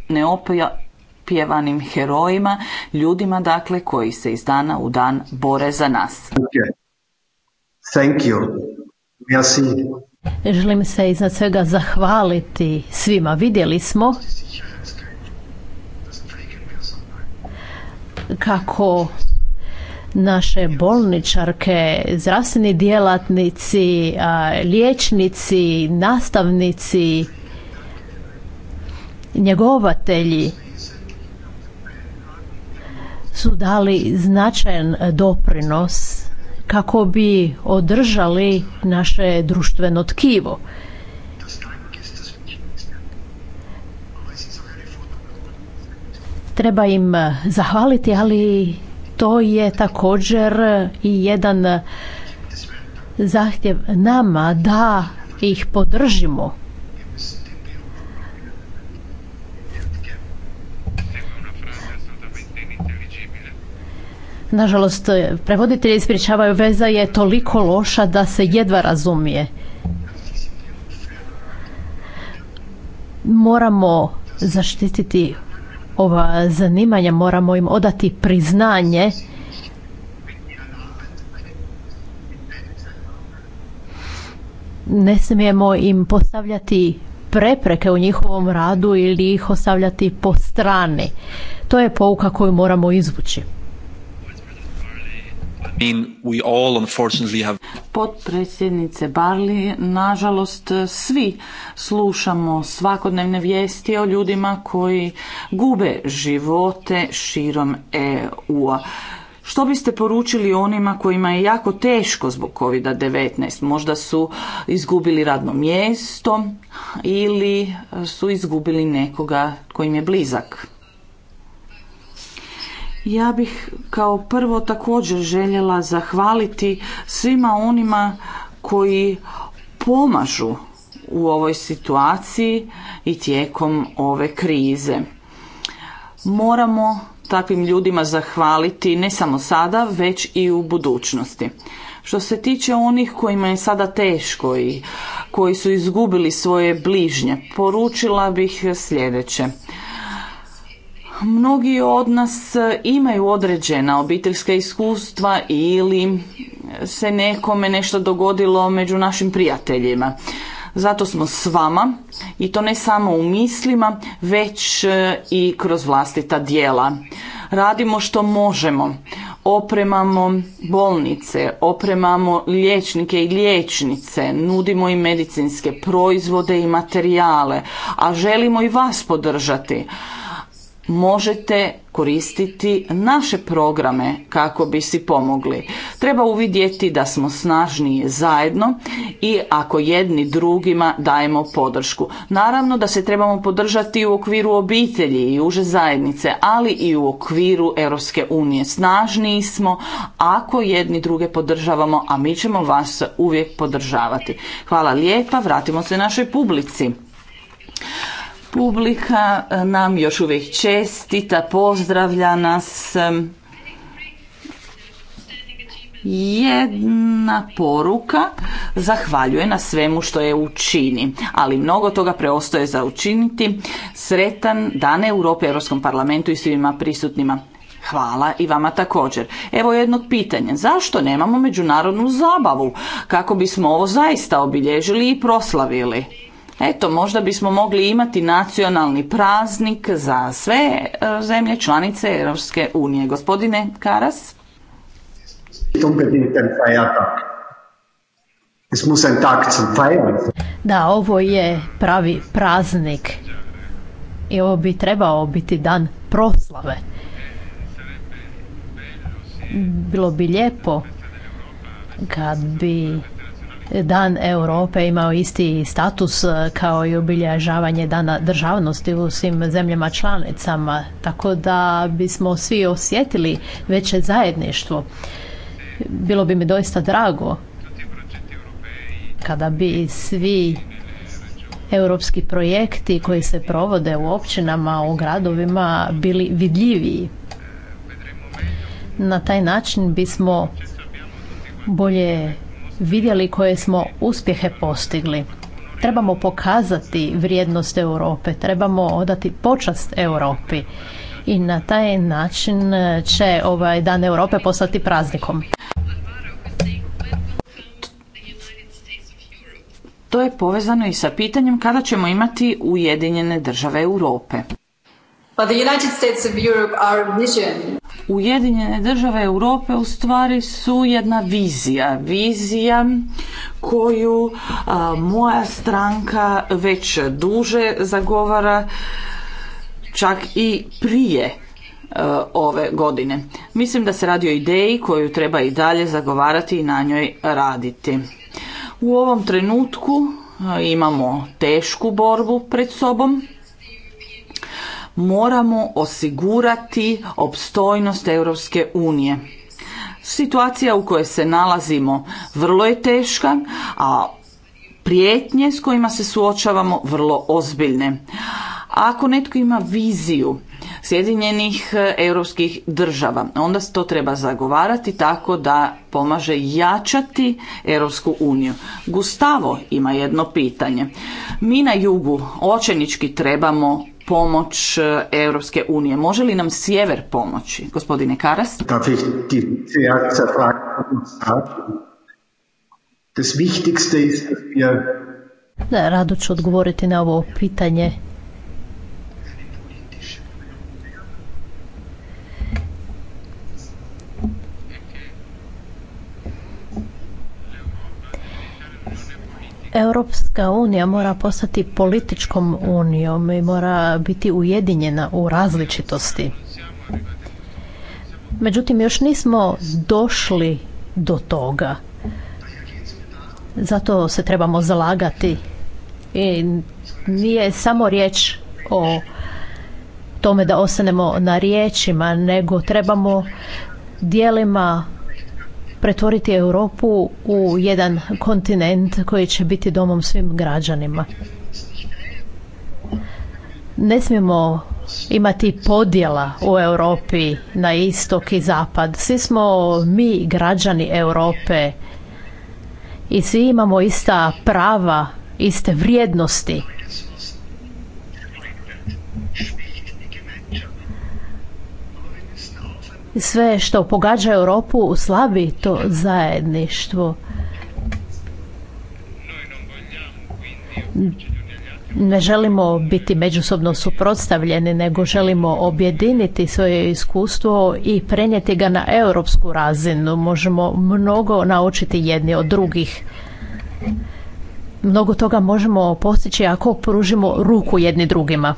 neopjevanim herojima, ljudima dakle koji se iz dana u dan bore za nas. Okay. Thank you. Želim se iznad svega zahvaliti svima. Vidjeli smo kako naše bolničarke, zdravstveni djelatnici, liječnici, nastavnici, njegovatelji su dali značajan doprinos kako bi održali naše društveno tkivo. Treba im zahvaliti, ali to je također i jedan zahtjev nama da ih podržimo. Nažalost, e, prevoditelji ispričavaju veza je toliko loša da se jedva razumije. Moramo zaštititi ova zanimanja, moramo im odati priznanje. Ne smijemo im postavljati prepreke u njihovom radu ili ih ostavljati po strani. To je pouka koju moramo izvući. Potpredsjednice Barli, nažalost svi slušamo svakodnevne vijesti o ljudima koji gube živote širom EU-a. Što biste poručili onima kojima je jako teško zbog COVID-19? Možda su izgubili radno mjesto ili su izgubili nekoga kojim je blizak. Ja bih kao prvo također željela zahvaliti svima onima koji pomažu u ovoj situaciji i tijekom ove krize. Moramo takvim ljudima zahvaliti ne samo sada, već i u budućnosti. Što se tiče onih kojima je sada teško i koji su izgubili svoje bližnje, poručila bih sljedeće. Mnogi od nas imaju određena obiteljska iskustva ili se nekome nešto dogodilo među našim prijateljima. Zato smo s vama i to ne samo u mislima, već e, i kroz vlastita dijela. Radimo što možemo. Opremamo bolnice, opremamo liječnike i liječnice, nudimo i medicinske proizvode i materijale, a želimo i vas podržati možete koristiti naše programe kako bi si pomogli. Treba uvidjeti da smo snažniji zajedno i ako jedni drugima dajemo podršku. Naravno da se trebamo podržati u okviru obitelji i uže zajednice, ali i u okviru Europske unije. Snažniji smo ako jedni druge podržavamo, a mi ćemo vas uvijek podržavati. Hvala lijepa, vratimo se našoj publici. Publika e, nam još uvijek čestita, pozdravlja nas. E, jedna poruka zahvaljuje na svemu što je učini, ali mnogo toga preostaje za učiniti. Sretan Dan Europe Europskom parlamentu i svima prisutnima. Hvala i vama također. Evo jednog pitanja. Zašto nemamo međunarodnu zabavu kako bismo ovo zaista obilježili i proslavili? Eto, možda bismo mogli imati nacionalni praznik za sve e, zemlje članice Europske unije. Gospodine Karas? Da, ovo je pravi praznik i ovo bi trebao biti dan proslave. Bilo bi lijepo kad bi Dan Europe imao isti status e, kao i obilježavanje Dana državnosti u svim zemljama članicama, tako da bismo svi osjetili veće zajedništvo. Bilo bi mi doista drago kada bi svi europski projekti koji se provode u općinama, u gradovima bili vidljiviji. Na taj način bismo bolje vidjeli koje smo uspjehe postigli. Trebamo pokazati vrijednost Europe, trebamo odati počast Europi i na taj način će ovaj Dan Europe postati praznikom. To je povezano i sa pitanjem kada ćemo imati Ujedinjene države Europe. Ujedinjene države Europe u stvari su jedna vizija, vizija koju moja stranka već duže zagovara čak i prije ove godine. Mislim da se radi o ideji koju treba i dalje zagovarati i na njoj raditi. U ovom trenutku imamo tešku borbu pred sobom moramo osigurati opstojnost Europske unije. Situacija u kojoj se nalazimo vrlo je teška, a prijetnje s kojima se suočavamo vrlo ozbiljne. Ako netko ima viziju Sjedinjenih e, europskih država, onda se to treba zagovarati tako da pomaže jačati Europsku uniju. Gustavo ima jedno pitanje. Mi na jugu očenički trebamo pomoć e, Europske unije. Može li nam sjever pomoći, gospodine Karas? Da, rado ću odgovoriti na ovo pitanje. Europska unija mora postati političkom unijom i mora biti ujedinjena u različitosti. Međutim, još nismo došli do toga. Zato se trebamo zalagati. I nije samo riječ o tome da ostanemo na riječima, nego trebamo dijelima pretvoriti Europu u jedan kontinent koji će biti domom svim građanima. Ne smijemo imati podjela u Europi na istok i zapad. Svi smo mi građani Europe i svi imamo ista prava, iste vrijednosti. sve što pogađa Europu slabi to zajedništvo. Ne želimo biti međusobno suprotstavljeni, nego želimo objediniti svoje iskustvo i prenijeti ga na europsku razinu. Možemo mnogo naučiti jedni od drugih. Mnogo toga možemo postići ako pružimo ruku jedni drugima.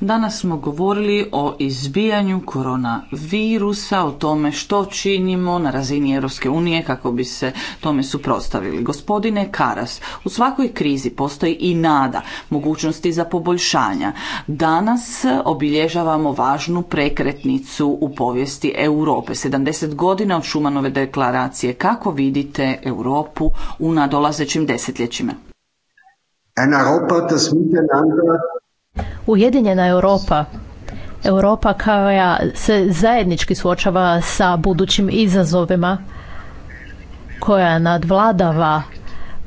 Danas smo govorili o izbijanju koronavirusa, o tome što činimo na razini Europske unije kako bi se tome suprotstavili. Gospodine Karas, u svakoj krizi postoji i nada, mogućnosti za poboljšanja. Danas obilježavamo važnu prekretnicu u povijesti Europe. 70 godina od Šumanove deklaracije. Kako vidite Europu u nadolazećim desetljećima? Ein Europa, das miteinander Ujedinjena Europa Europa koja se zajednički suočava sa budućim izazovima koja nadvladava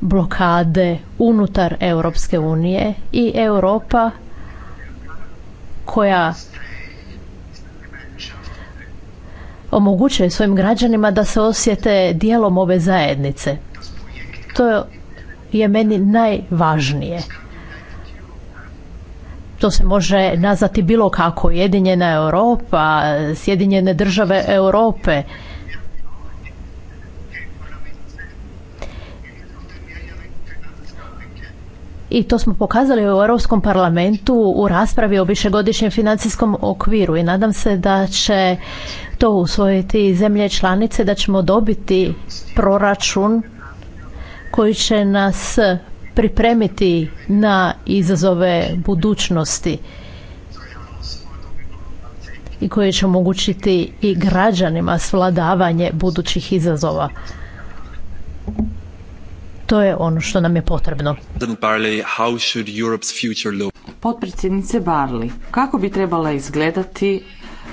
blokade unutar Europske unije i Europa koja omogućuje svojim građanima da se osjete dijelom ove zajednice. To je meni najvažnije. To se može nazvati bilo kako, Jedinjena Europa, Sjedinjene države Europe. i to smo pokazali u Europskom parlamentu u raspravi o višegodišnjem financijskom okviru i nadam se da će to usvojiti zemlje članice, da ćemo dobiti proračun koji će nas pripremiti na izazove budućnosti i koje će omogućiti i građanima svladavanje budućih izazova. To je ono što nam je potrebno. Potpredsjednice Barley, kako bi trebala izgledati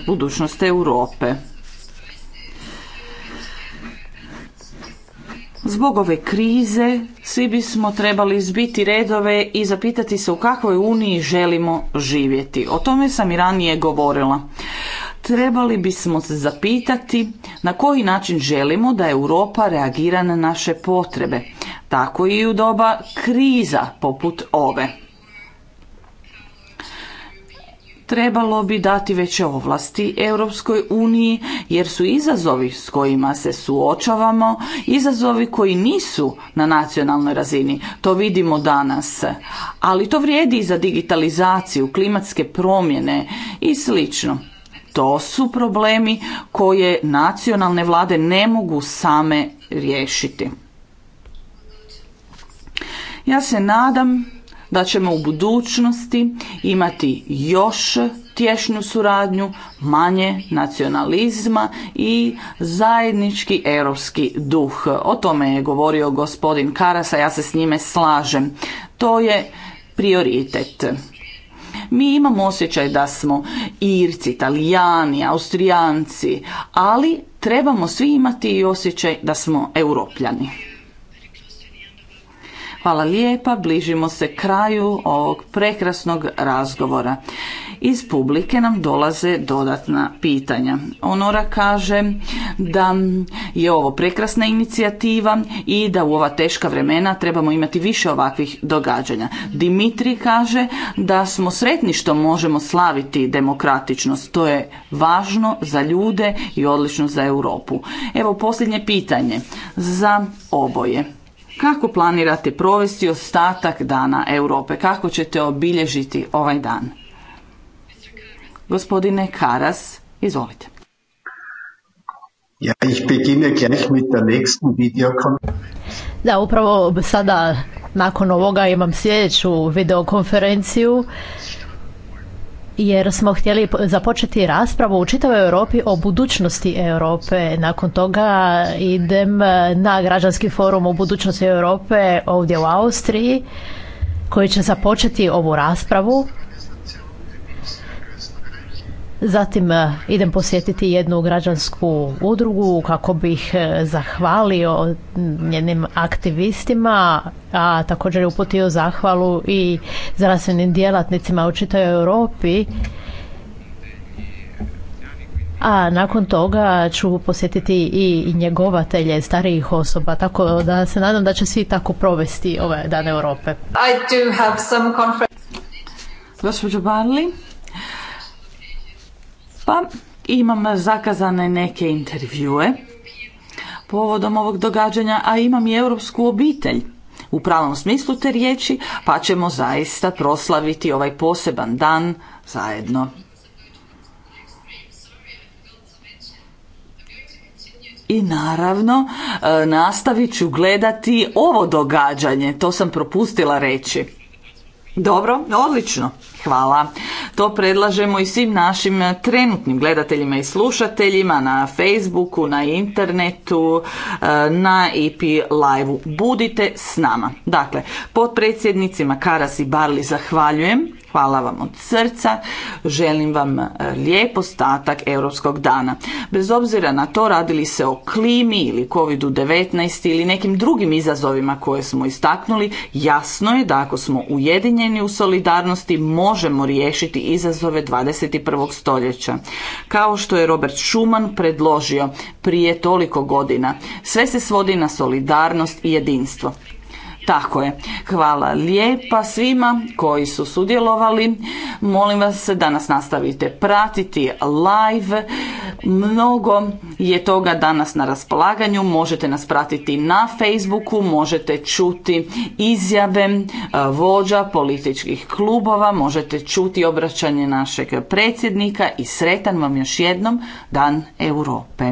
budućnost Europe? Zbog ove krize svi bismo trebali zbiti redove i zapitati se u kakvoj uniji želimo živjeti. O tome sam i ranije govorila. Trebali bismo se zapitati na koji način želimo da Europa reagira na naše potrebe, tako i u doba kriza poput ove trebalo bi dati veće ovlasti Europskoj uniji jer su izazovi s kojima se suočavamo izazovi koji nisu na nacionalnoj razini. To vidimo danas. Ali to vrijedi i za digitalizaciju, klimatske promjene i slično. To su problemi koje nacionalne vlade ne mogu same riješiti. Ja se nadam da ćemo u budućnosti imati još tješnju suradnju, manje nacionalizma i zajednički europski duh. O tome je govorio gospodin Karasa, ja se s njime slažem. To je prioritet. Mi imamo osjećaj da smo Irci, Italijani, Austrijanci, ali trebamo svi imati i osjećaj da smo Europljani. Hvala lijepa, bližimo se kraju ovog prekrasnog razgovora. Iz publike nam dolaze dodatna pitanja. Onora kaže da je ovo prekrasna inicijativa i da u ova teška vremena trebamo imati više ovakvih događanja. Dimitri kaže da smo sretni što možemo slaviti demokratičnost. To je važno za ljude i odlično za Europu. Evo posljednje pitanje za oboje. Kako planirate provesti ostatak dana Europe? Kako ćete obilježiti ovaj dan? Gospodine Karas, izvolite. Ja, ich gleich mit der nächsten Da, upravo sada nakon ovoga imam sljedeću videokonferenciju jer smo htjeli započeti raspravu u čitavoj Europi o budućnosti Europe. Nakon toga idem eh, na građanski forum o budućnosti Europe ovdje u Austriji koji će započeti ovu raspravu Zatim e, idem posjetiti jednu građansku udrugu kako bih e, zahvalio njenim aktivistima, a također uputio zahvalu i zdravstvenim djelatnicima u čitoj Europi. A nakon toga ću posjetiti i njegovatelje starijih osoba, tako da se nadam da će svi tako provesti ove dane Europe. I do pa imam zakazane neke intervjue povodom ovog događanja, a imam i europsku obitelj u pravom smislu te riječi, pa ćemo zaista proslaviti ovaj poseban dan zajedno. I naravno, e, nastavit ću gledati ovo događanje, to sam propustila reći. Dobro, odlično. Hvala. To predlažemo i svim našim trenutnim gledateljima i slušateljima na Facebooku, na internetu, eh, na IP e live -u. Budite s nama. Dakle, potpredsjednicima Karas i Barli zahvaljujem Hvala vam od srca, želim vam e, lijep ostatak Europskog dana. Bez obzira na to radili se o klimi ili COVID-19 ili nekim drugim izazovima koje smo istaknuli, jasno je da ako smo ujedinjeni u solidarnosti možemo riješiti izazove 21. stoljeća. Kao što je Robert Schumann predložio prije toliko godina, sve se svodi na solidarnost i jedinstvo. Tako je. Hvala lijepa svima koji su sudjelovali. Molim vas da nas nastavite pratiti live. Mnogo je toga danas na raspolaganju. Možete nas pratiti na Facebooku, možete čuti izjave e, vođa političkih klubova, možete čuti obraćanje našeg predsjednika i sretan vam još jednom Dan Europe.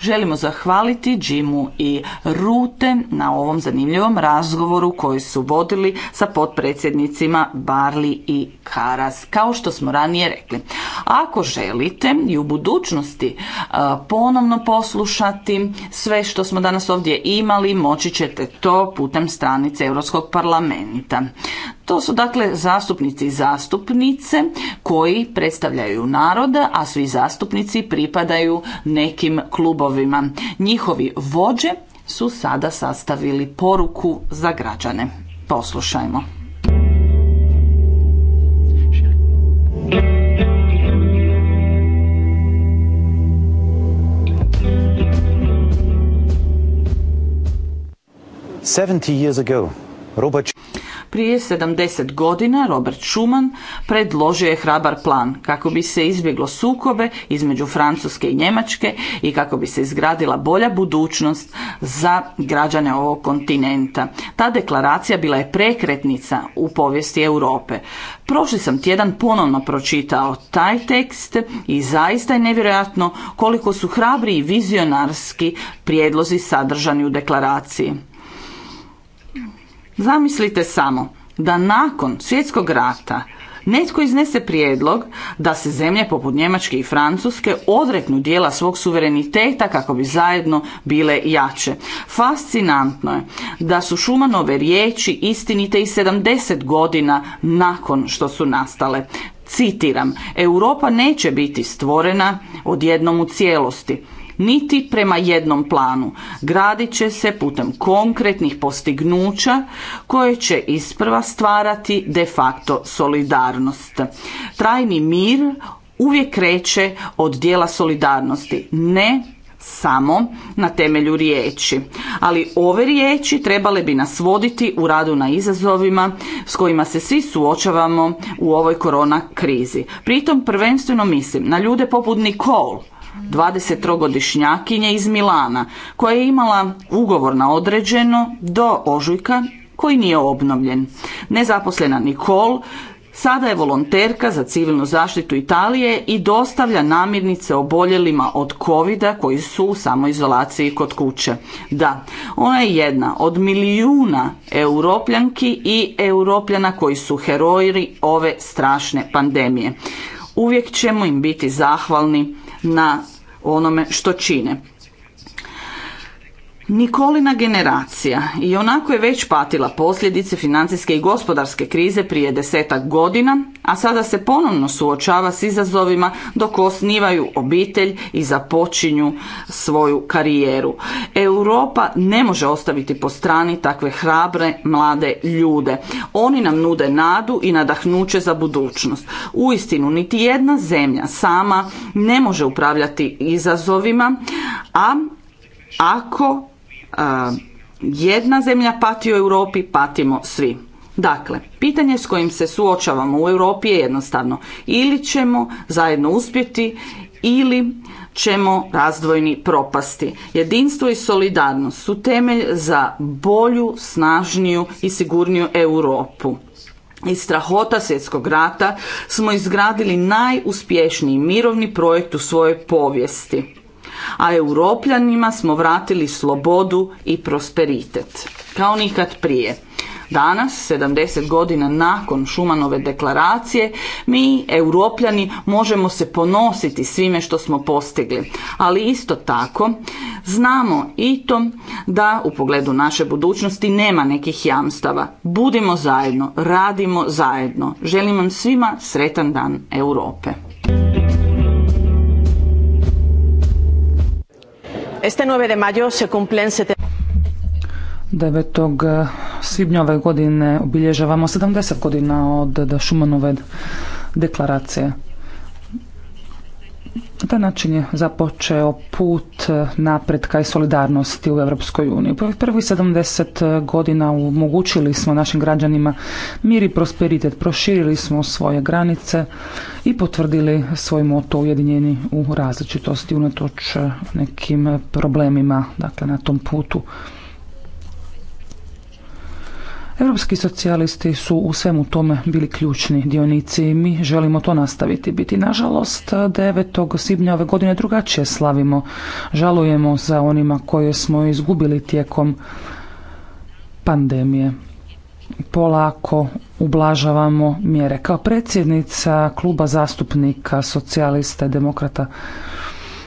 Želimo zahvaliti Jimu i Rute na ovom zanimljivom razgovoru koji su vodili sa potpredsjednicima Barli i Karas, kao što smo ranije rekli. Ako želite i u budućnosti uh, ponovno poslušati sve što smo danas ovdje imali, moći ćete to putem stranice Europskog parlamenta. To su dakle zastupnici i zastupnice koji predstavljaju naroda, a svi zastupnici i pripadaju nekim klubovima. Njihovi vođe su sada sastavili poruku za građane. Poslušajmo. Seventy years ago, Robert prije 70 godina Robert Schumann predložio je hrabar plan kako bi se izbjeglo sukobe između Francuske i Njemačke i kako bi se izgradila bolja budućnost za građane ovog kontinenta. Ta deklaracija bila je prekretnica u povijesti Europe. Prošli sam tjedan ponovno pročitao taj tekst i zaista je nevjerojatno koliko su hrabri i vizionarski prijedlozi sadržani u deklaraciji. Zamislite samo da nakon svjetskog rata netko iznese prijedlog da se zemlje poput Njemačke i Francuske odreknu dijela svog suvereniteta kako bi zajedno bile jače. Fascinantno je da su Šumanove riječi istinite i 70 godina nakon što su nastale. Citiram, Europa neće biti stvorena odjednom u cijelosti niti prema jednom planu. Gradit će se putem konkretnih postignuća koje će isprva stvarati de facto solidarnost. Trajni mir uvijek kreće od dijela solidarnosti, ne samo na temelju riječi. Ali ove riječi trebale bi nas voditi u radu na izazovima s kojima se svi suočavamo u ovoj korona krizi. Pritom prvenstveno mislim na ljude poput Nicole 23-godišnjakinje iz Milana koja je imala ugovor na određeno do ožujka koji nije obnovljen. Nezaposlena Nikol sada je volonterka za civilnu zaštitu Italije i dostavlja namirnice oboljelima od covida koji su u samoizolaciji kod kuće. Da, ona je jedna od milijuna europljanki i europljana koji su heroji ove strašne pandemije. Uvijek ćemo im biti zahvalni na onome što čine. Nikolina generacija i onako je već patila posljedice financijske i gospodarske krize prije desetak godina, a sada se ponovno suočava s izazovima dok osnivaju obitelj i započinju svoju karijeru. Europa ne može ostaviti po strani takve hrabre mlade ljude. Oni nam nude nadu i nadahnuće za budućnost. Uistinu, niti jedna zemlja sama ne može upravljati izazovima, a ako jedna zemlja pati u Europi, patimo svi. Dakle, pitanje s kojim se suočavamo u Europi je jednostavno. Ili ćemo zajedno uspjeti ili ćemo razdvojni propasti. Jedinstvo i solidarnost su temelj za bolju, snažniju i sigurniju Europu. Iz strahota svjetskog rata smo izgradili najuspješniji mirovni projekt u svojoj povijesti a europljanima smo vratili slobodu i prosperitet. Kao nikad prije. Danas, 70 godina nakon Šumanove deklaracije, mi, europljani, možemo se ponositi svime što smo postigli. Ali isto tako, znamo i to da u pogledu naše budućnosti nema nekih jamstava. Budimo zajedno, radimo zajedno. Želim vam svima sretan dan Europe. Este 9 de mayo se cumplen 9. Eh, svibnja ove godine obilježavamo 70 godina od Šumanove eh, deklaracije. Na taj način je započeo put napretka i solidarnosti u Europskoj uniji. Prvih 70 godina omogućili smo našim građanima mir i prosperitet, proširili smo svoje granice i potvrdili svoj moto ujedinjeni u različitosti unatoč nekim problemima dakle, na tom putu. Europski socijalisti su u svemu tome bili ključni dionici i mi želimo to nastaviti biti. Nažalost, 9. svibnja ove godine drugačije slavimo. Žalujemo za onima koje smo izgubili tijekom pandemije. Polako ublažavamo mjere. Kao predsjednica kluba zastupnika socijalista i demokrata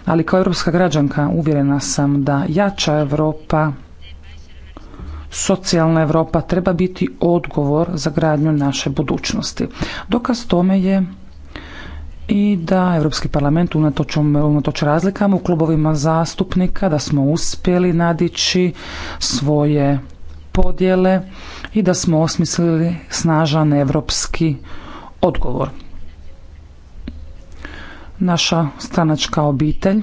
ali kao europska građanka uvjerena sam da jača Europa Socijalna Europa treba biti odgovor za gradnju naše budućnosti. Dokaz tome je i da Europski parlament unatoč, razlikama u klubovima zastupnika da smo uspjeli nadići svoje podjele i da smo osmislili snažan europski odgovor. Naša stranačka obitelj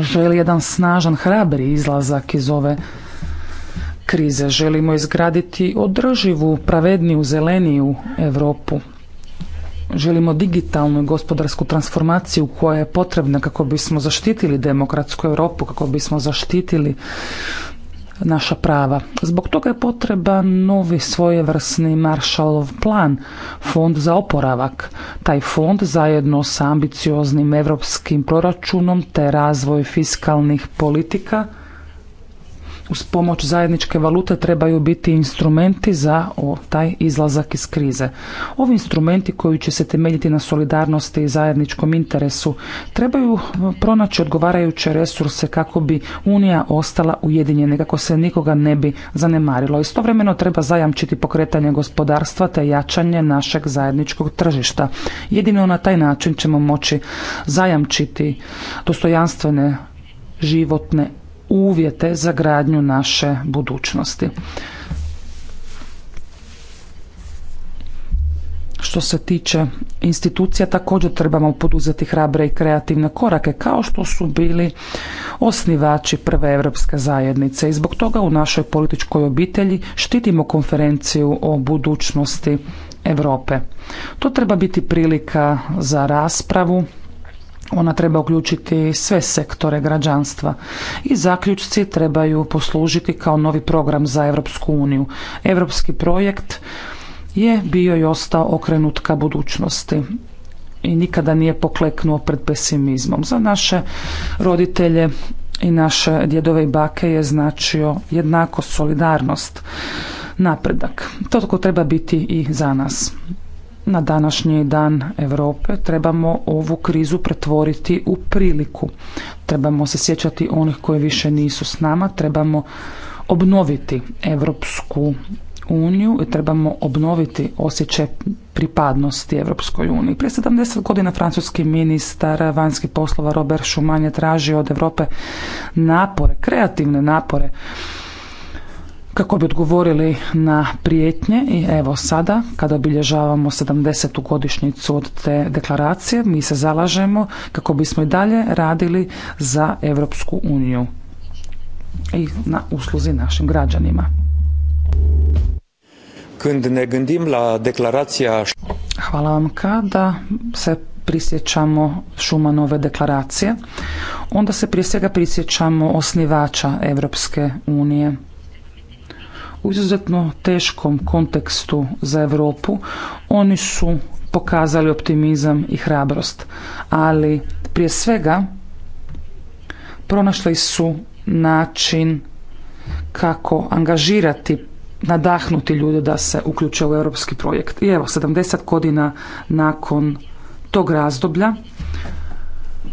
želi jedan snažan, hrabri izlazak iz ove krize. Želimo izgraditi održivu, pravedniju, zeleniju Europu. Želimo digitalnu i gospodarsku transformaciju koja je potrebna kako bismo zaštitili demokratsku Europu, kako bismo zaštitili naša prava. Zbog toga je potreba novi svojevrsni Marshallov plan, fond za oporavak. Taj fond zajedno sa ambicioznim europskim proračunom te razvoj fiskalnih politika uz pomoć zajedničke valute trebaju biti instrumenti za o, taj izlazak iz krize. Ovi instrumenti koji će se temeljiti na solidarnosti i zajedničkom interesu trebaju e, pronaći odgovarajuće resurse kako bi Unija ostala ujedinjena kako se nikoga ne bi zanemarilo. Istovremeno treba zajamčiti pokretanje gospodarstva te jačanje našeg zajedničkog tržišta. Jedino na taj način ćemo moći zajamčiti dostojanstvene životne uvjete za gradnju naše budućnosti. Što se tiče institucija, također trebamo poduzeti hrabre i kreativne korake, kao što su bili osnivači prve evropske zajednice. I zbog toga u našoj političkoj obitelji štitimo konferenciju o budućnosti Europe. To treba biti prilika za raspravu ona treba uključiti sve sektore građanstva i zaključci trebaju poslužiti kao novi program za Europsku uniju. Europski projekt je bio i ostao okrenut ka budućnosti i nikada nije pokleknuo pred pesimizmom. Za naše roditelje i naše djedove i bake je značio jednako solidarnost, napredak. To tako treba biti i za nas na današnji dan Europe trebamo ovu krizu pretvoriti u priliku. Trebamo se sjećati onih koji više nisu s nama, trebamo obnoviti Europsku uniju i trebamo obnoviti osjećaj pripadnosti Europskoj uniji. Prije 70 godina francuski ministar vanjskih poslova Robert Schuman je tražio od Europe napore, kreativne napore kako bi odgovorili na prijetnje i evo sada kada obilježavamo 70. godišnjicu od te deklaracije mi se zalažemo kako bismo i dalje radili za Europsku uniju i na usluzi našim građanima. Hvala vam kada se prisjećamo Šumanove deklaracije, onda se prije svega prisjećamo osnivača Europske unije u izuzetno teškom kontekstu za Europu. Oni su pokazali optimizam i hrabrost, ali prije svega pronašli su način kako angažirati nadahnuti ljude da se uključe u europski projekt. I evo, 70 godina nakon tog razdoblja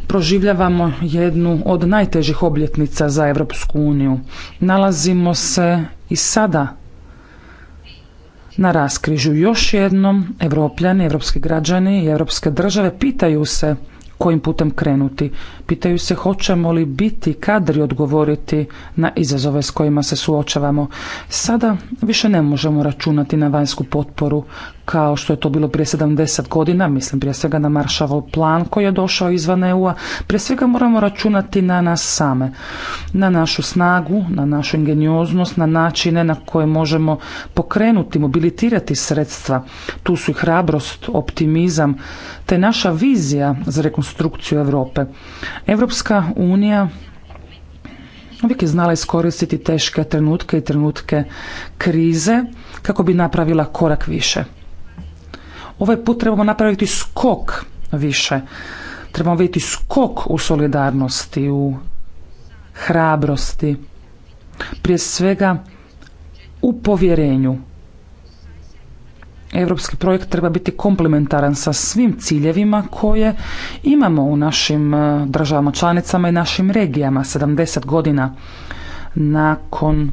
proživljavamo jednu od najtežih obljetnica za Europsku uniju. Nalazimo se i sada na raskrižu još jednom evropljani, evropski građani i evropske države pitaju se kojim putem krenuti. Pitaju se hoćemo li biti kadri odgovoriti na izazove s kojima se suočavamo. Sada više ne možemo računati na vanjsku potporu kao što je to bilo prije 70 godina, mislim prije svega na Maršavov plan koji je došao izvan EU-a, prije svega moramo računati na nas same, na našu snagu, na našu ingenioznost, na načine na koje možemo pokrenuti, mobilitirati sredstva. Tu su i hrabrost, optimizam, te naša vizija za rekonstrukciju Europe. Europska unija uvijek je znala iskoristiti teške trenutke i trenutke krize kako bi napravila korak više. Ovaj put trebamo napraviti skok više. Trebamo vidjeti skok u solidarnosti, u hrabrosti. Prije svega u povjerenju. Europski projekt treba biti komplementaran sa svim ciljevima koje imamo u našim e, državama članicama i našim regijama. 70 godina nakon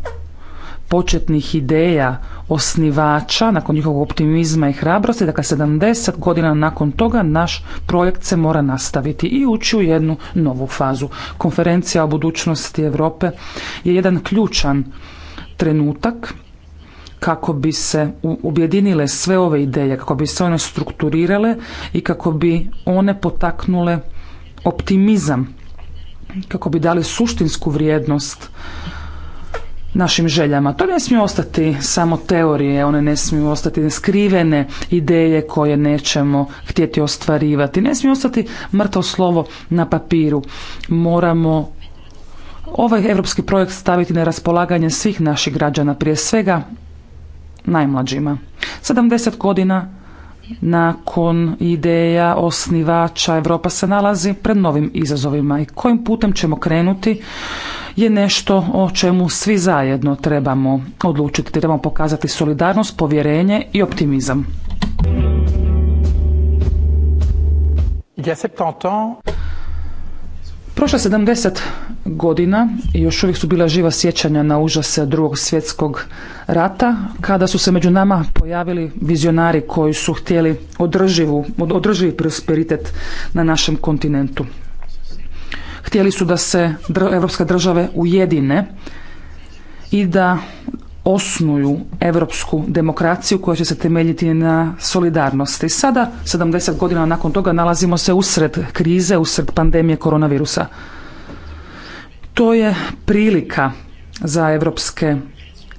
početnih ideja osnivača, nakon njihovog optimizma i hrabrosti, dakle 70 godina nakon toga naš projekt se mora nastaviti i ući u jednu novu fazu. Konferencija o budućnosti Europe je jedan ključan trenutak kako bi se objedinile sve ove ideje, kako bi se one strukturirale i kako bi one potaknule optimizam, kako bi dali suštinsku vrijednost našim željama. To ne smije ostati samo teorije, one ne smiju ostati skrivene ideje koje nećemo htjeti ostvarivati. Ne smiju ostati mrtvo slovo na papiru. Moramo ovaj europski projekt staviti na raspolaganje svih naših građana, prije svega najmlađima. 70 godina nakon ideja osnivača Europa se nalazi pred novim izazovima i kojim putem ćemo krenuti je nešto o čemu svi zajedno trebamo odlučiti. Trebamo pokazati solidarnost, povjerenje i optimizam. Prošlo 70 godina i još uvijek su bila živa sjećanja na užase drugog svjetskog rata, kada su se među nama pojavili vizionari koji su htjeli održivu, održivi prosperitet na našem kontinentu. Htjeli su da se evropske države ujedine i da osnuju europsku demokraciju koja će se temeljiti na solidarnosti. Sada, 70 godina nakon toga, nalazimo se usred krize, usred pandemije koronavirusa. To je prilika za europske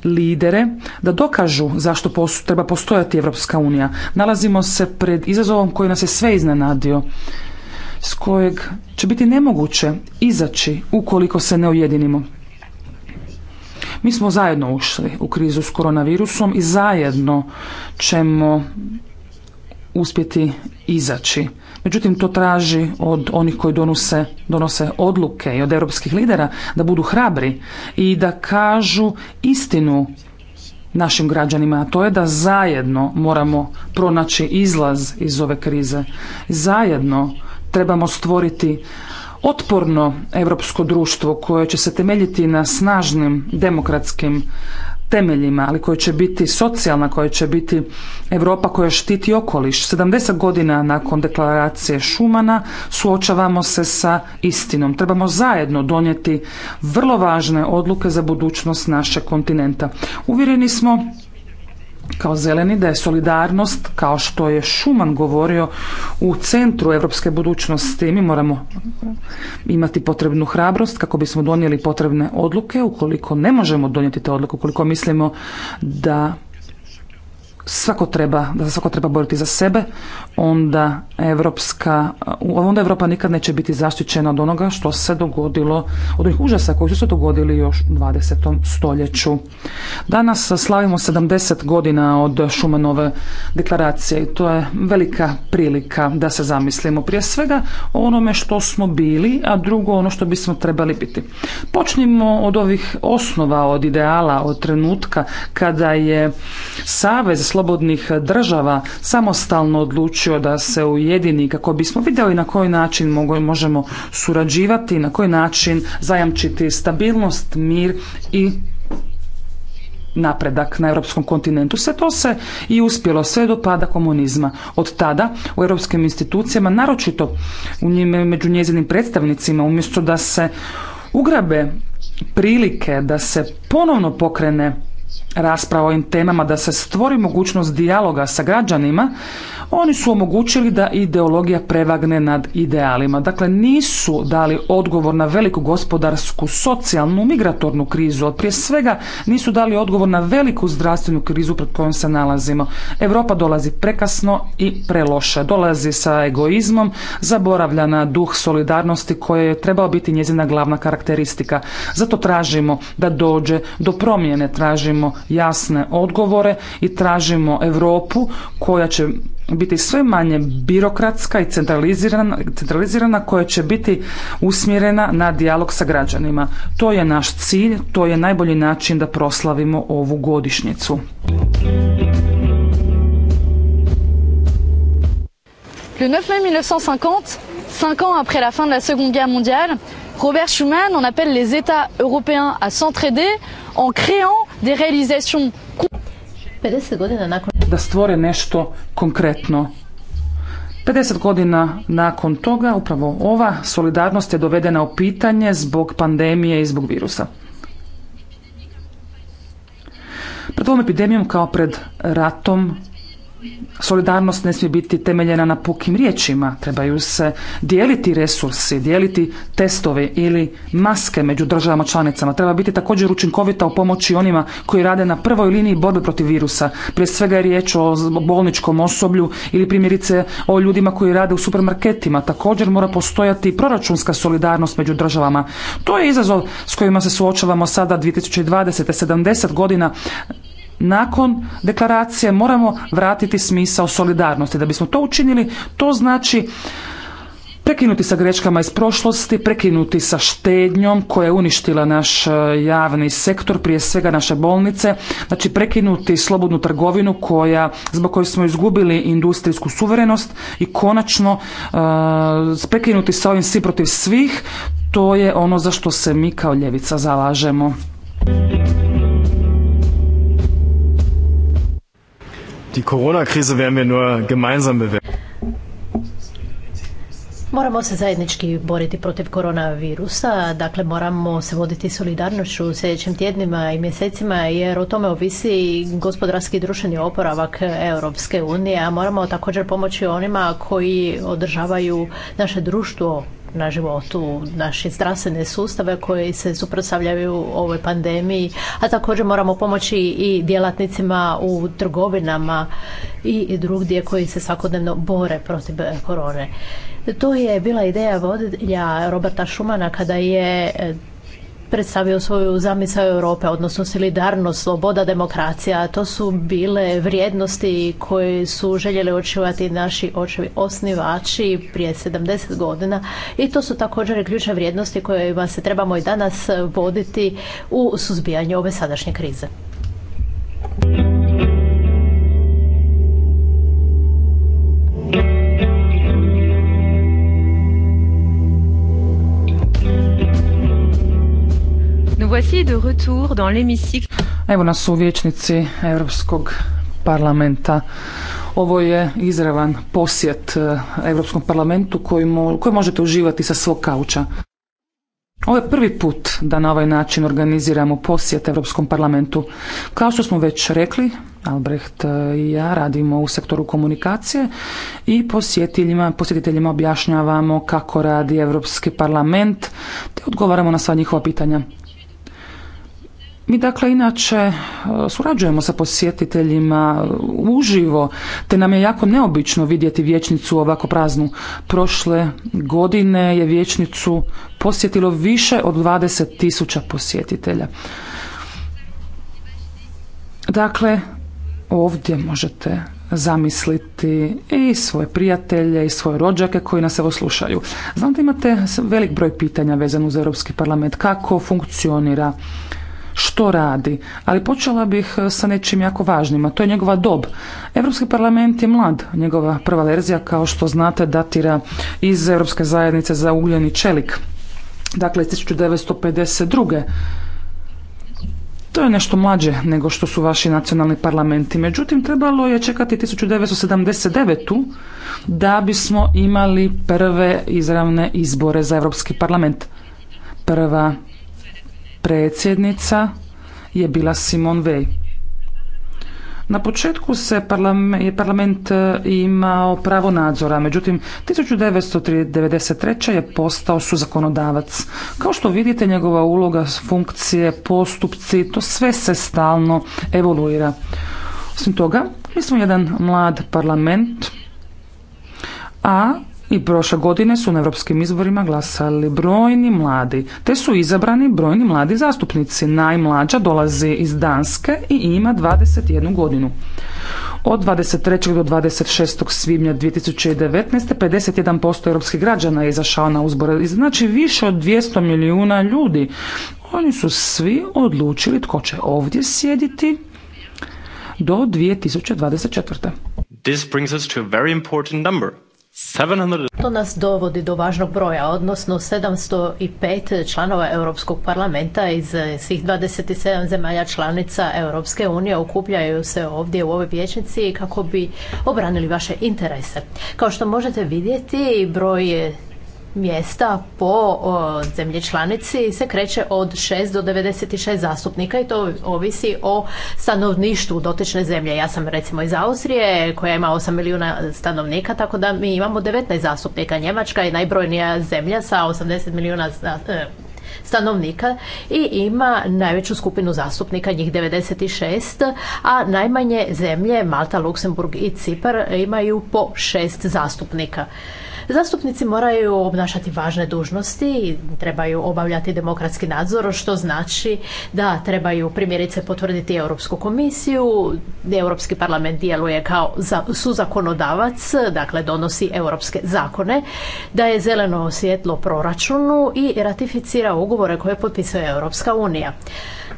lidere da dokažu zašto treba postojati Evropska unija. Nalazimo se pred izazovom koji nas je sve iznenadio, s kojeg će biti nemoguće izaći ukoliko se ne ujedinimo. Mi smo zajedno ušli u krizu s koronavirusom i zajedno ćemo uspjeti izaći. Međutim, to traži od onih koji donose, donose odluke i od europskih lidera da budu hrabri i da kažu istinu našim građanima, a to je da zajedno moramo pronaći izlaz iz ove krize. Zajedno trebamo stvoriti otporno europsko društvo koje će se temeljiti na snažnim demokratskim temeljima, ali koje će biti socijalna, koje će biti Europa koja štiti okoliš. 70 godina nakon deklaracije Šumana suočavamo se sa istinom. Trebamo zajedno donijeti vrlo važne odluke za budućnost našeg kontinenta. Uvjereni smo kao zeleni da je solidarnost kao što je Šuman govorio u centru europske budućnosti. Mi moramo imati potrebnu hrabrost kako bismo donijeli potrebne odluke. Ukoliko ne možemo donijeti te odluke, ukoliko mislimo da svako treba, da se svako treba boriti za sebe, onda Evropska, onda Evropa nikad neće biti zaštićena od onoga što se dogodilo, od onih užasa koji su se dogodili još u 20. stoljeću. Danas slavimo 70 godina od Šumanove deklaracije i to je velika prilika da se zamislimo prije svega o onome što smo bili, a drugo ono što bismo trebali biti. Počnimo od ovih osnova, od ideala, od trenutka kada je Savez slobodnih država samostalno odlučio da se ujedini kako bismo vidjeli na koji način možemo surađivati, na koji način zajamčiti stabilnost, mir i napredak na europskom kontinentu. Sve to se i uspjelo sve do pada komunizma. Od tada u europskim institucijama, naročito u njime, među njezinim predstavnicima, umjesto da se ugrabe prilike da se ponovno pokrene rasprava o ovim temama, da se stvori mogućnost dijaloga sa građanima, oni su omogućili da ideologija prevagne nad idealima. Dakle, nisu dali odgovor na veliku gospodarsku, socijalnu, migratornu krizu, od prije svega nisu dali odgovor na veliku zdravstvenu krizu pred kojom se nalazimo. Europa dolazi prekasno i preloše. Dolazi sa egoizmom, zaboravlja na duh solidarnosti koje je trebao biti njezina glavna karakteristika. Zato tražimo da dođe do promjene, tražimo jasne odgovore i tražimo Europu koja će biti sve manje birokratska i centralizirana, centralizirana koja će biti usmjerena na dijalog sa građanima. To je naš cilj, to je najbolji način da proslavimo ovu godišnjicu. Le 9 mai 1950, cinq ans après la fin de la Seconde Guerre mondiale, Robert Schuman en appelle les États européens à s'entraider en créant des réalisations godina nakon da stvore nešto konkretno 50 godina nakon toga upravo ova solidarnost je dovedena u pitanje zbog pandemije i zbog virusa. Pred ovom epidemijom kao pred ratom solidarnost ne smije biti temeljena na pukim riječima. Trebaju se dijeliti resursi, dijeliti testove ili maske među državama članicama. Treba biti također učinkovita u pomoći onima koji rade na prvoj liniji borbe protiv virusa. Prije svega je riječ o bolničkom osoblju ili primjerice o ljudima koji rade u supermarketima. Također mora postojati proračunska solidarnost među državama. To je izazov s kojima se suočavamo sada 2020. 70 godina nakon deklaracije moramo vratiti smisao solidarnosti. Da bismo to učinili, to znači prekinuti sa grečkama iz prošlosti, prekinuti sa štednjom koja je uništila naš e, javni sektor, prije svega naše bolnice, znači prekinuti slobodnu trgovinu koja, zbog koje smo izgubili industrijsku suverenost i konačno e, prekinuti sa ovim svi protiv svih, to je ono za što se mi kao ljevica zalažemo. nur gemeinsam Moramo se zajednički boriti protiv koronavirusa, dakle moramo se voditi solidarnošću u sljedećim tjednima i mjesecima jer o tome ovisi gospodarski društveni oporavak Europske unije, a moramo također pomoći onima koji održavaju naše društvo na životu naše zdravstvene sustave koji se suprotstavljaju ovoj pandemiji, a također moramo pomoći i djelatnicima u trgovinama i drugdje koji se svakodnevno bore protiv korone. To je bila ideja vodilja Roberta Šumana kada je predstavio svoju zamisao Europe, odnosno solidarnost, sloboda, demokracija. To su bile vrijednosti koje su željeli očuvati naši očevi osnivači prije 70 godina i to su također ključne vrijednosti kojima se trebamo i danas voditi u suzbijanju ove sadašnje krize. Evo nas u vječnici Europskog parlamenta. Ovo je izravan posjet e, Europskom parlamentu koji, koji možete uživati sa svog kauča. Ovo je prvi put da na ovaj način organiziramo posjet Europskom parlamentu. Kao što smo već rekli, Albrecht e, i ja radimo u sektoru komunikacije i posjetiteljima, posjetiteljima objašnjavamo kako radi Europski parlament te odgovaramo na sva njihova pitanja. Mi dakle inače e, surađujemo sa posjetiteljima uživo, te nam je jako neobično vidjeti vječnicu ovako praznu. Prošle godine je vječnicu posjetilo više od 20 tisuća posjetitelja. Dakle, ovdje možete zamisliti i svoje prijatelje i svoje rođake koji nas evo slušaju. Znam da imate velik broj pitanja vezano uz Europski parlament. Kako funkcionira što radi, ali počela bih e, sa nečim jako važnim, a to je njegova dob. Europski parlament je mlad, njegova prva verzija kao što znate datira iz Europske zajednice za ugljen i čelik, dakle iz 1952. To je nešto mlađe nego što su vaši nacionalni parlamenti. Međutim, trebalo je čekati 1979. da bismo imali prve izravne izbore za Europski parlament. Prva predsjednica je bila Simon Weil. Na početku se parlament, je parlament e, imao pravo nadzora, međutim 1993. je postao zakonodavac Kao što vidite njegova uloga, funkcije, postupci, to sve se stalno evoluira. Osim toga, mi smo jedan mlad parlament, a i prošle godine su na europskim izborima glasali brojni mladi, te su izabrani brojni mladi zastupnici. Najmlađa dolazi iz Danske i ima 21 godinu. Od 23. do 26. svibnja 2019. 51% europskih građana je izašao na uzbore. Znači više od 200 milijuna ljudi. Oni su svi odlučili tko će ovdje sjediti do 2024. This brings us to a very important number. 700... To nas dovodi do važnog broja, odnosno 705 članova Europskog parlamenta iz eh, svih 27 zemalja članica Europske unije okupljaju se ovdje u ovoj vječnici kako bi obranili vaše interese. Kao što možete vidjeti, broj eh, mjesta po zemlji članici se kreće od 6 do 96 zastupnika i to ovisi o stanovništvu dotične zemlje. Ja sam recimo iz Austrije koja ima 8 milijuna stanovnika tako da mi imamo 19 zastupnika. Njemačka je najbrojnija zemlja sa 80 milijuna e, stanovnika i ima najveću skupinu zastupnika, njih 96, a najmanje zemlje Malta, Luksemburg i Cipar imaju po šest zastupnika. Zastupnici moraju obnašati važne dužnosti i trebaju obavljati demokratski nadzor, što znači da trebaju primjerice potvrditi Europsku komisiju, Europski parlament djeluje kao za, suzakonodavac, dakle donosi europske zakone, da je zeleno svjetlo proračunu i ratificira ugovore koje potpisuje Europska unija.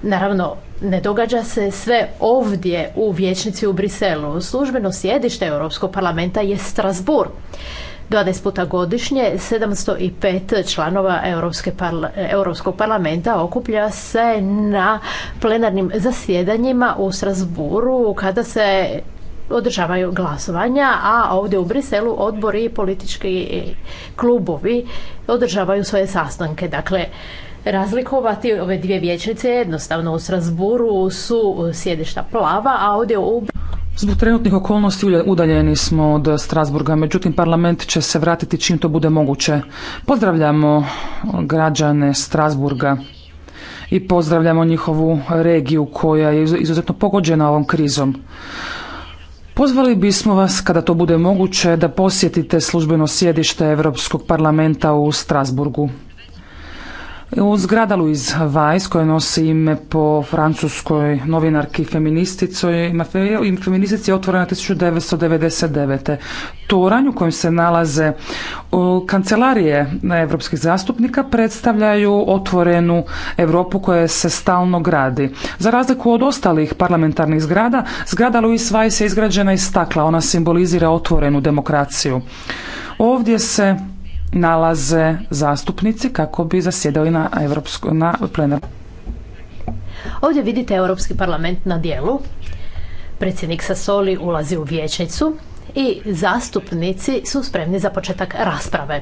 Naravno, ne događa se sve ovdje u vječnici u Briselu. Službeno sjedište Europskog parlamenta je Strasbourg. 12 puta godišnje 705 članova Europske Europskog parlamenta okuplja se na plenarnim zasjedanjima u Strasburu kada se održavaju glasovanja, a ovdje u Briselu odbori i politički klubovi održavaju svoje sastanke. Dakle, razlikovati ove dvije vječnice jednostavno u Strasburu su sjedišta plava, a ovdje u Zbog trenutnih okolnosti udaljeni smo od Strasburga, međutim parlament će se vratiti čim to bude moguće. Pozdravljamo građane Strasburga i pozdravljamo njihovu regiju koja je izuzetno pogođena ovom krizom. Pozvali bismo vas, kada to bude moguće, da posjetite službeno sjedište Europskog parlamenta u Strasburgu. U zgradalu iz Vajs, koja nosi ime po francuskoj novinarki feministici, feministici je otvorena 1999. Toranj u kojem se nalaze kancelarije evropskih zastupnika predstavljaju otvorenu Europu koja se stalno gradi. Za razliku od ostalih parlamentarnih zgrada, zgrada Louise Weiss je izgrađena iz stakla. Ona simbolizira otvorenu demokraciju. Ovdje se nalaze zastupnici kako bi zasjedali na, Evropsko, na plenar. Ovdje vidite Europski parlament na dijelu. Predsjednik Sassoli ulazi u vijećnicu i zastupnici su spremni za početak rasprave.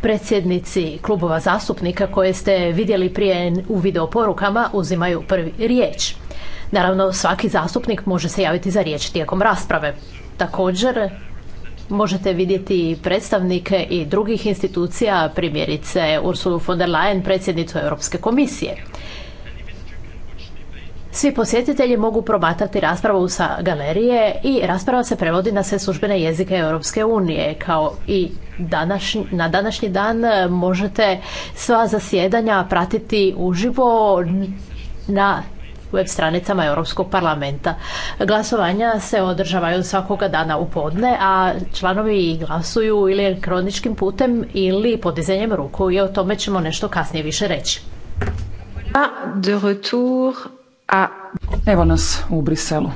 Predsjednici klubova zastupnika koje ste vidjeli prije u videoporukama uzimaju prvi riječ. Naravno, svaki zastupnik može se javiti za riječ tijekom rasprave. Također, možete vidjeti predstavnike i drugih institucija, primjerice Ursulu von der Leyen, predsjednicu Europske komisije. Svi posjetitelji mogu promatrati raspravu sa galerije i rasprava se prevodi na sve službene jezike Europske unije, kao i na današnji dan možete sva zasjedanja pratiti uživo na web stranicama Europskog parlamenta. Glasovanja se održavaju svakoga dana u podne, a članovi glasuju ili kroničkim putem ili podizanjem ruku i o tome ćemo nešto kasnije više reći. Evo nas u Briselu.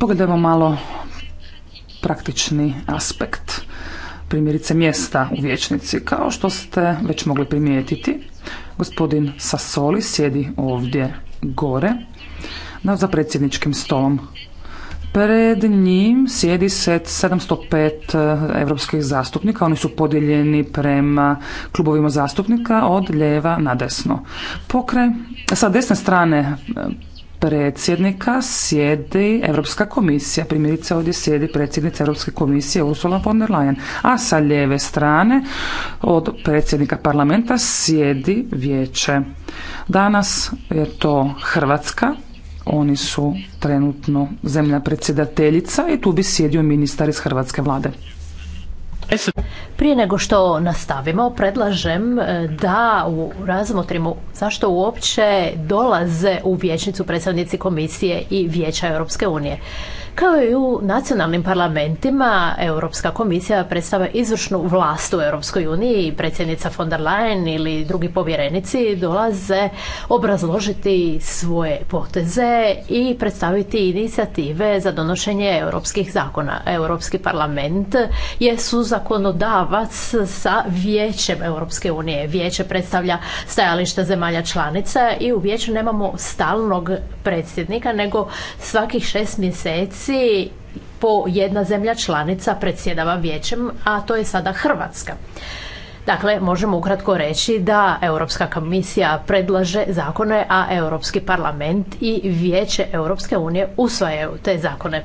Pogledajmo malo praktični aspekt primjerice mjesta u vječnici. Kao što ste već mogli primijetiti, gospodin Sasoli sjedi ovdje gore na za predsjedničkim stolom. Pred njim sjedi set 705 europskih eh, zastupnika. Oni su podijeljeni prema klubovima zastupnika od ljeva na desno. pokraj sa desne strane eh, predsjednika sjedi Europska komisija. Primjerice ovdje sjedi predsjednica Europske komisije Ursula von der Leyen. A sa lijeve strane od predsjednika parlamenta sjedi vijeće. Danas je to Hrvatska, oni su trenutno zemlja predsjedateljica i tu bi sjedio ministar iz hrvatske vlade. Prije nego što nastavimo, predlažem e, da razmotrimo zašto uopće dolaze u vijećnicu predstavnici komisije i vijeća Europske unije. Kao i u nacionalnim parlamentima, Europska komisija predstavlja izvršnu vlast u Europskoj uniji, predsjednica von der Leyen ili drugi povjerenici dolaze obrazložiti svoje poteze i predstaviti inicijative za donošenje europskih zakona. Europski parlament je suzakonodavac sa vijećem Europske unije. Vijeće predstavlja stajališta zemalja članica i u vijeću nemamo stalnog predsjednika, nego svakih šest mjeseci po jedna zemlja članica predsjedava vijećem, a to je sada Hrvatska. Dakle, možemo ukratko reći da Europska komisija predlaže zakone, a Europski parlament i Vijeće Europske unije usvajaju te zakone.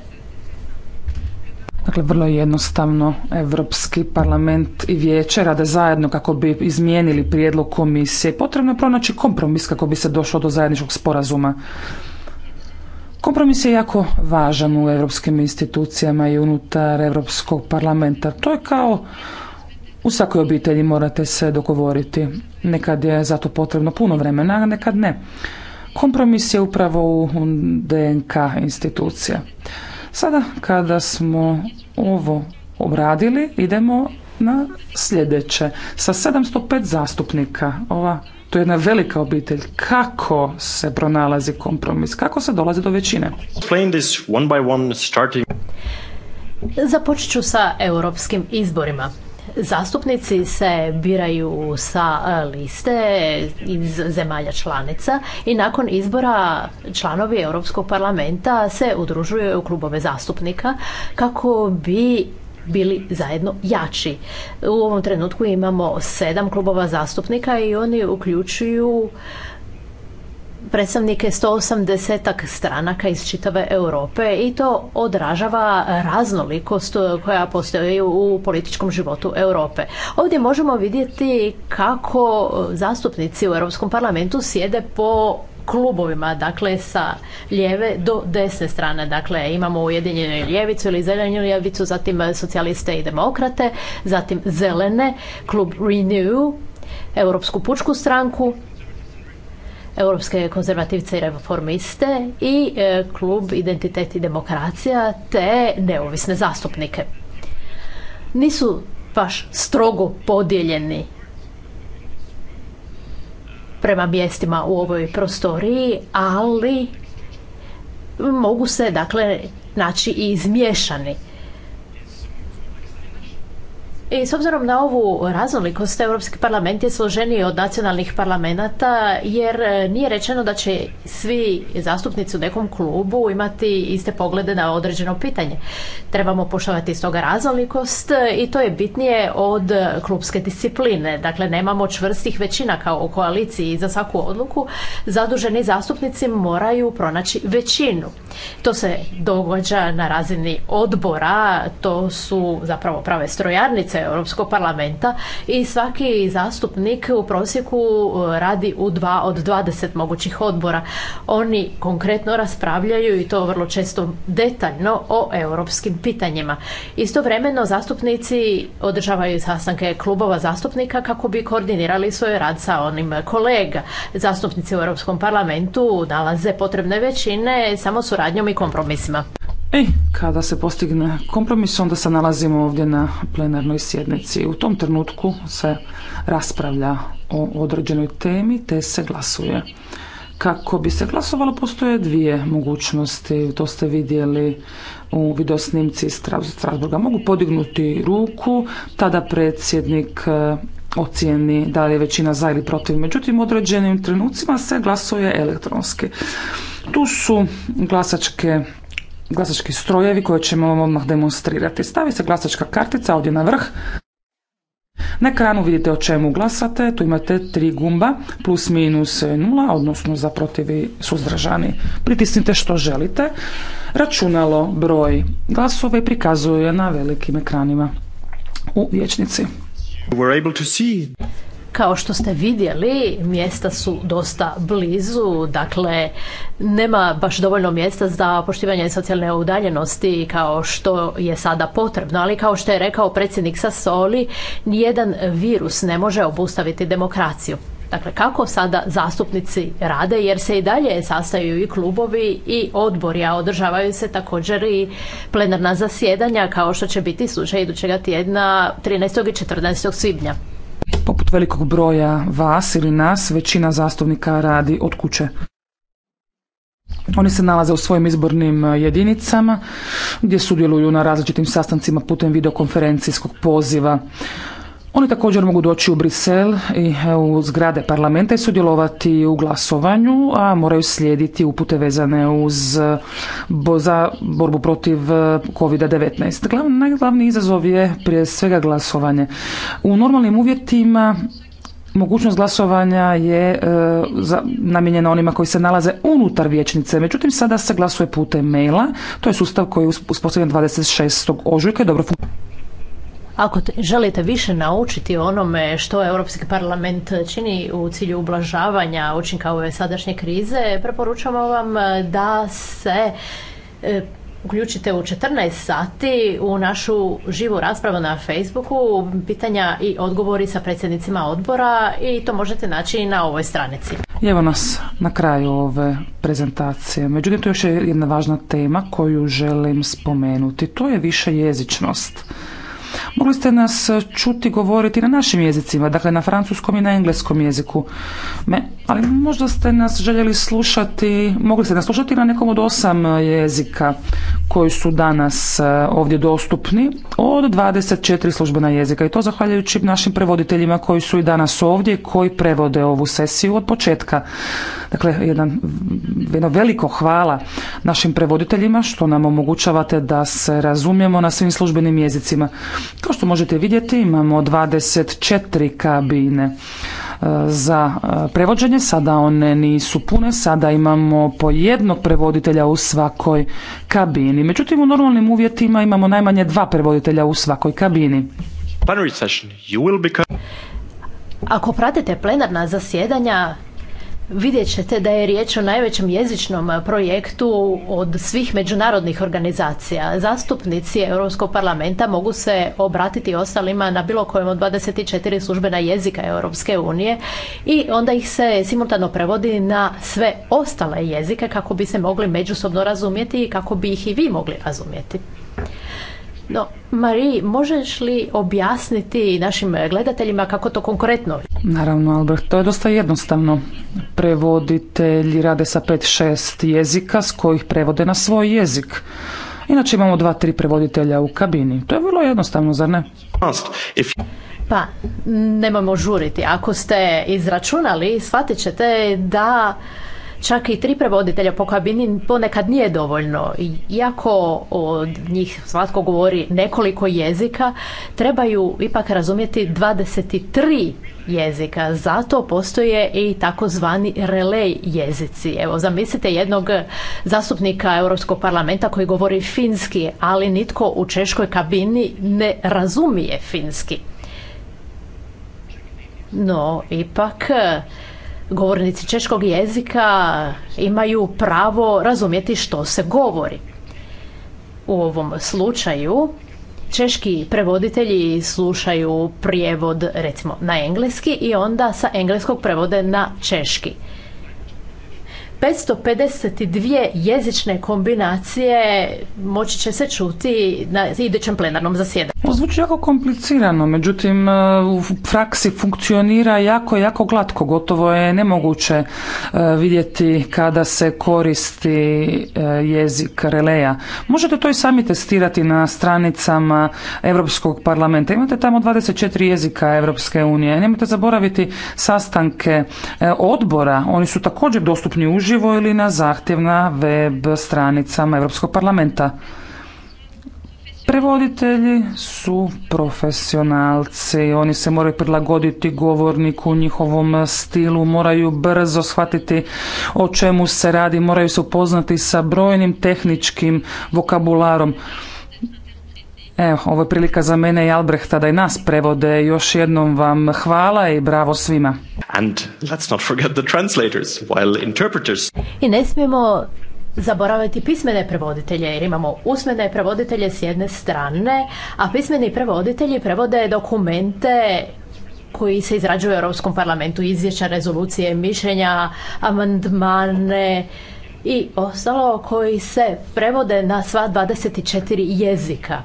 Dakle, vrlo jednostavno, Europski parlament i vijeće rade zajedno kako bi izmijenili prijedlog komisije. Potrebno je pronaći kompromis kako bi se došlo do zajedničkog sporazuma. Kompromis je jako važan u europskim institucijama i unutar Europskog parlamenta. To je kao u svakoj obitelji morate se dogovoriti. Nekad je zato potrebno puno vremena, a nekad ne. Kompromis je upravo u DNK institucija. Sada kada smo ovo obradili, idemo na sljedeće. Sa 705 zastupnika ova to je jedna velika obitelj. Kako se pronalazi kompromis? Kako se dolazi do većine? Započet ću sa europskim izborima. Zastupnici se biraju sa e, liste iz zemalja članica i nakon izbora članovi Europskog parlamenta se udružuju u klubove zastupnika kako bi bili zajedno jači. U ovom trenutku imamo sedam klubova zastupnika i oni uključuju predstavnike 180 stranaka iz čitave Europe i to odražava raznolikost koja postoji u političkom životu Europe. Ovdje možemo vidjeti kako zastupnici u Europskom parlamentu sjede po klubovima, dakle sa lijeve do desne strane. Dakle, imamo ujedinjenu ljevicu ili zelenu ljevicu, zatim socijaliste i demokrate, zatim zelene, klub Renew, Europsku pučku stranku, europske konzervativce i reformiste i e, klub Identitet i demokracija te neovisne zastupnike. Nisu baš strogo podijeljeni prema mjestima u ovoj prostoriji, ali mogu se dakle naći i izmiješani. I s obzirom na ovu raznolikost, Europski parlament je složeniji od nacionalnih parlamenta jer e, nije rečeno da će svi zastupnici u nekom klubu imati iste poglede na određeno pitanje. Trebamo poštovati iz toga raznolikost e, i to je bitnije od klubske discipline. Dakle, nemamo čvrstih većina kao u koaliciji za svaku odluku. Zaduženi zastupnici moraju pronaći većinu. To se događa na razini odbora, to su zapravo prave strojarnice Europskog parlamenta i svaki zastupnik u prosjeku e, radi u dva od dvadeset mogućih odbora. Oni konkretno raspravljaju i to vrlo često detaljno o europskim pitanjima. Istovremeno zastupnici održavaju sastanke klubova zastupnika kako bi koordinirali svoj rad sa onim kolega. Zastupnici u Europskom parlamentu nalaze potrebne većine samo suradnjom i kompromisima. I e, kada se postigne kompromis, onda se nalazimo ovdje na plenarnoj sjednici. U tom trenutku se raspravlja o određenoj temi, te se glasuje. Kako bi se glasovalo, postoje dvije mogućnosti. To ste vidjeli u videosnimci iz Strasburga. Mogu podignuti ruku, tada predsjednik e, ocijeni da li je većina za ili protiv. Međutim, u određenim trenucima se glasuje elektronski. Tu su glasačke glasački strojevi koje ćemo odmah demonstrirati. Stavi se glasačka kartica ovdje na vrh. Na ekranu vidite o čemu glasate, tu imate tri gumba, plus minus nula, odnosno za protivi suzdržani. Pritisnite što želite. Računalo broj glasove prikazuje na velikim ekranima u vječnici. Kao što ste vidjeli, mjesta su dosta blizu, dakle nema baš dovoljno mjesta za poštivanje socijalne udaljenosti kao što je sada potrebno, ali kao što je rekao predsjednik Sassoli, nijedan virus ne može obustaviti demokraciju. Dakle, kako sada zastupnici rade, jer se i dalje sastaju i klubovi i odbori, a održavaju se također i plenarna zasjedanja, kao što će biti slučaj idućega tjedna 13. i 14. svibnja. Poput velikog broja vas ili nas, većina zastupnika radi od kuće. Oni se nalaze u svojim izbornim jedinicama gdje sudjeluju na različitim sastancima putem videokonferencijskog poziva. Oni također mogu doći u Brisel i u zgrade parlamenta i sudjelovati u glasovanju, a moraju slijediti upute vezane uz eh, bo za borbu protiv eh, COVID-19. Glavni, najglavni izazov je prije svega glasovanje. U normalnim uvjetima mogućnost glasovanja je e, namijenjena onima koji se nalaze unutar vijećnice. Međutim, sada se glasuje putem maila. To je sustav koji je uspostavljen 26. ožujka i dobro funkcionira. Ako želite više naučiti onome što Europski parlament čini u cilju ublažavanja učinka ove sadašnje krize, preporučamo vam e, da se e, uključite u 14 sati u našu živu raspravu na Facebooku, pitanja i odgovori sa predsjednicima odbora i to možete naći i na ovoj stranici. Evo nas na kraju ove prezentacije. Međutim, tu još jedna važna tema koju želim spomenuti. To je više jezičnost mogli ste nas e, čuti govoriti na našim jezicima, dakle na francuskom i na engleskom jeziku. Me, ali možda ste nas željeli slušati, mogli ste nas slušati na nekom od osam e, jezika koji su danas e, ovdje dostupni od 24 službena jezika i to zahvaljujući našim prevoditeljima koji su i danas ovdje koji prevode ovu sesiju od početka. Dakle, jedan, jedno veliko hvala našim prevoditeljima što nam omogućavate da se razumijemo na svim službenim jezicima. Kao što možete vidjeti imamo 24 kabine e, za e, prevođenje, sada one nisu pune, sada imamo po jednog prevoditelja u svakoj kabini. Međutim, u normalnim uvjetima imamo najmanje dva prevoditelja u svakoj kabini. Ako pratite plenarna zasjedanja, Vidjet ćete da je riječ o najvećem jezičnom eh, projektu od svih međunarodnih organizacija. Zastupnici Europskog parlamenta mogu se obratiti ostalima na bilo kojem od 24 službena jezika Europske unije i onda ih se simultano prevodi na sve ostale jezike kako bi se mogli međusobno razumjeti i kako bi ih i vi mogli razumjeti. No, Marie, možeš li objasniti našim gledateljima kako to konkretno? Naravno, Albert, to je dosta jednostavno. Prevoditelji rade sa 5-6 jezika s kojih prevode na svoj jezik. Inače imamo dva, tri prevoditelja u kabini. To je vrlo jednostavno, zar ne? Pa, nemamo žuriti. Ako ste izračunali, shvatit ćete da Čak i tri prevoditelja po kabini ponekad nije dovoljno. Iako od njih svatko govori nekoliko jezika, trebaju ipak razumjeti 23 jezika. Zato postoje i takozvani relej jezici. Evo, zamislite jednog zastupnika Europskog parlamenta koji govori finski, ali nitko u češkoj kabini ne razumije finski. No, ipak govornici češkog jezika imaju pravo razumjeti što se govori. U ovom slučaju češki prevoditelji slušaju prijevod recimo na engleski i onda sa engleskog prevode na češki. 552 jezične kombinacije moći će se čuti na idućem plenarnom zasjedanju. No, zvuči jako komplicirano, međutim e, u praksi funkcionira jako, jako glatko, gotovo je nemoguće e, vidjeti kada se koristi e, jezik releja. Možete to i sami testirati na stranicama Europskog parlamenta. Imate tamo 24 jezika Europske unije. Nemojte zaboraviti sastanke odbora. Oni su također dostupni uživo ili na zahtjev na web stranicama Europskog parlamenta voditelji su profesionalci, oni se moraju prilagoditi govorniku, u njihovom stilu, moraju brzo shvatiti o čemu se radi, moraju se upoznati sa brojnim tehničkim vokabularom. Evo, ovo je prilika za mene i Albrehta da i nas prevode. Još jednom vam hvala i bravo svima. And let's not forget the translators, while interpreters... I ne smijemo zaboraviti pismene prevoditelje jer imamo usmene prevoditelje s jedne strane, a pismeni prevoditelji prevode dokumente koji se izrađuju u Europskom parlamentu, izvješća, rezolucije, mišljenja, amandmane i ostalo koji se prevode na sva 24 jezika.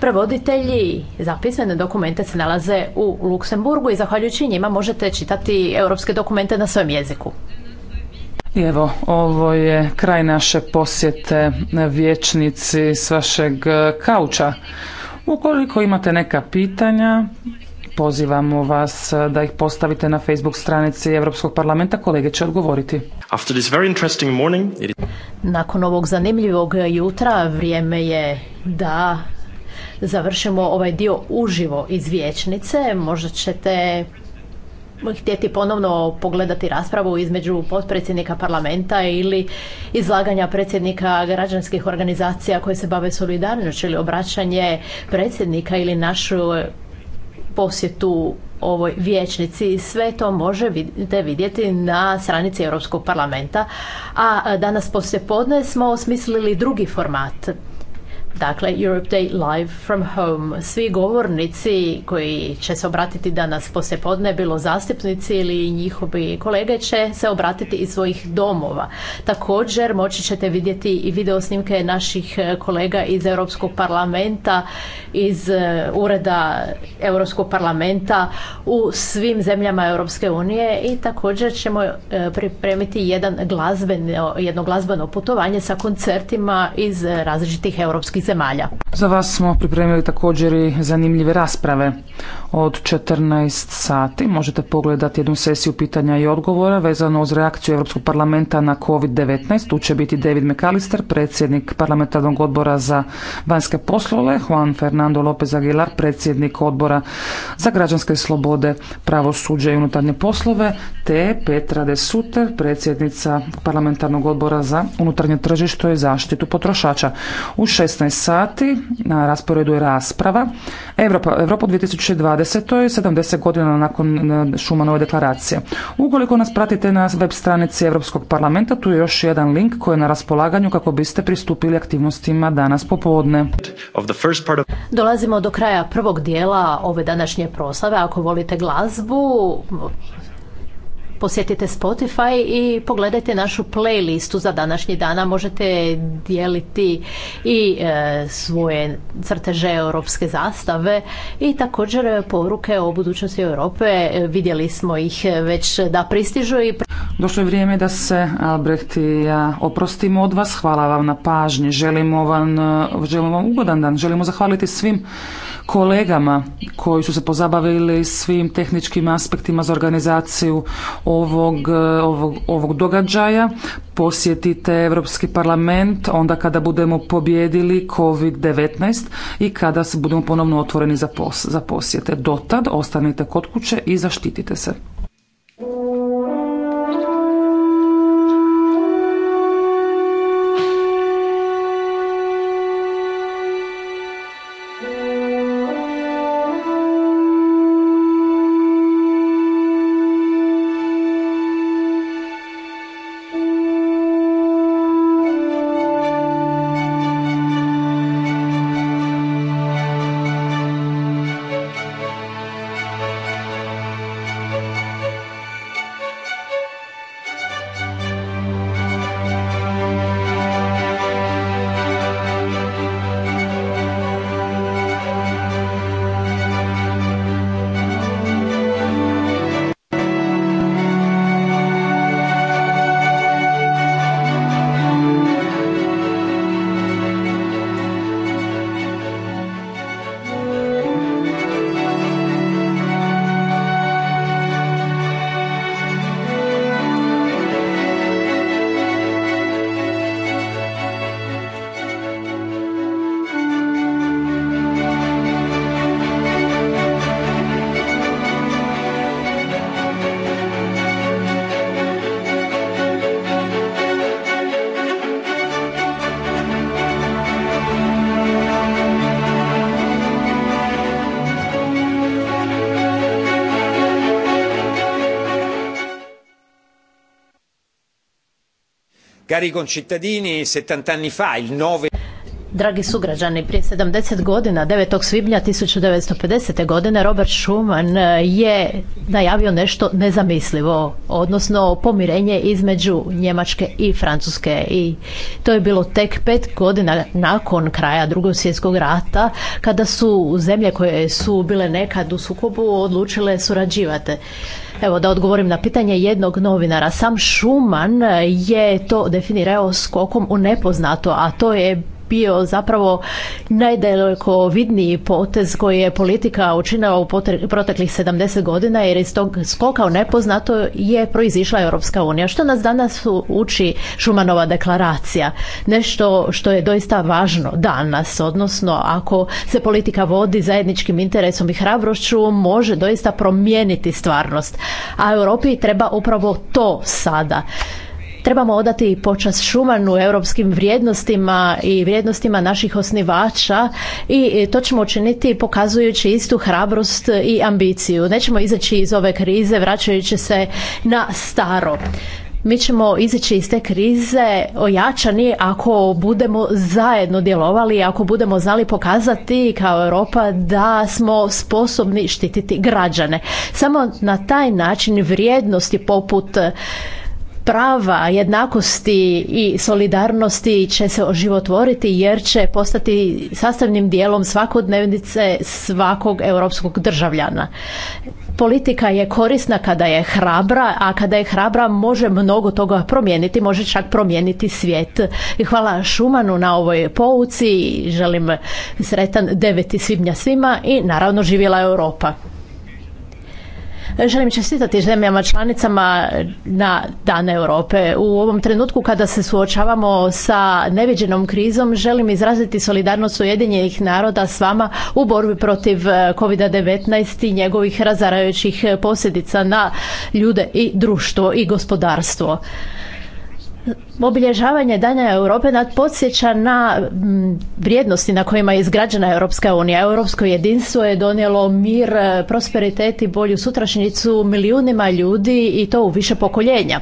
Prevoditelji za pismene dokumente se nalaze u Luksemburgu i zahvaljujući njima možete čitati europske dokumente na svojem jeziku. I evo, ovo je kraj naše posjete vječnici s vašeg e, kauča. Ukoliko imate neka pitanja, pozivamo vas e, da ih postavite na Facebook stranici Europskog parlamenta, kolege će odgovoriti. Nakon ovog zanimljivog jutra vrijeme je da završimo ovaj dio uživo iz vječnice. Možda ćete htjeti ponovno pogledati raspravu između potpredsjednika parlamenta ili izlaganja predsjednika građanskih organizacija koje se bave solidarnošću ili obraćanje predsjednika ili našu posjetu ovoj vijećnici. Sve to možete vidjeti na stranici Europskog parlamenta, a danas poslije podne smo osmislili drugi format. Dakle, Europe Day Live from Home. Svi govornici koji će se obratiti danas poslijepodne, bilo zastupnici ili njihovi kolege, će se obratiti iz svojih domova. Također, moći ćete vidjeti i video snimke naših e, kolega iz Europskog parlamenta, iz e, Ureda Europskog parlamenta u svim zemljama Europske unije i također ćemo e, pripremiti jedan glazbeno, jedno glazbeno putovanje sa koncertima iz različitih europskih zemalja. Za vas smo pripremili također i zanimljive rasprave od 14 sati. Možete pogledati jednu sesiju pitanja i odgovora vezano uz reakciju Europskog parlamenta na COVID-19. Tu će biti David McAllister, predsjednik parlamentarnog odbora za vanjske poslove, Juan Fernando López Aguilar, predsjednik odbora za građanske slobode, pravosuđe i unutarnje poslove, te Petra de Suter, predsjednica parlamentarnog odbora za unutarnje tržište i zaštitu potrošača. U 16 sati na rasporedu je rasprava Europa, Europa 2020 je 70 godina nakon e, Šumanove deklaracije. Ukoliko nas pratite na web stranici Europskog parlamenta, tu je još jedan link koji je na raspolaganju kako biste pristupili aktivnostima danas popodne. Dolazimo do kraja prvog dijela ove današnje proslave. Ako volite glazbu, posjetite Spotify i pogledajte našu playlistu za današnji dana. Možete dijeliti i e, svoje crteže europske zastave i također poruke o budućnosti Europe. Vidjeli smo ih već da pristižu i... Došlo je vrijeme da se, Albrecht i ja, oprostimo od vas. Hvala vam na pažnji. Želimo vam, želimo vam ugodan dan. Želimo zahvaliti svim kolegama koji su se pozabavili svim tehničkim aspektima za organizaciju ovog, e, ovog, ovog događaja. Posjetite Europski parlament onda kada budemo pobjedili COVID-19 i kada se budemo ponovno otvoreni za, pos, za posjete. Dotad ostanite kod kuće i zaštitite se. concittadini, 70 anni fa, il 9 Dragi sugrađani, prije 70 godina, 9. svibnja 1950. godine, Robert schumann eh, je najavio nešto nezamislivo, odnosno pomirenje između Njemačke i Francuske. I to je bilo tek pet godina nakon kraja drugog svjetskog rata, kada su zemlje koje su bile nekad u sukobu odlučile surađivati. Evo da odgovorim na pitanje jednog novinara. Sam Šuman je to definirao skokom u nepoznato, a to je bio zapravo najdalekovidniji potez koji je politika učinila u proteklih 70 godina jer iz tog skoka u nepoznato je proizišla Europska unija. Što nas danas uči Šumanova deklaracija? Nešto što je doista važno danas, odnosno ako se politika vodi zajedničkim interesom i hrabrošću, može doista promijeniti stvarnost. A Europi treba upravo to sada. Trebamo odati počas Šumanu, europskim vrijednostima i vrijednostima naših osnivača i e, to ćemo učiniti pokazujući istu hrabrost i ambiciju. Nećemo izaći iz ove krize vraćajući se na staro mi ćemo izaći iz te krize ojačani ako budemo zajedno djelovali, ako budemo znali pokazati kao Europa da smo sposobni štititi građane. Samo na taj način vrijednosti poput prava, jednakosti i solidarnosti će se oživotvoriti jer će postati sastavnim dijelom svakodnevnice svakog europskog državljana. Politika je korisna kada je hrabra, a kada je hrabra može mnogo toga promijeniti, može čak promijeniti svijet. I hvala Šumanu na ovoj pouci, želim sretan 9. svibnja svima i naravno živjela Europa. Želim čestitati zemljama članicama na Dan Europe. U ovom trenutku kada se suočavamo sa neviđenom krizom, želim izraziti solidarnost Ujedinjenih naroda s vama u borbi protiv e, COVID-19 i njegovih razarajućih posljedica na ljude i društvo i gospodarstvo obilježavanje Danja Europe nad podsjeća na mm, vrijednosti na kojima je izgrađena Europska unija. Europsko jedinstvo je donijelo mir, e, prosperitet i bolju sutrašnjicu milijunima ljudi i to u više pokoljenja.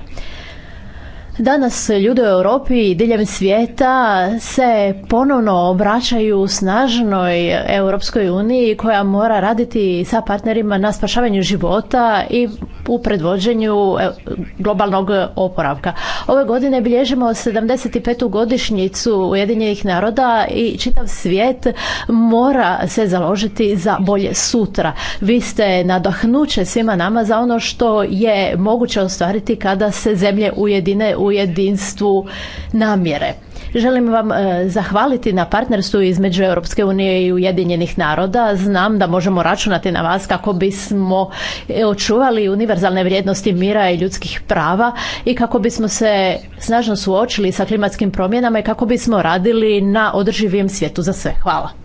Danas ljudi u Europi i diljem svijeta se ponovno obraćaju snažnoj Europskoj uniji koja mora raditi sa partnerima na spašavanju života i u predvođenju e, globalnog oporavka. Ove godine bilježimo 75. godišnjicu Ujedinjenih naroda i čitav svijet mora se založiti za bolje sutra. Vi ste nadahnuće svima nama za ono što je moguće ostvariti kada se zemlje ujedine u u jedinstvu namjere. Želim vam e, zahvaliti na partnerstvu između Europske unije i Ujedinjenih naroda. Znam da možemo računati na vas kako bismo očuvali univerzalne vrijednosti mira i ljudskih prava i kako bismo se snažno suočili sa klimatskim promjenama i kako bismo radili na održivijem svijetu za sve. Hvala.